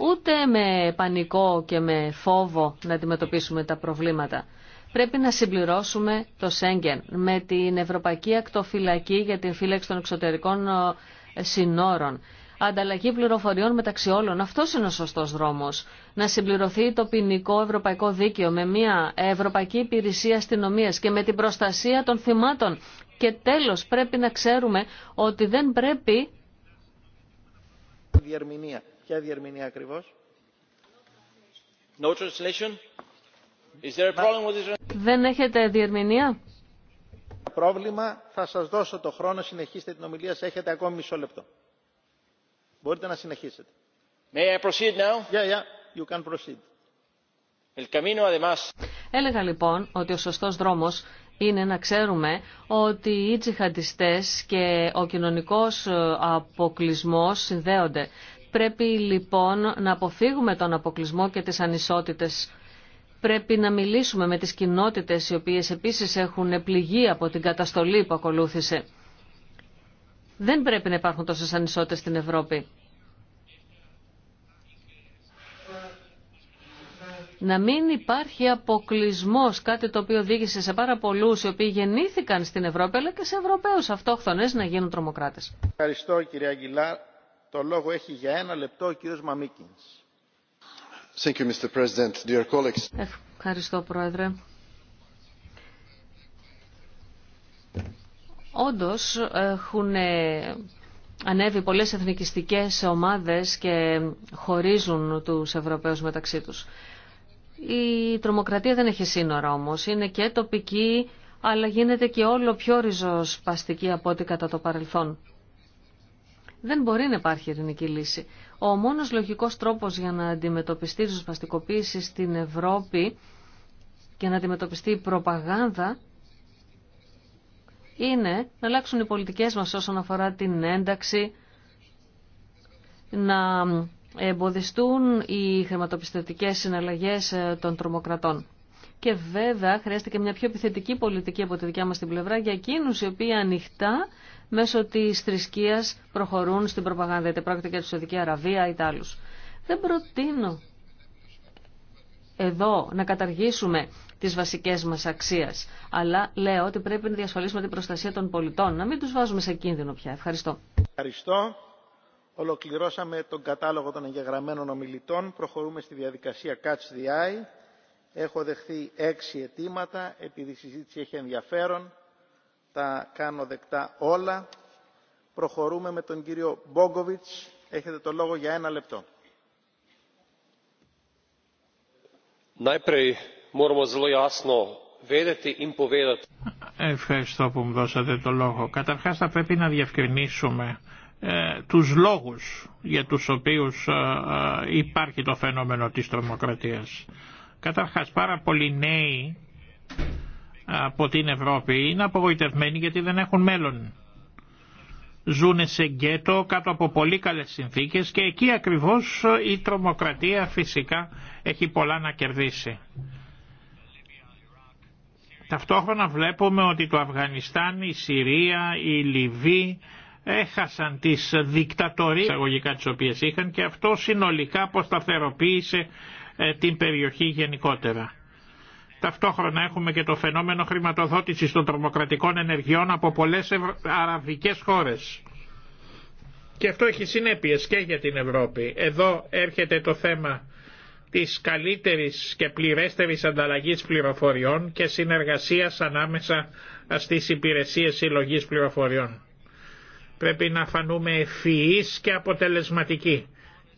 Ούτε με πανικό και με φόβο να αντιμετωπίσουμε τα προβλήματα. Πρέπει να συμπληρώσουμε το Σέγγεν με την Ευρωπαϊκή Ακτοφυλακή για την φύλαξη των εξωτερικών ε, συνόρων ανταλλαγή πληροφοριών μεταξύ όλων. Αυτό είναι ο σωστό δρόμο. Να συμπληρωθεί το ποινικό ευρωπαϊκό δίκαιο με μια ευρωπαϊκή υπηρεσία αστυνομία και με την προστασία των θυμάτων. Και τέλο, πρέπει να ξέρουμε ότι δεν πρέπει. Διερμηνία. Ποια διερμηνία ακριβώ. Δεν έχετε διερμηνία. Πρόβλημα. Θα σας δώσω το χρόνο. Συνεχίστε την ομιλία. Έχετε ακόμη μισό λεπτό. Μπορείτε να συνεχίσετε. May I proceed now? Yeah, yeah. You can proceed. El camino, Έλεγα λοιπόν ότι ο σωστός δρόμος είναι να ξέρουμε ότι οι τζιχαντιστές και ο κοινωνικός ε, αποκλισμός συνδέονται. Πρέπει λοιπόν να αποφύγουμε τον αποκλεισμό και τις ανισότητες. Πρέπει να μιλήσουμε με τις κοινότητες οι οποίες επίσης έχουν πληγεί από την καταστολή που ακολούθησε. Δεν πρέπει να υπάρχουν τόσε ανισότητε στην Ευρώπη. Να μην υπάρχει αποκλεισμό, κάτι το οποίο οδήγησε σε πάρα πολλού οι οποίοι γεννήθηκαν στην Ευρώπη αλλά και σε Ευρωπαίου αυτόχθονε να γίνουν τρομοκράτε. Ευχαριστώ κύριε Αγγιλάρ. Το λόγο έχει για ένα λεπτό ο κύριο Μαμίκιν. Ευχαριστώ πρόεδρε. Όντως έχουν ε, ανέβει πολλές εθνικιστικές ομάδες και χωρίζουν τους Ευρωπαίους μεταξύ τους. Η τρομοκρατία δεν έχει σύνορα όμως, είναι και τοπική αλλά γίνεται και όλο πιο ριζοσπαστική από ό,τι κατά το παρελθόν. Δεν μπορεί να υπάρχει ειρηνική λύση. Ο μόνος λογικός τρόπος για να αντιμετωπιστεί η ριζοσπαστικοποίηση στην Ευρώπη και να αντιμετωπιστεί η προπαγάνδα είναι να αλλάξουν οι πολιτικές μας όσον αφορά την ένταξη, να εμποδιστούν οι χρηματοπιστωτικές συναλλαγές ε, των τρομοκρατών. Και βέβαια χρειάστηκε μια πιο επιθετική πολιτική από τη δικιά μας την πλευρά για εκείνους οι οποίοι ανοιχτά μέσω της θρησκείας προχωρούν στην προπαγάνδα, είτε πρόκειται για τη Σοδική Αραβία είτε Δεν προτείνω εδώ να καταργήσουμε τις βασικές μας αξίες. Αλλά λέω ότι πρέπει να διασφαλίσουμε την προστασία των πολιτών, να μην τους βάζουμε σε κίνδυνο πια. Ευχαριστώ. Ευχαριστώ. Ολοκληρώσαμε τον κατάλογο των εγγεγραμμένων ομιλητών. Προχωρούμε στη διαδικασία Catch the Eye. Έχω δεχθεί έξι αιτήματα. Επειδή η συζήτηση έχει ενδιαφέρον, τα κάνω δεκτά όλα. Προχωρούμε με τον κύριο Μπόγκοβιτς. Έχετε το λόγο για ένα λεπτό. Ευχαριστώ που μου δώσατε το λόγο. Καταρχάς θα πρέπει να διευκρινίσουμε ε, τους λόγους για τους οποίους ε, ε, υπάρχει το φαινόμενο της τρομοκρατίας. Καταρχάς πάρα πολλοί νέοι από την Ευρώπη είναι απογοητευμένοι γιατί δεν έχουν μέλλον. Ζούνε σε γκέτο κάτω από πολύ καλές συνθήκες και εκεί ακριβώς η τρομοκρατία φυσικά έχει πολλά να κερδίσει. Ταυτόχρονα βλέπουμε ότι το Αφγανιστάν, η Συρία, η Λιβύη έχασαν τις δικτατορίες εισαγωγικά τις οποίες είχαν και αυτό συνολικά αποσταθεροποίησε ε, την περιοχή γενικότερα. Ταυτόχρονα έχουμε και το φαινόμενο χρηματοδότησης των τρομοκρατικών ενεργειών από πολλές αραβικές χώρες. Και αυτό έχει συνέπειες και για την Ευρώπη. Εδώ έρχεται το θέμα της καλύτερης και πληρέστερης ανταλλαγής πληροφοριών και συνεργασίας ανάμεσα στις υπηρεσίες συλλογής πληροφοριών. Πρέπει να φανούμε ευφυείς και αποτελεσματικοί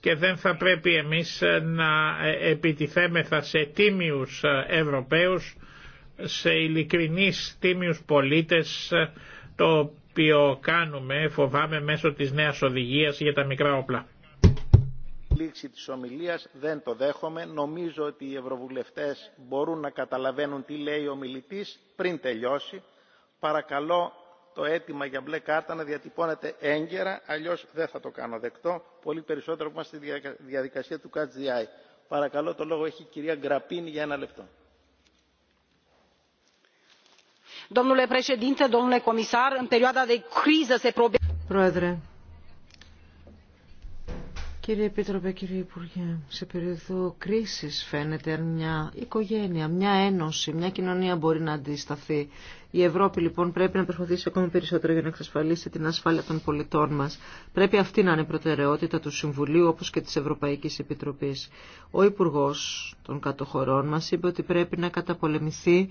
και δεν θα πρέπει εμείς να επιτιθέμεθα σε τίμιους Ευρωπαίους, σε ειλικρινείς τίμιους πολίτες, το οποίο κάνουμε φοβάμαι μέσω της νέας οδηγίας για τα μικρά όπλα λήξη της ομιλίας δεν το δέχομαι. Νομίζω ότι οι ευρωβουλευτές μπορούν να καταλαβαίνουν τι λέει ο μιλητής πριν τελειώσει. Παρακαλώ το αίτημα για μπλε κάρτα να διατυπώνεται έγκαιρα, αλλιώς δεν θα το κάνω δεκτό, πολύ περισσότερο που είμαστε στη διαδικασία του ΚΑΤΖΙΑΙ. Παρακαλώ, το λόγο έχει η κυρία Γκραπίνη για ένα λεπτό. Πρόεδρε, Κύριε Επίτροπε, κύριε Υπουργέ, σε περίοδο κρίσης φαίνεται αν μια οικογένεια, μια ένωση, μια κοινωνία μπορεί να αντισταθεί. Η Ευρώπη λοιπόν πρέπει να προσπαθήσει ακόμη περισσότερο για να εξασφαλίσει την ασφάλεια των πολιτών μας. Πρέπει αυτή να είναι προτεραιότητα του Συμβουλίου όπως και της Ευρωπαϊκής Επιτροπής. Ο Υπουργός των Κατοχωρών μας είπε ότι πρέπει να καταπολεμηθεί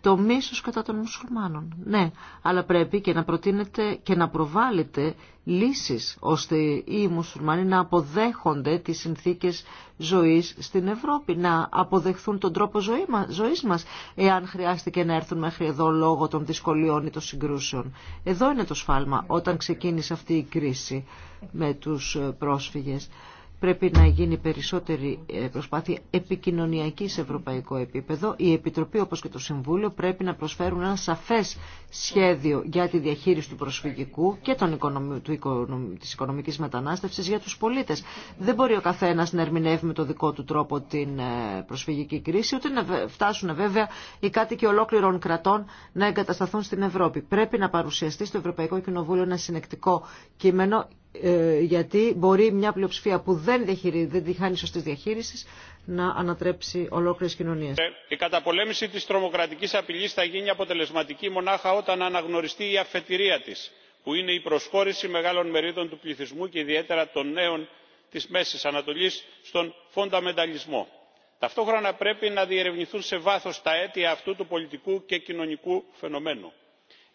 το μίσος κατά των μουσουλμάνων. Ναι, αλλά πρέπει και να προτείνετε και να προβάλλεται λύσεις ώστε οι μουσουλμάνοι να αποδέχονται τις συνθήκες ζωής στην Ευρώπη, να αποδεχθούν τον τρόπο ζωής μας, εάν χρειάστηκε να έρθουν μέχρι εδώ λόγω των δυσκολιών ή των συγκρούσεων. Εδώ είναι το σφάλμα όταν ξεκίνησε αυτή η κρίση με τους ε, πρόσφυγες πρέπει να γίνει περισσότερη ε, προσπάθεια επικοινωνιακή σε ευρωπαϊκό επίπεδο. Η Επιτροπή όπως και το Συμβούλιο πρέπει να προσφέρουν ένα σαφές σχέδιο για τη διαχείριση του προσφυγικού και των οικονομική του της οικονομικής μετανάστευσης για τους πολίτες. Δεν μπορεί ο καθένας να ερμηνεύει με το δικό του τρόπο την ε, προσφυγική κρίση, ούτε να φτάσουν βέβαια οι κάτοικοι ολόκληρων κρατών να εγκατασταθούν στην Ευρώπη. Πρέπει να παρουσιαστεί στο Ευρωπαϊκό Κοινοβούλιο ένα συνεκτικό κείμενο ε, γιατί μπορεί μια πλειοψηφία που δεν, διαχειρι... δεν τη χάνει σωστής διαχείριση να ανατρέψει ολόκληρες κοινωνίες. Ε, η καταπολέμηση της τρομοκρατικής απειλής θα γίνει αποτελεσματική μονάχα όταν αναγνωριστεί η αφετηρία της, που είναι η προσχώρηση μεγάλων μερίδων του πληθυσμού και ιδιαίτερα των νέων της Μέσης Ανατολής στον φονταμενταλισμό. Ταυτόχρονα πρέπει να διερευνηθούν σε βάθος τα αίτια αυτού του πολιτικού και κοινωνικού φαινομένου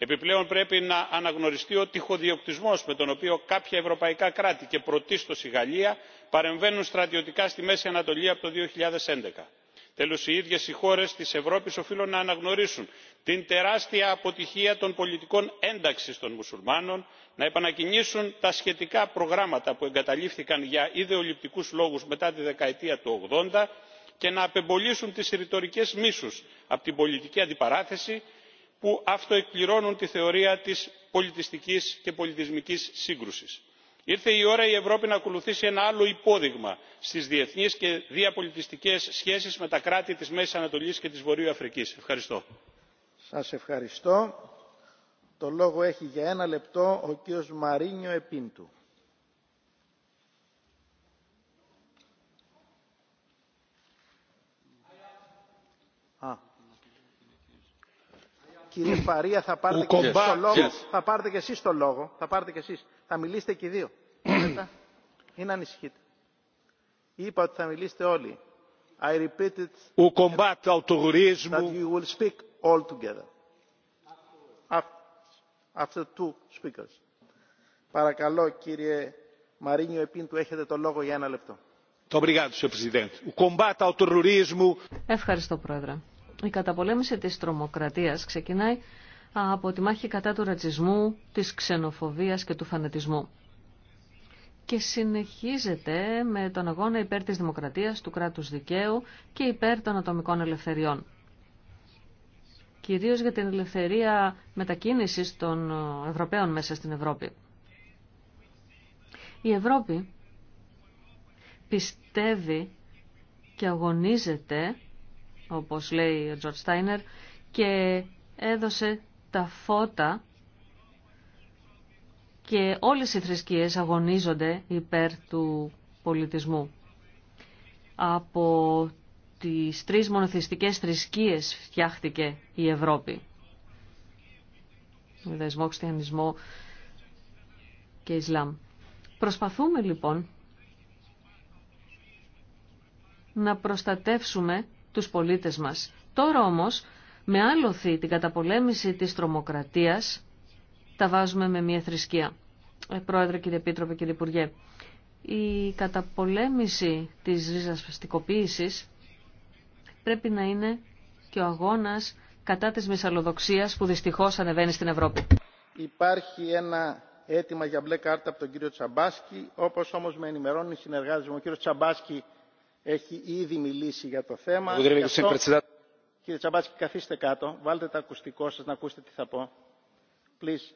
επιπλέον πρέπει να αναγνωριστεί ο τυχοδιοκτισμός με τον οποίο κάποια ευρωπαϊκά κράτη και πρωτίστως η γαλλία παρεμβαίνουν στρατιωτικά στη μέση ανατολή από το. 2011. χιλιάδες τέλος οι ίδιες οι χώρες της ευρώπης οφείλουν να αναγνωρίσουν την τεράστια αποτυχία των πολιτικών ένταξης των μουσουλμάνων να επανακινήσουν τα σχετικά προγράμματα που εγκαταλείφθηκαν για ιδεολειπτικούς λόγους μετά τη δεκαετία του 1980 και να απεμπολίσουν τις ρητορικές μίσους από την πολιτική αντιπαράθεση που αυτοεκπληρώνουν τη θεωρία της πολιτιστικής και πολιτισμικής σύγκρουσης. ήρθε η ώρα η ευρώπη να ακολουθήσει ένα άλλο υπόδειγμα στις διεθνείς και διαπολιτιστικές σχέσεις με τα κράτη της μέσης ανατολής και της βορείου αφρικής. ευχαριστώ. Σας ευχαριστώ. Το λόγο έχει για ένα λεπτό ο κύριος Μαρίνιο Επίντου. Κύριε Φαρία, θα πάρετε και εσείς το λόγο. Θα πάρετε και εσείς το λόγο. Θα πάρετε και εσείς. Θα μιλήσετε και οι δύο. Μην ανησυχείτε. Είπα ότι θα μιλήσετε όλοι. I repeat it. O combate ao terrorismo. That you will speak all together. After, after two speakers. Παρακαλώ κύριε Μαρίνιο Επίντου έχετε το λόγο για ένα λεπτό. Ευχαριστώ πρόεδρε. Η καταπολέμηση της τρομοκρατίας ξεκινάει από τη μάχη κατά του ρατσισμού, της ξενοφοβίας και του φανετισμού. Και συνεχίζεται με τον αγώνα υπέρ της δημοκρατίας, του κράτους δικαίου και υπέρ των ατομικών ελευθεριών. Κυρίως για την ελευθερία μετακίνησης των Ευρωπαίων μέσα στην Ευρώπη. Η Ευρώπη πιστεύει και αγωνίζεται όπως λέει ο Τζορτ Στάινερ, και έδωσε τα φώτα και όλες οι θρησκείες αγωνίζονται υπέρ του πολιτισμού. Από τις τρεις μονοθυστικές θρησκείες φτιάχτηκε η Ευρώπη. Δεσμό, χριστιανισμό και Ισλάμ. Προσπαθούμε λοιπόν να προστατεύσουμε τους πολίτες μας. Τώρα όμως, με άλοθη την καταπολέμηση της τρομοκρατίας, τα βάζουμε με μια θρησκεία. Ε, πρόεδρε, κύριε Επίτροπε, κύριε Υπουργέ, η καταπολέμηση της ριζασφαστικοποίησης πρέπει να είναι και ο αγώνας κατά της μυσαλλοδοξίας που δυστυχώς ανεβαίνει στην Ευρώπη. Υπάρχει ένα αίτημα για μπλε κάρτα από τον κύριο Τσαμπάσκι, όπως όμως με ενημερώνει συνεργάζομαι ο κύριος Τσαμπάσκι έχει ήδη μιλήσει για το θέμα. Αυτό... Κύριε Τσαμπάτσκι, καθίστε κάτω, βάλτε τα ακουστικό σας να ακούσετε τι θα πω. Please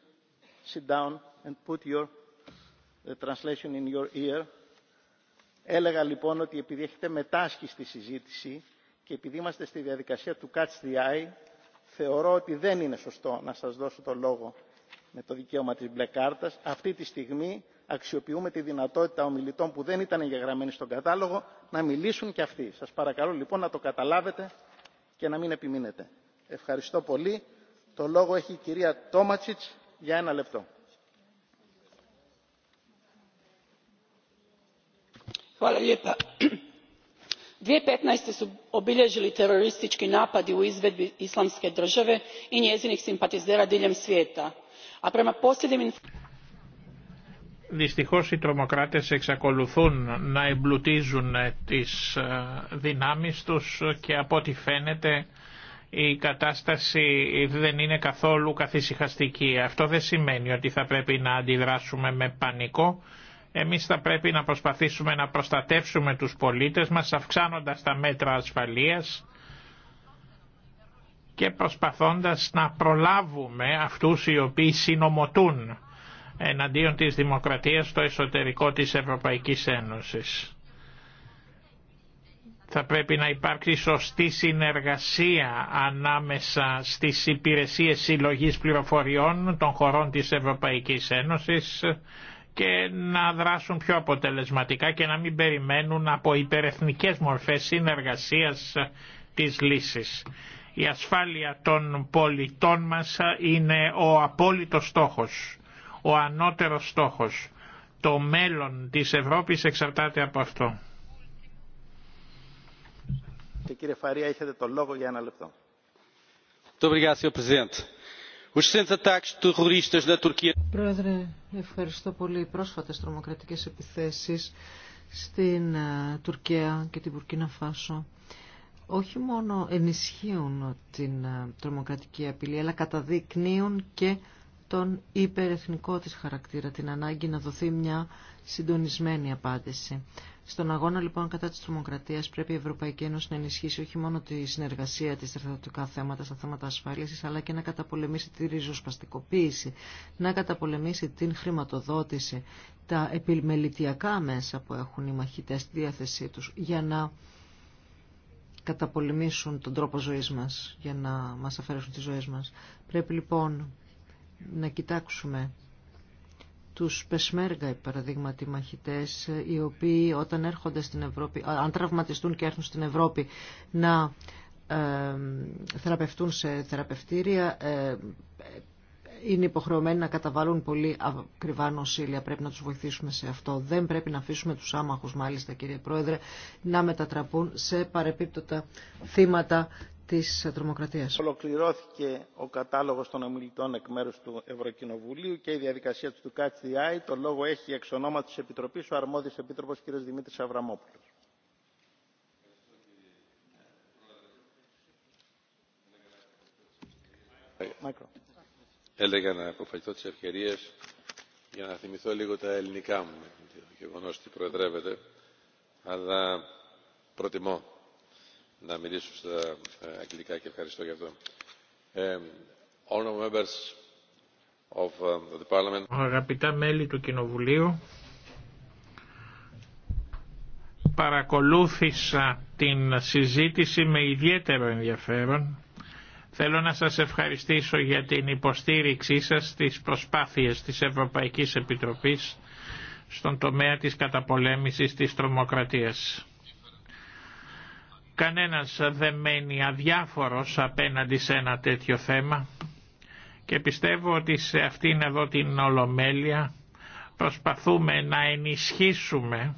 sit down and put your uh, translation in your ear. Έλεγα λοιπόν ότι επειδή έχετε μετάσχει στη συζήτηση και επειδή είμαστε στη διαδικασία του catch the eye, θεωρώ ότι δεν είναι σωστό να σας δώσω το λόγο με το δικαίωμα της μπλε κάρτας. Αυτή τη στιγμή αξιοποιούμε τη δυνατότητα ομιλητών που δεν ήταν εγγεγραμμένοι στον κατάλογο να μιλήσουν και αυτοί. Σας παρακαλώ λοιπόν να το καταλάβετε και να μην επιμείνετε. Ευχαριστώ πολύ. Το λόγο έχει η κυρία Τόματσιτς για ένα λεπτό. Hvala lijepa. 2015. su obilježili teroristički napadi u izvedbi islamske države i njezinih simpatizera diljem svijeta, a prema posljednjim informacijama Δυστυχώς οι τρομοκράτες εξακολουθούν να εμπλουτίζουν τις ε, δυνάμεις τους και από ό,τι φαίνεται η κατάσταση δεν είναι καθόλου καθησυχαστική. Αυτό δεν σημαίνει ότι θα πρέπει να αντιδράσουμε με πανικό. Εμείς θα πρέπει να προσπαθήσουμε να προστατεύσουμε τους πολίτες μας αυξάνοντας τα μέτρα ασφαλείας και προσπαθώντας να προλάβουμε αυτούς οι οποίοι συνομωτούν εναντίον της δημοκρατίας στο εσωτερικό της Ευρωπαϊκής Ένωσης. Θα πρέπει να υπάρξει σωστή συνεργασία ανάμεσα στις υπηρεσίες συλλογής πληροφοριών των χωρών της Ευρωπαϊκής Ένωσης και να δράσουν πιο αποτελεσματικά και να μην περιμένουν από υπερεθνικές μορφές συνεργασίας της λύσης. Η ασφάλεια των πολιτών μας είναι ο απόλυτος στόχος ο ανώτερος στόχος. Το μέλλον της Ευρώπης εξαρτάται από αυτό. Και Φαρία, έχετε το λόγο για ένα λεπτό. Πρόεδρε, ευχαριστώ πολύ. Οι πρόσφατες τρομοκρατικές επιθέσεις στην ε, Τουρκία και την Πουρκίνα Φάσο όχι μόνο ενισχύουν την ε, τρομοκρατική απειλή, αλλά καταδεικνύουν και τον υπερεθνικό της χαρακτήρα, την ανάγκη να δοθεί μια συντονισμένη απάντηση. Στον αγώνα λοιπόν κατά της τρομοκρατίας πρέπει η Ευρωπαϊκή Ένωση να ενισχύσει όχι μόνο τη συνεργασία της στρατιωτικά θέματα στα θέματα ασφάλισης, αλλά και να καταπολεμήσει τη ριζοσπαστικοποίηση, να καταπολεμήσει την χρηματοδότηση, τα επιμελητιακά μέσα που έχουν οι μαχητές στη διάθεσή τους, για να καταπολεμήσουν τον τρόπο ζωής μας, για να μας αφαιρέσουν τις ζωές μας. Πρέπει λοιπόν να κοιτάξουμε τους Πεσμέργα, παραδείγματι, μαχητές, οι οποίοι όταν έρχονται στην Ευρώπη, αν τραυματιστούν και έρθουν στην Ευρώπη να ε, θεραπευτούν σε θεραπευτήρια, ε, είναι υποχρεωμένοι να καταβάλουν πολύ ακριβά νοσήλια. Πρέπει να τους βοηθήσουμε σε αυτό. Δεν πρέπει να αφήσουμε τους άμαχους, μάλιστα κύριε Πρόεδρε, να μετατραπούν σε παρεπίπτωτα θύματα της τρομοκρατίας. Ολοκληρώθηκε ο κατάλογος των ομιλητών εκ μέρους του Ευρωκοινοβουλίου και η διαδικασία του Eye, Το λόγο έχει εξ ονόματος της Επιτροπής ο αρμόδιος Επίτροπος κ. Δημήτρης Αβραμόπουλος. Έλεγα να αποφασιστώ τις ευκαιρίες για να θυμηθώ λίγο τα ελληνικά μου, το γεγονός ότι προεδρεύεται, αλλά προτιμώ να μιλήσω στα ε, αγγλικά και ευχαριστώ για αυτό. Ε, ε, Αγαπητά μέλη του Κοινοβουλίου, παρακολούθησα την συζήτηση με ιδιαίτερο ενδιαφέρον. Θέλω να σας ευχαριστήσω για την υποστήριξή σας στις προσπάθειες της Ευρωπαϊκής Επιτροπής στον τομέα της καταπολέμησης της τρομοκρατίας. Κανένας δεν μένει αδιάφορος απέναντι σε ένα τέτοιο θέμα και πιστεύω ότι σε αυτήν εδώ την Ολομέλεια προσπαθούμε να ενισχύσουμε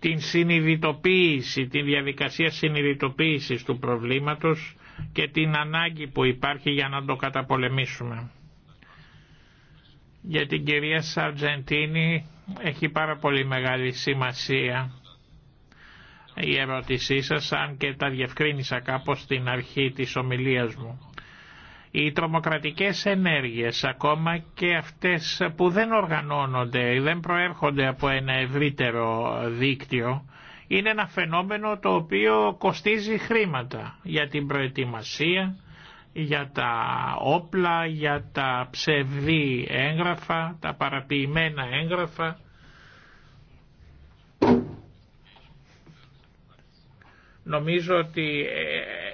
την συνειδητοποίηση, την διαδικασία συνειδητοποίησης του προβλήματος και την ανάγκη που υπάρχει για να το καταπολεμήσουμε. Για την κυρία Σαρτζεντίνη έχει πάρα πολύ μεγάλη σημασία η ερώτησή σας, αν και τα διευκρίνησα κάπως στην αρχή της ομιλίας μου. Οι τρομοκρατικές ενέργειες, ακόμα και αυτές που δεν οργανώνονται ή δεν προέρχονται από ένα ευρύτερο δίκτυο, είναι ένα φαινόμενο το οποίο κοστίζει χρήματα για την προετοιμασία, για τα όπλα, για τα ψευδή έγγραφα, τα παραποιημένα έγγραφα, Νομίζω ότι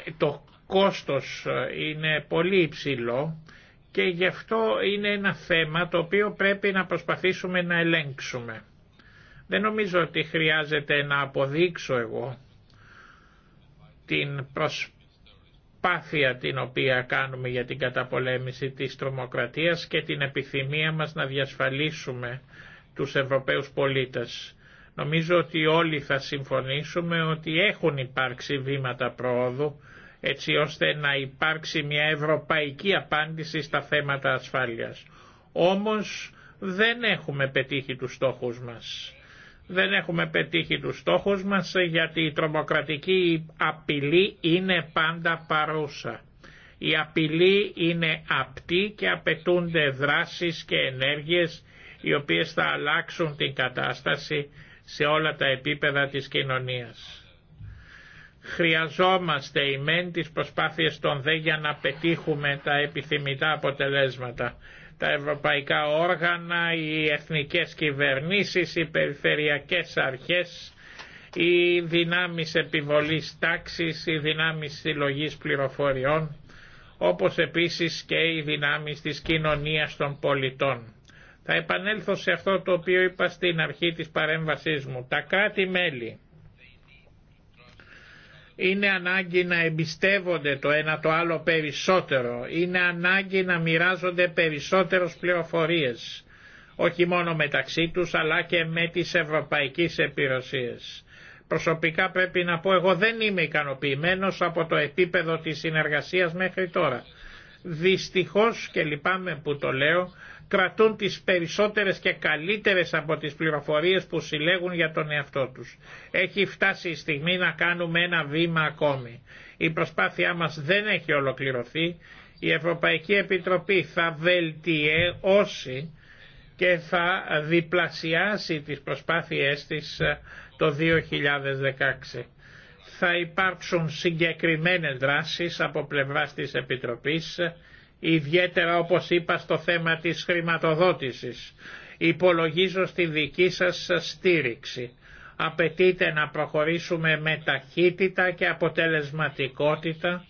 ε, το κόστος ε, είναι πολύ υψηλό και γι' αυτό είναι ένα θέμα το οποίο πρέπει να προσπαθήσουμε να ελέγξουμε. Δεν νομίζω ότι χρειάζεται να αποδείξω εγώ την προσπάθεια την οποία κάνουμε για την καταπολέμηση της τρομοκρατίας και την επιθυμία μας να διασφαλίσουμε τους Ευρωπαίους πολίτες. Νομίζω ότι όλοι θα συμφωνήσουμε ότι έχουν υπάρξει βήματα προόδου έτσι ώστε να υπάρξει μια ευρωπαϊκή απάντηση στα θέματα ασφάλειας. Όμως δεν έχουμε πετύχει τους στόχους μας. Δεν έχουμε πετύχει τους στόχους μας γιατί η τρομοκρατική απειλή είναι πάντα παρούσα. Η απειλή είναι απτή και απαιτούνται δράσεις και ενέργειες οι οποίες θα αλλάξουν την κατάσταση σε όλα τα επίπεδα της κοινωνίας. Χρειαζόμαστε ημέν τις προσπάθειες των δε για να πετύχουμε τα επιθυμητά αποτελέσματα. Τα ευρωπαϊκά όργανα, οι εθνικές κυβερνήσεις, οι περιφερειακές αρχές, οι δυνάμεις επιβολής τάξης, οι δυνάμεις συλλογής πληροφοριών, όπως επίσης και οι δυνάμεις της κοινωνίας των πολιτών. Θα επανέλθω σε αυτό το οποίο είπα στην αρχή της παρέμβασής μου. Τα κράτη-μέλη είναι ανάγκη να εμπιστεύονται το ένα το άλλο περισσότερο. Είναι ανάγκη να μοιράζονται περισσότερες πληροφορίες. Όχι μόνο μεταξύ τους αλλά και με τις ευρωπαϊκές επιρροσίες. Προσωπικά πρέπει να πω εγώ δεν είμαι ικανοποιημένος από το επίπεδο της συνεργασίας μέχρι τώρα δυστυχώς και λυπάμαι που το λέω, κρατούν τις περισσότερες και καλύτερες από τις πληροφορίες που συλλέγουν για τον εαυτό τους. Έχει φτάσει η στιγμή να κάνουμε ένα βήμα ακόμη. Η προσπάθειά μας δεν έχει ολοκληρωθεί. Η Ευρωπαϊκή Επιτροπή θα βελτιώσει και θα διπλασιάσει τις προσπάθειές της ε, το 2016 θα υπάρξουν συγκεκριμένες δράσεις από πλευράς της Επιτροπής, ιδιαίτερα όπως είπα στο θέμα της χρηματοδότησης. Υπολογίζω στη δική σας στήριξη. Απαιτείται να προχωρήσουμε με ταχύτητα και αποτελεσματικότητα.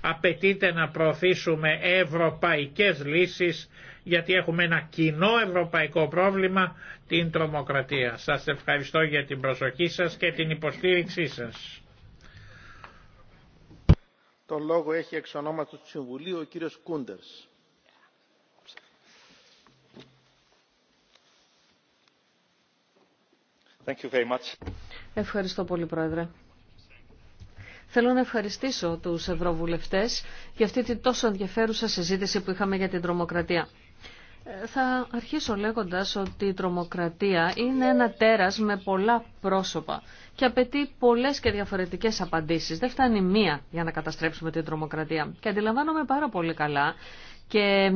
Απαιτείται να προωθήσουμε ευρωπαϊκές λύσεις γιατί έχουμε ένα κοινό ευρωπαϊκό πρόβλημα, την τρομοκρατία. Σας ευχαριστώ για την προσοχή σας και την υποστήριξή σας. Το λόγο έχει εξ ονόματος του Συμβουλίου ο κύριος Κούντερς. Thank you very much. Ευχαριστώ πολύ, Πρόεδρε. Θέλω να ευχαριστήσω τους Ευρωβουλευτές για αυτή την τόσο ενδιαφέρουσα συζήτηση που είχαμε για την τρομοκρατία. Θα αρχίσω λέγοντας ότι η τρομοκρατία είναι ένα τέρας με πολλά πρόσωπα και απαιτεί πολλές και διαφορετικές απαντήσεις. Δεν φτάνει μία για να καταστρέψουμε την τρομοκρατία. Και αντιλαμβάνομαι πάρα πολύ καλά και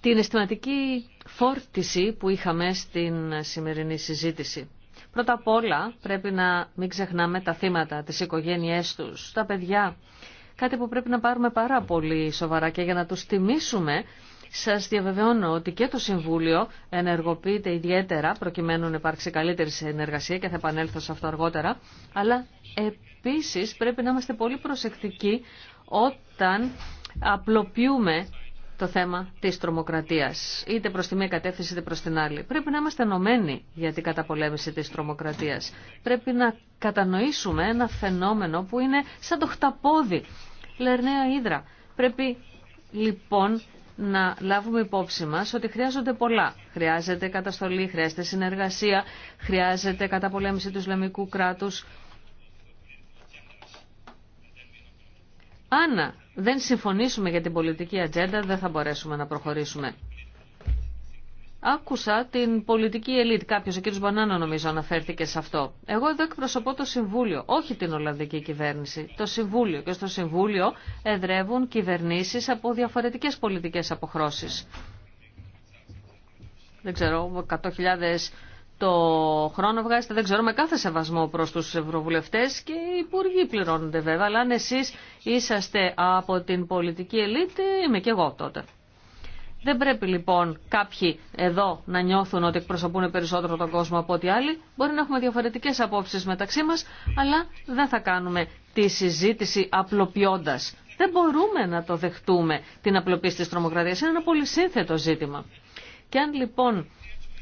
την αισθηματική φόρτιση που είχαμε στην σημερινή συζήτηση. Πρώτα απ' όλα πρέπει να μην ξεχνάμε τα θύματα, τις οικογένειές τους, τα παιδιά. Κάτι που πρέπει να πάρουμε πάρα πολύ σοβαρά και για να τους τιμήσουμε σας διαβεβαιώνω ότι και το Συμβούλιο ενεργοποιείται ιδιαίτερα προκειμένου να υπάρξει καλύτερη συνεργασία και θα επανέλθω σε αυτό αργότερα, αλλά επίσης πρέπει να είμαστε πολύ προσεκτικοί όταν απλοποιούμε το θέμα της τρομοκρατίας, είτε προς τη μία κατεύθυνση είτε προς την άλλη. Πρέπει να είμαστε ενωμένοι για την καταπολέμηση της τρομοκρατίας. Πρέπει να κατανοήσουμε ένα φαινόμενο που είναι σαν το χταπόδι, Λερνέα Ήδρα, Πρέπει λοιπόν να λάβουμε υπόψη μας ότι χρειάζονται πολλά. Χρειάζεται καταστολή, χρειάζεται συνεργασία, χρειάζεται καταπολέμηση του Ισλαμικού κράτους. Αν δεν συμφωνήσουμε για την πολιτική ατζέντα δεν θα μπορέσουμε να προχωρήσουμε. Άκουσα την πολιτική ελίτ. Κάποιο, ο κ. Μπανάνα, νομίζω, αναφέρθηκε σε αυτό. Εγώ εδώ εκπροσωπώ το Συμβούλιο, όχι την Ολλανδική κυβέρνηση. Το Συμβούλιο. Και στο Συμβούλιο εδρεύουν κυβερνήσει από διαφορετικέ πολιτικέ αποχρώσει. Δεν ξέρω, 100.000 το χρόνο βγάζετε, δεν ξέρω, με κάθε σεβασμό προς τους ευρωβουλευτές και οι υπουργοί πληρώνονται βέβαια, αλλά αν εσείς είσαστε από την πολιτική ελίτ, είμαι και εγώ τότε. Δεν πρέπει λοιπόν κάποιοι εδώ να νιώθουν ότι εκπροσωπούν περισσότερο τον κόσμο από ό,τι άλλοι. Μπορεί να έχουμε διαφορετικέ απόψει μεταξύ μα, αλλά δεν θα κάνουμε τη συζήτηση απλοποιώντα. Δεν μπορούμε να το δεχτούμε την απλοποίηση τη τρομοκρατία. Είναι ένα πολύ σύνθετο ζήτημα. Και αν λοιπόν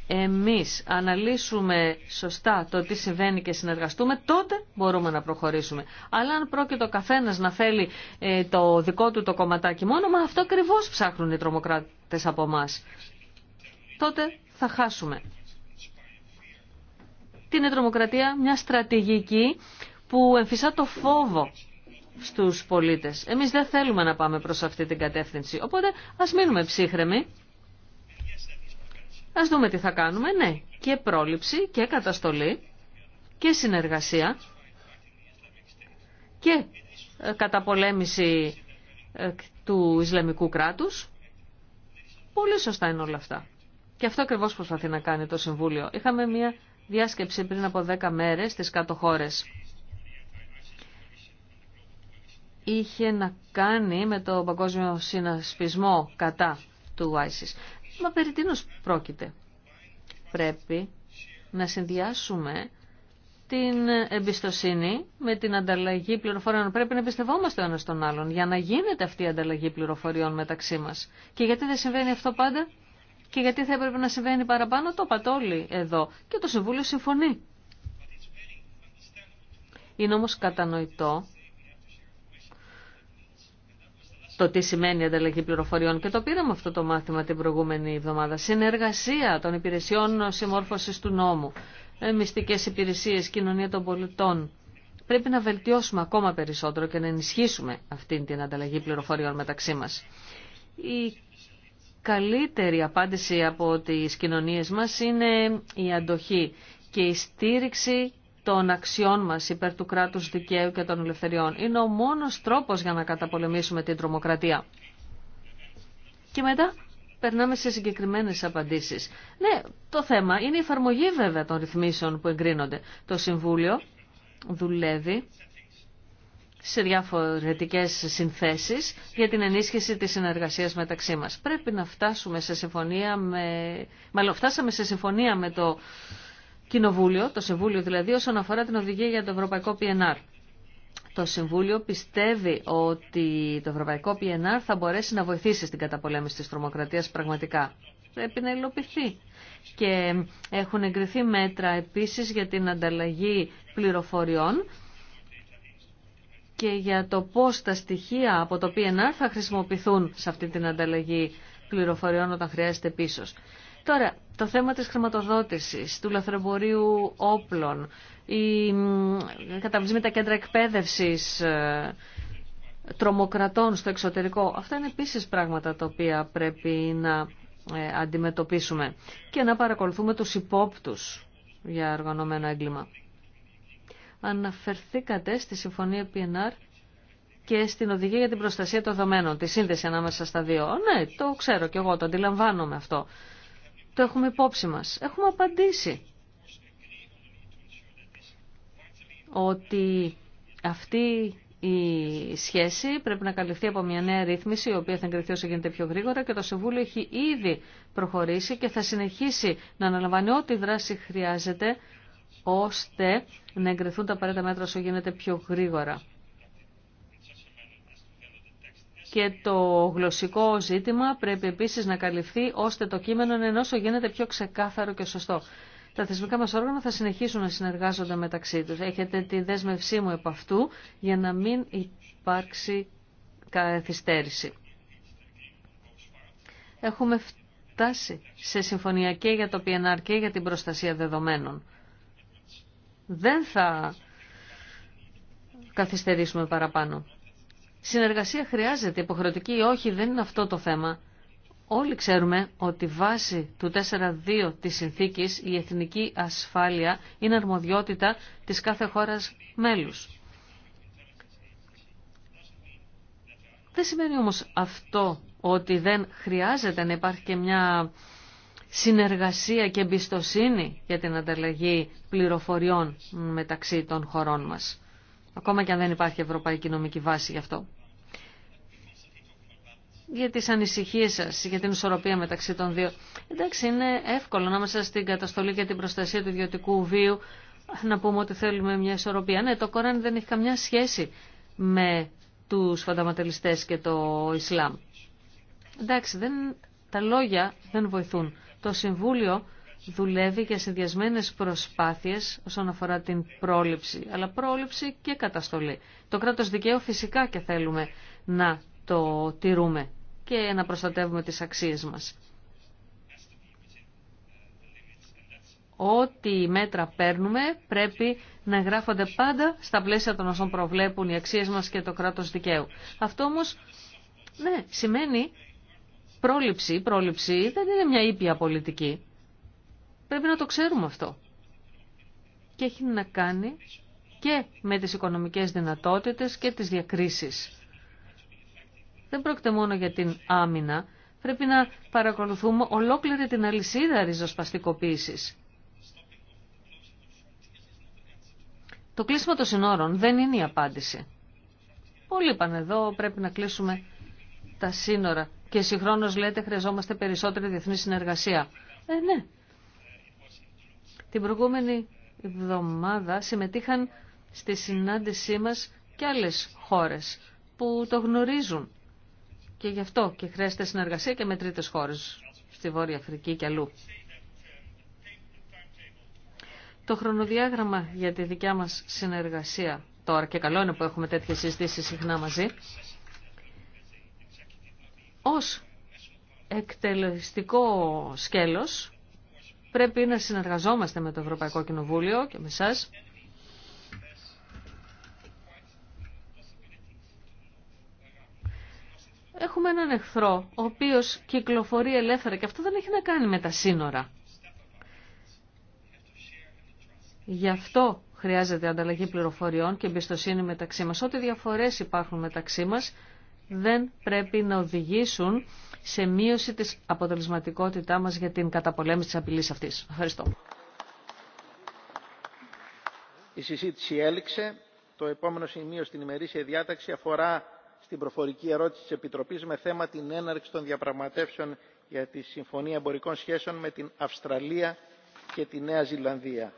εμείς αναλύσουμε σωστά το τι συμβαίνει και συνεργαστούμε, τότε μπορούμε να προχωρήσουμε. Αλλά αν πρόκειται ο καθένας να θέλει ε, το δικό του το κομματάκι μόνο, μα αυτό ακριβώ ψάχνουν οι τρομοκράτες από εμά. Τότε θα χάσουμε. Τι είναι τρομοκρατία? Μια στρατηγική που εμφυσά το φόβο στους πολίτες. Εμείς δεν θέλουμε να πάμε προς αυτή την κατεύθυνση. Οπότε ας μείνουμε ψύχρεμοι. Ας δούμε τι θα κάνουμε. Ναι, και πρόληψη και καταστολή και συνεργασία και ε, καταπολέμηση ε, του Ισλαμικού κράτους. Πολύ σωστά είναι όλα αυτά. Και αυτό ακριβώς προσπαθεί να κάνει το Συμβούλιο. Είχαμε μια διάσκεψη πριν από 10 μέρες στις κάτω χώρες. Είχε να κάνει με το παγκόσμιο συνασπισμό κατά του ISIS. Μα περί τίνος πρόκειται. Πρέπει να συνδυάσουμε την εμπιστοσύνη με την ανταλλαγή πληροφοριών. Πρέπει να εμπιστευόμαστε ο ένας τον άλλον για να γίνεται αυτή η ανταλλαγή πληροφοριών μεταξύ μας. Και γιατί δεν συμβαίνει αυτό πάντα και γιατί θα έπρεπε να συμβαίνει παραπάνω το πατόλι εδώ και το Συμβούλιο συμφωνεί. Είναι όμως κατανοητό το τι σημαίνει ανταλλαγή πληροφοριών και το πήραμε αυτό το μάθημα την προηγούμενη εβδομάδα. Συνεργασία των υπηρεσιών συμμόρφωση του νόμου, ε, μυστικέ υπηρεσίες, κοινωνία των πολιτών. Πρέπει να βελτιώσουμε ακόμα περισσότερο και να ενισχύσουμε αυτή την ανταλλαγή πληροφοριών μεταξύ μας. Η καλύτερη απάντηση από τι κοινωνίε μα είναι η αντοχή και η στήριξη των αξιών μας υπέρ του κράτους δικαίου και των ελευθεριών. Είναι ο μόνος τρόπος για να καταπολεμήσουμε την τρομοκρατία. Και μετά περνάμε σε συγκεκριμένες απαντήσεις. Ναι, το θέμα είναι η εφαρμογή βέβαια των ρυθμίσεων που εγκρίνονται. Το Συμβούλιο δουλεύει σε διαφορετικέ συνθέσεις για την ενίσχυση της συνεργασίας μεταξύ μας. Πρέπει να φτάσουμε σε συμφωνία με... φτάσαμε σε συμφωνία με το Κοινοβούλιο, το Συμβούλιο δηλαδή, όσον αφορά την οδηγία για το Ευρωπαϊκό PNR. Το Συμβούλιο πιστεύει ότι το Ευρωπαϊκό PNR θα μπορέσει να βοηθήσει στην καταπολέμηση της τρομοκρατίας πραγματικά. Πρέπει να υλοποιηθεί. Και έχουν εγκριθεί μέτρα επίσης για την ανταλλαγή πληροφοριών και για το πώς τα στοιχεία από το PNR θα χρησιμοποιηθούν σε αυτή την ανταλλαγή πληροφοριών όταν χρειάζεται πίσω. Τώρα, το θέμα της χρηματοδότησης, του λαθρεμπορίου όπλων, η καταβλησμή με τα κέντρα εκπαίδευσης ε, τρομοκρατών στο εξωτερικό, αυτά είναι επίσης πράγματα τα οποία πρέπει να ε, αντιμετωπίσουμε και να παρακολουθούμε τους υπόπτους για οργανωμένο έγκλημα. Αναφερθήκατε στη Συμφωνία PNR και στην Οδηγία για την Προστασία των Δεδομένων, τη σύνδεση ανάμεσα στα δύο. Ναι, το ξέρω και εγώ, το αντιλαμβάνομαι αυτό. Το έχουμε υπόψη μας. Έχουμε απαντήσει ότι αυτή η σχέση πρέπει να καλυφθεί από μια νέα ρύθμιση, η οποία θα εγκριθεί όσο γίνεται πιο γρήγορα και το Συμβούλιο έχει ήδη προχωρήσει και θα συνεχίσει να αναλαμβάνει ό,τι δράση χρειάζεται ώστε να εγκριθούν τα απαραίτητα μέτρα όσο γίνεται πιο γρήγορα και το γλωσσικό ζήτημα πρέπει επίσης να καλυφθεί ώστε το κείμενο να είναι όσο γίνεται πιο ξεκάθαρο και σωστό. Τα θεσμικά μας όργανα θα συνεχίσουν να συνεργάζονται μεταξύ τους. Έχετε τη δέσμευσή μου επ' αυτού για να μην υπάρξει καθυστέρηση. Έχουμε φτάσει σε συμφωνία και για το PNR και για την προστασία δεδομένων. Δεν θα καθυστερήσουμε παραπάνω. Συνεργασία χρειάζεται, υποχρεωτική ή όχι, δεν είναι αυτό το θέμα. Όλοι ξέρουμε ότι βάση του 4.2 της συνθήκης η εθνική ασφάλεια είναι αρμοδιότητα της κάθε χώρας μέλους. Δεν σημαίνει όμως αυτό ότι δεν χρειάζεται να υπάρχει και μια συνεργασία και εμπιστοσύνη για την ανταλλαγή πληροφοριών μεταξύ των χωρών μας. Ακόμα και αν δεν υπάρχει ευρωπαϊκή νομική βάση γι' αυτό για τις ανησυχίες σας, για την ισορροπία μεταξύ των δύο. Εντάξει, είναι εύκολο να είμαστε στην καταστολή για την προστασία του ιδιωτικού βίου να πούμε ότι θέλουμε μια ισορροπία. Ναι, το Κοράνι δεν έχει καμιά σχέση με τους φανταματελιστές και το Ισλάμ. Εντάξει, δεν, τα λόγια δεν βοηθούν. Το Συμβούλιο δουλεύει για συνδυασμένε προσπάθειες όσον αφορά την πρόληψη, αλλά πρόληψη και καταστολή. Το κράτος δικαίου φυσικά και θέλουμε να το τηρούμε και να προστατεύουμε τις αξίες μας. Ό,τι μέτρα παίρνουμε πρέπει να γράφονται πάντα στα πλαίσια των όσων προβλέπουν οι αξίες μας και το κράτος δικαίου. Αυτό όμως, ναι, σημαίνει πρόληψη. Πρόληψη δεν είναι μια ήπια πολιτική. Πρέπει να το ξέρουμε αυτό. Και έχει να κάνει και με τις οικονομικές δυνατότητες και τις διακρίσεις δεν πρόκειται μόνο για την άμυνα. Πρέπει να παρακολουθούμε ολόκληρη την αλυσίδα ριζοσπαστικοποίησης. Το κλείσιμο των συνόρων δεν είναι η απάντηση. Πολλοί είπαν εδώ πρέπει να κλείσουμε τα σύνορα και συγχρόνως λέτε χρειαζόμαστε περισσότερη διεθνή συνεργασία. Ε, ναι. Την προηγούμενη εβδομάδα συμμετείχαν στη συνάντησή μας και άλλες χώρες που το γνωρίζουν και γι' αυτό και χρειάζεται συνεργασία και με τρίτες χώρε στη Βόρεια Αφρική και αλλού. Το χρονοδιάγραμμα για τη δικιά μας συνεργασία τώρα, και καλό είναι που έχουμε τέτοιες συζητήσεις συχνά μαζί, ως εκτελεστικό σκέλος πρέπει να συνεργαζόμαστε με το Ευρωπαϊκό Κοινοβούλιο και με εσάς έχουμε έναν εχθρό ο οποίος κυκλοφορεί ελεύθερα και αυτό δεν έχει να κάνει με τα σύνορα. Γι' αυτό χρειάζεται ανταλλαγή πληροφοριών και εμπιστοσύνη μεταξύ μας. Ό,τι διαφορές υπάρχουν μεταξύ μας δεν πρέπει να οδηγήσουν σε μείωση της αποτελεσματικότητά μας για την καταπολέμηση της απειλής αυτής. Ευχαριστώ. Η συζήτηση Το επόμενο σημείο στην ημερήσια διάταξη αφορά στην προφορική ερώτηση της Επιτροπής με θέμα την έναρξη των διαπραγματεύσεων για τη Συμφωνία Εμπορικών Σχέσεων με την Αυστραλία και τη Νέα Ζηλανδία.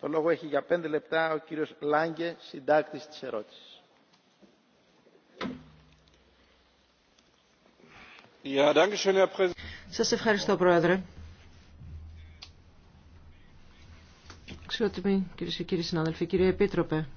Το λόγο έχει για πέντε λεπτά ο κύριος Λάγκε, συντάκτης της ερώτησης. Σας ευχαριστώ, Πρόεδρε. Αξιότιμοι κυρίε και κύριοι συνάδελφοι, κύριε Επίτροπε,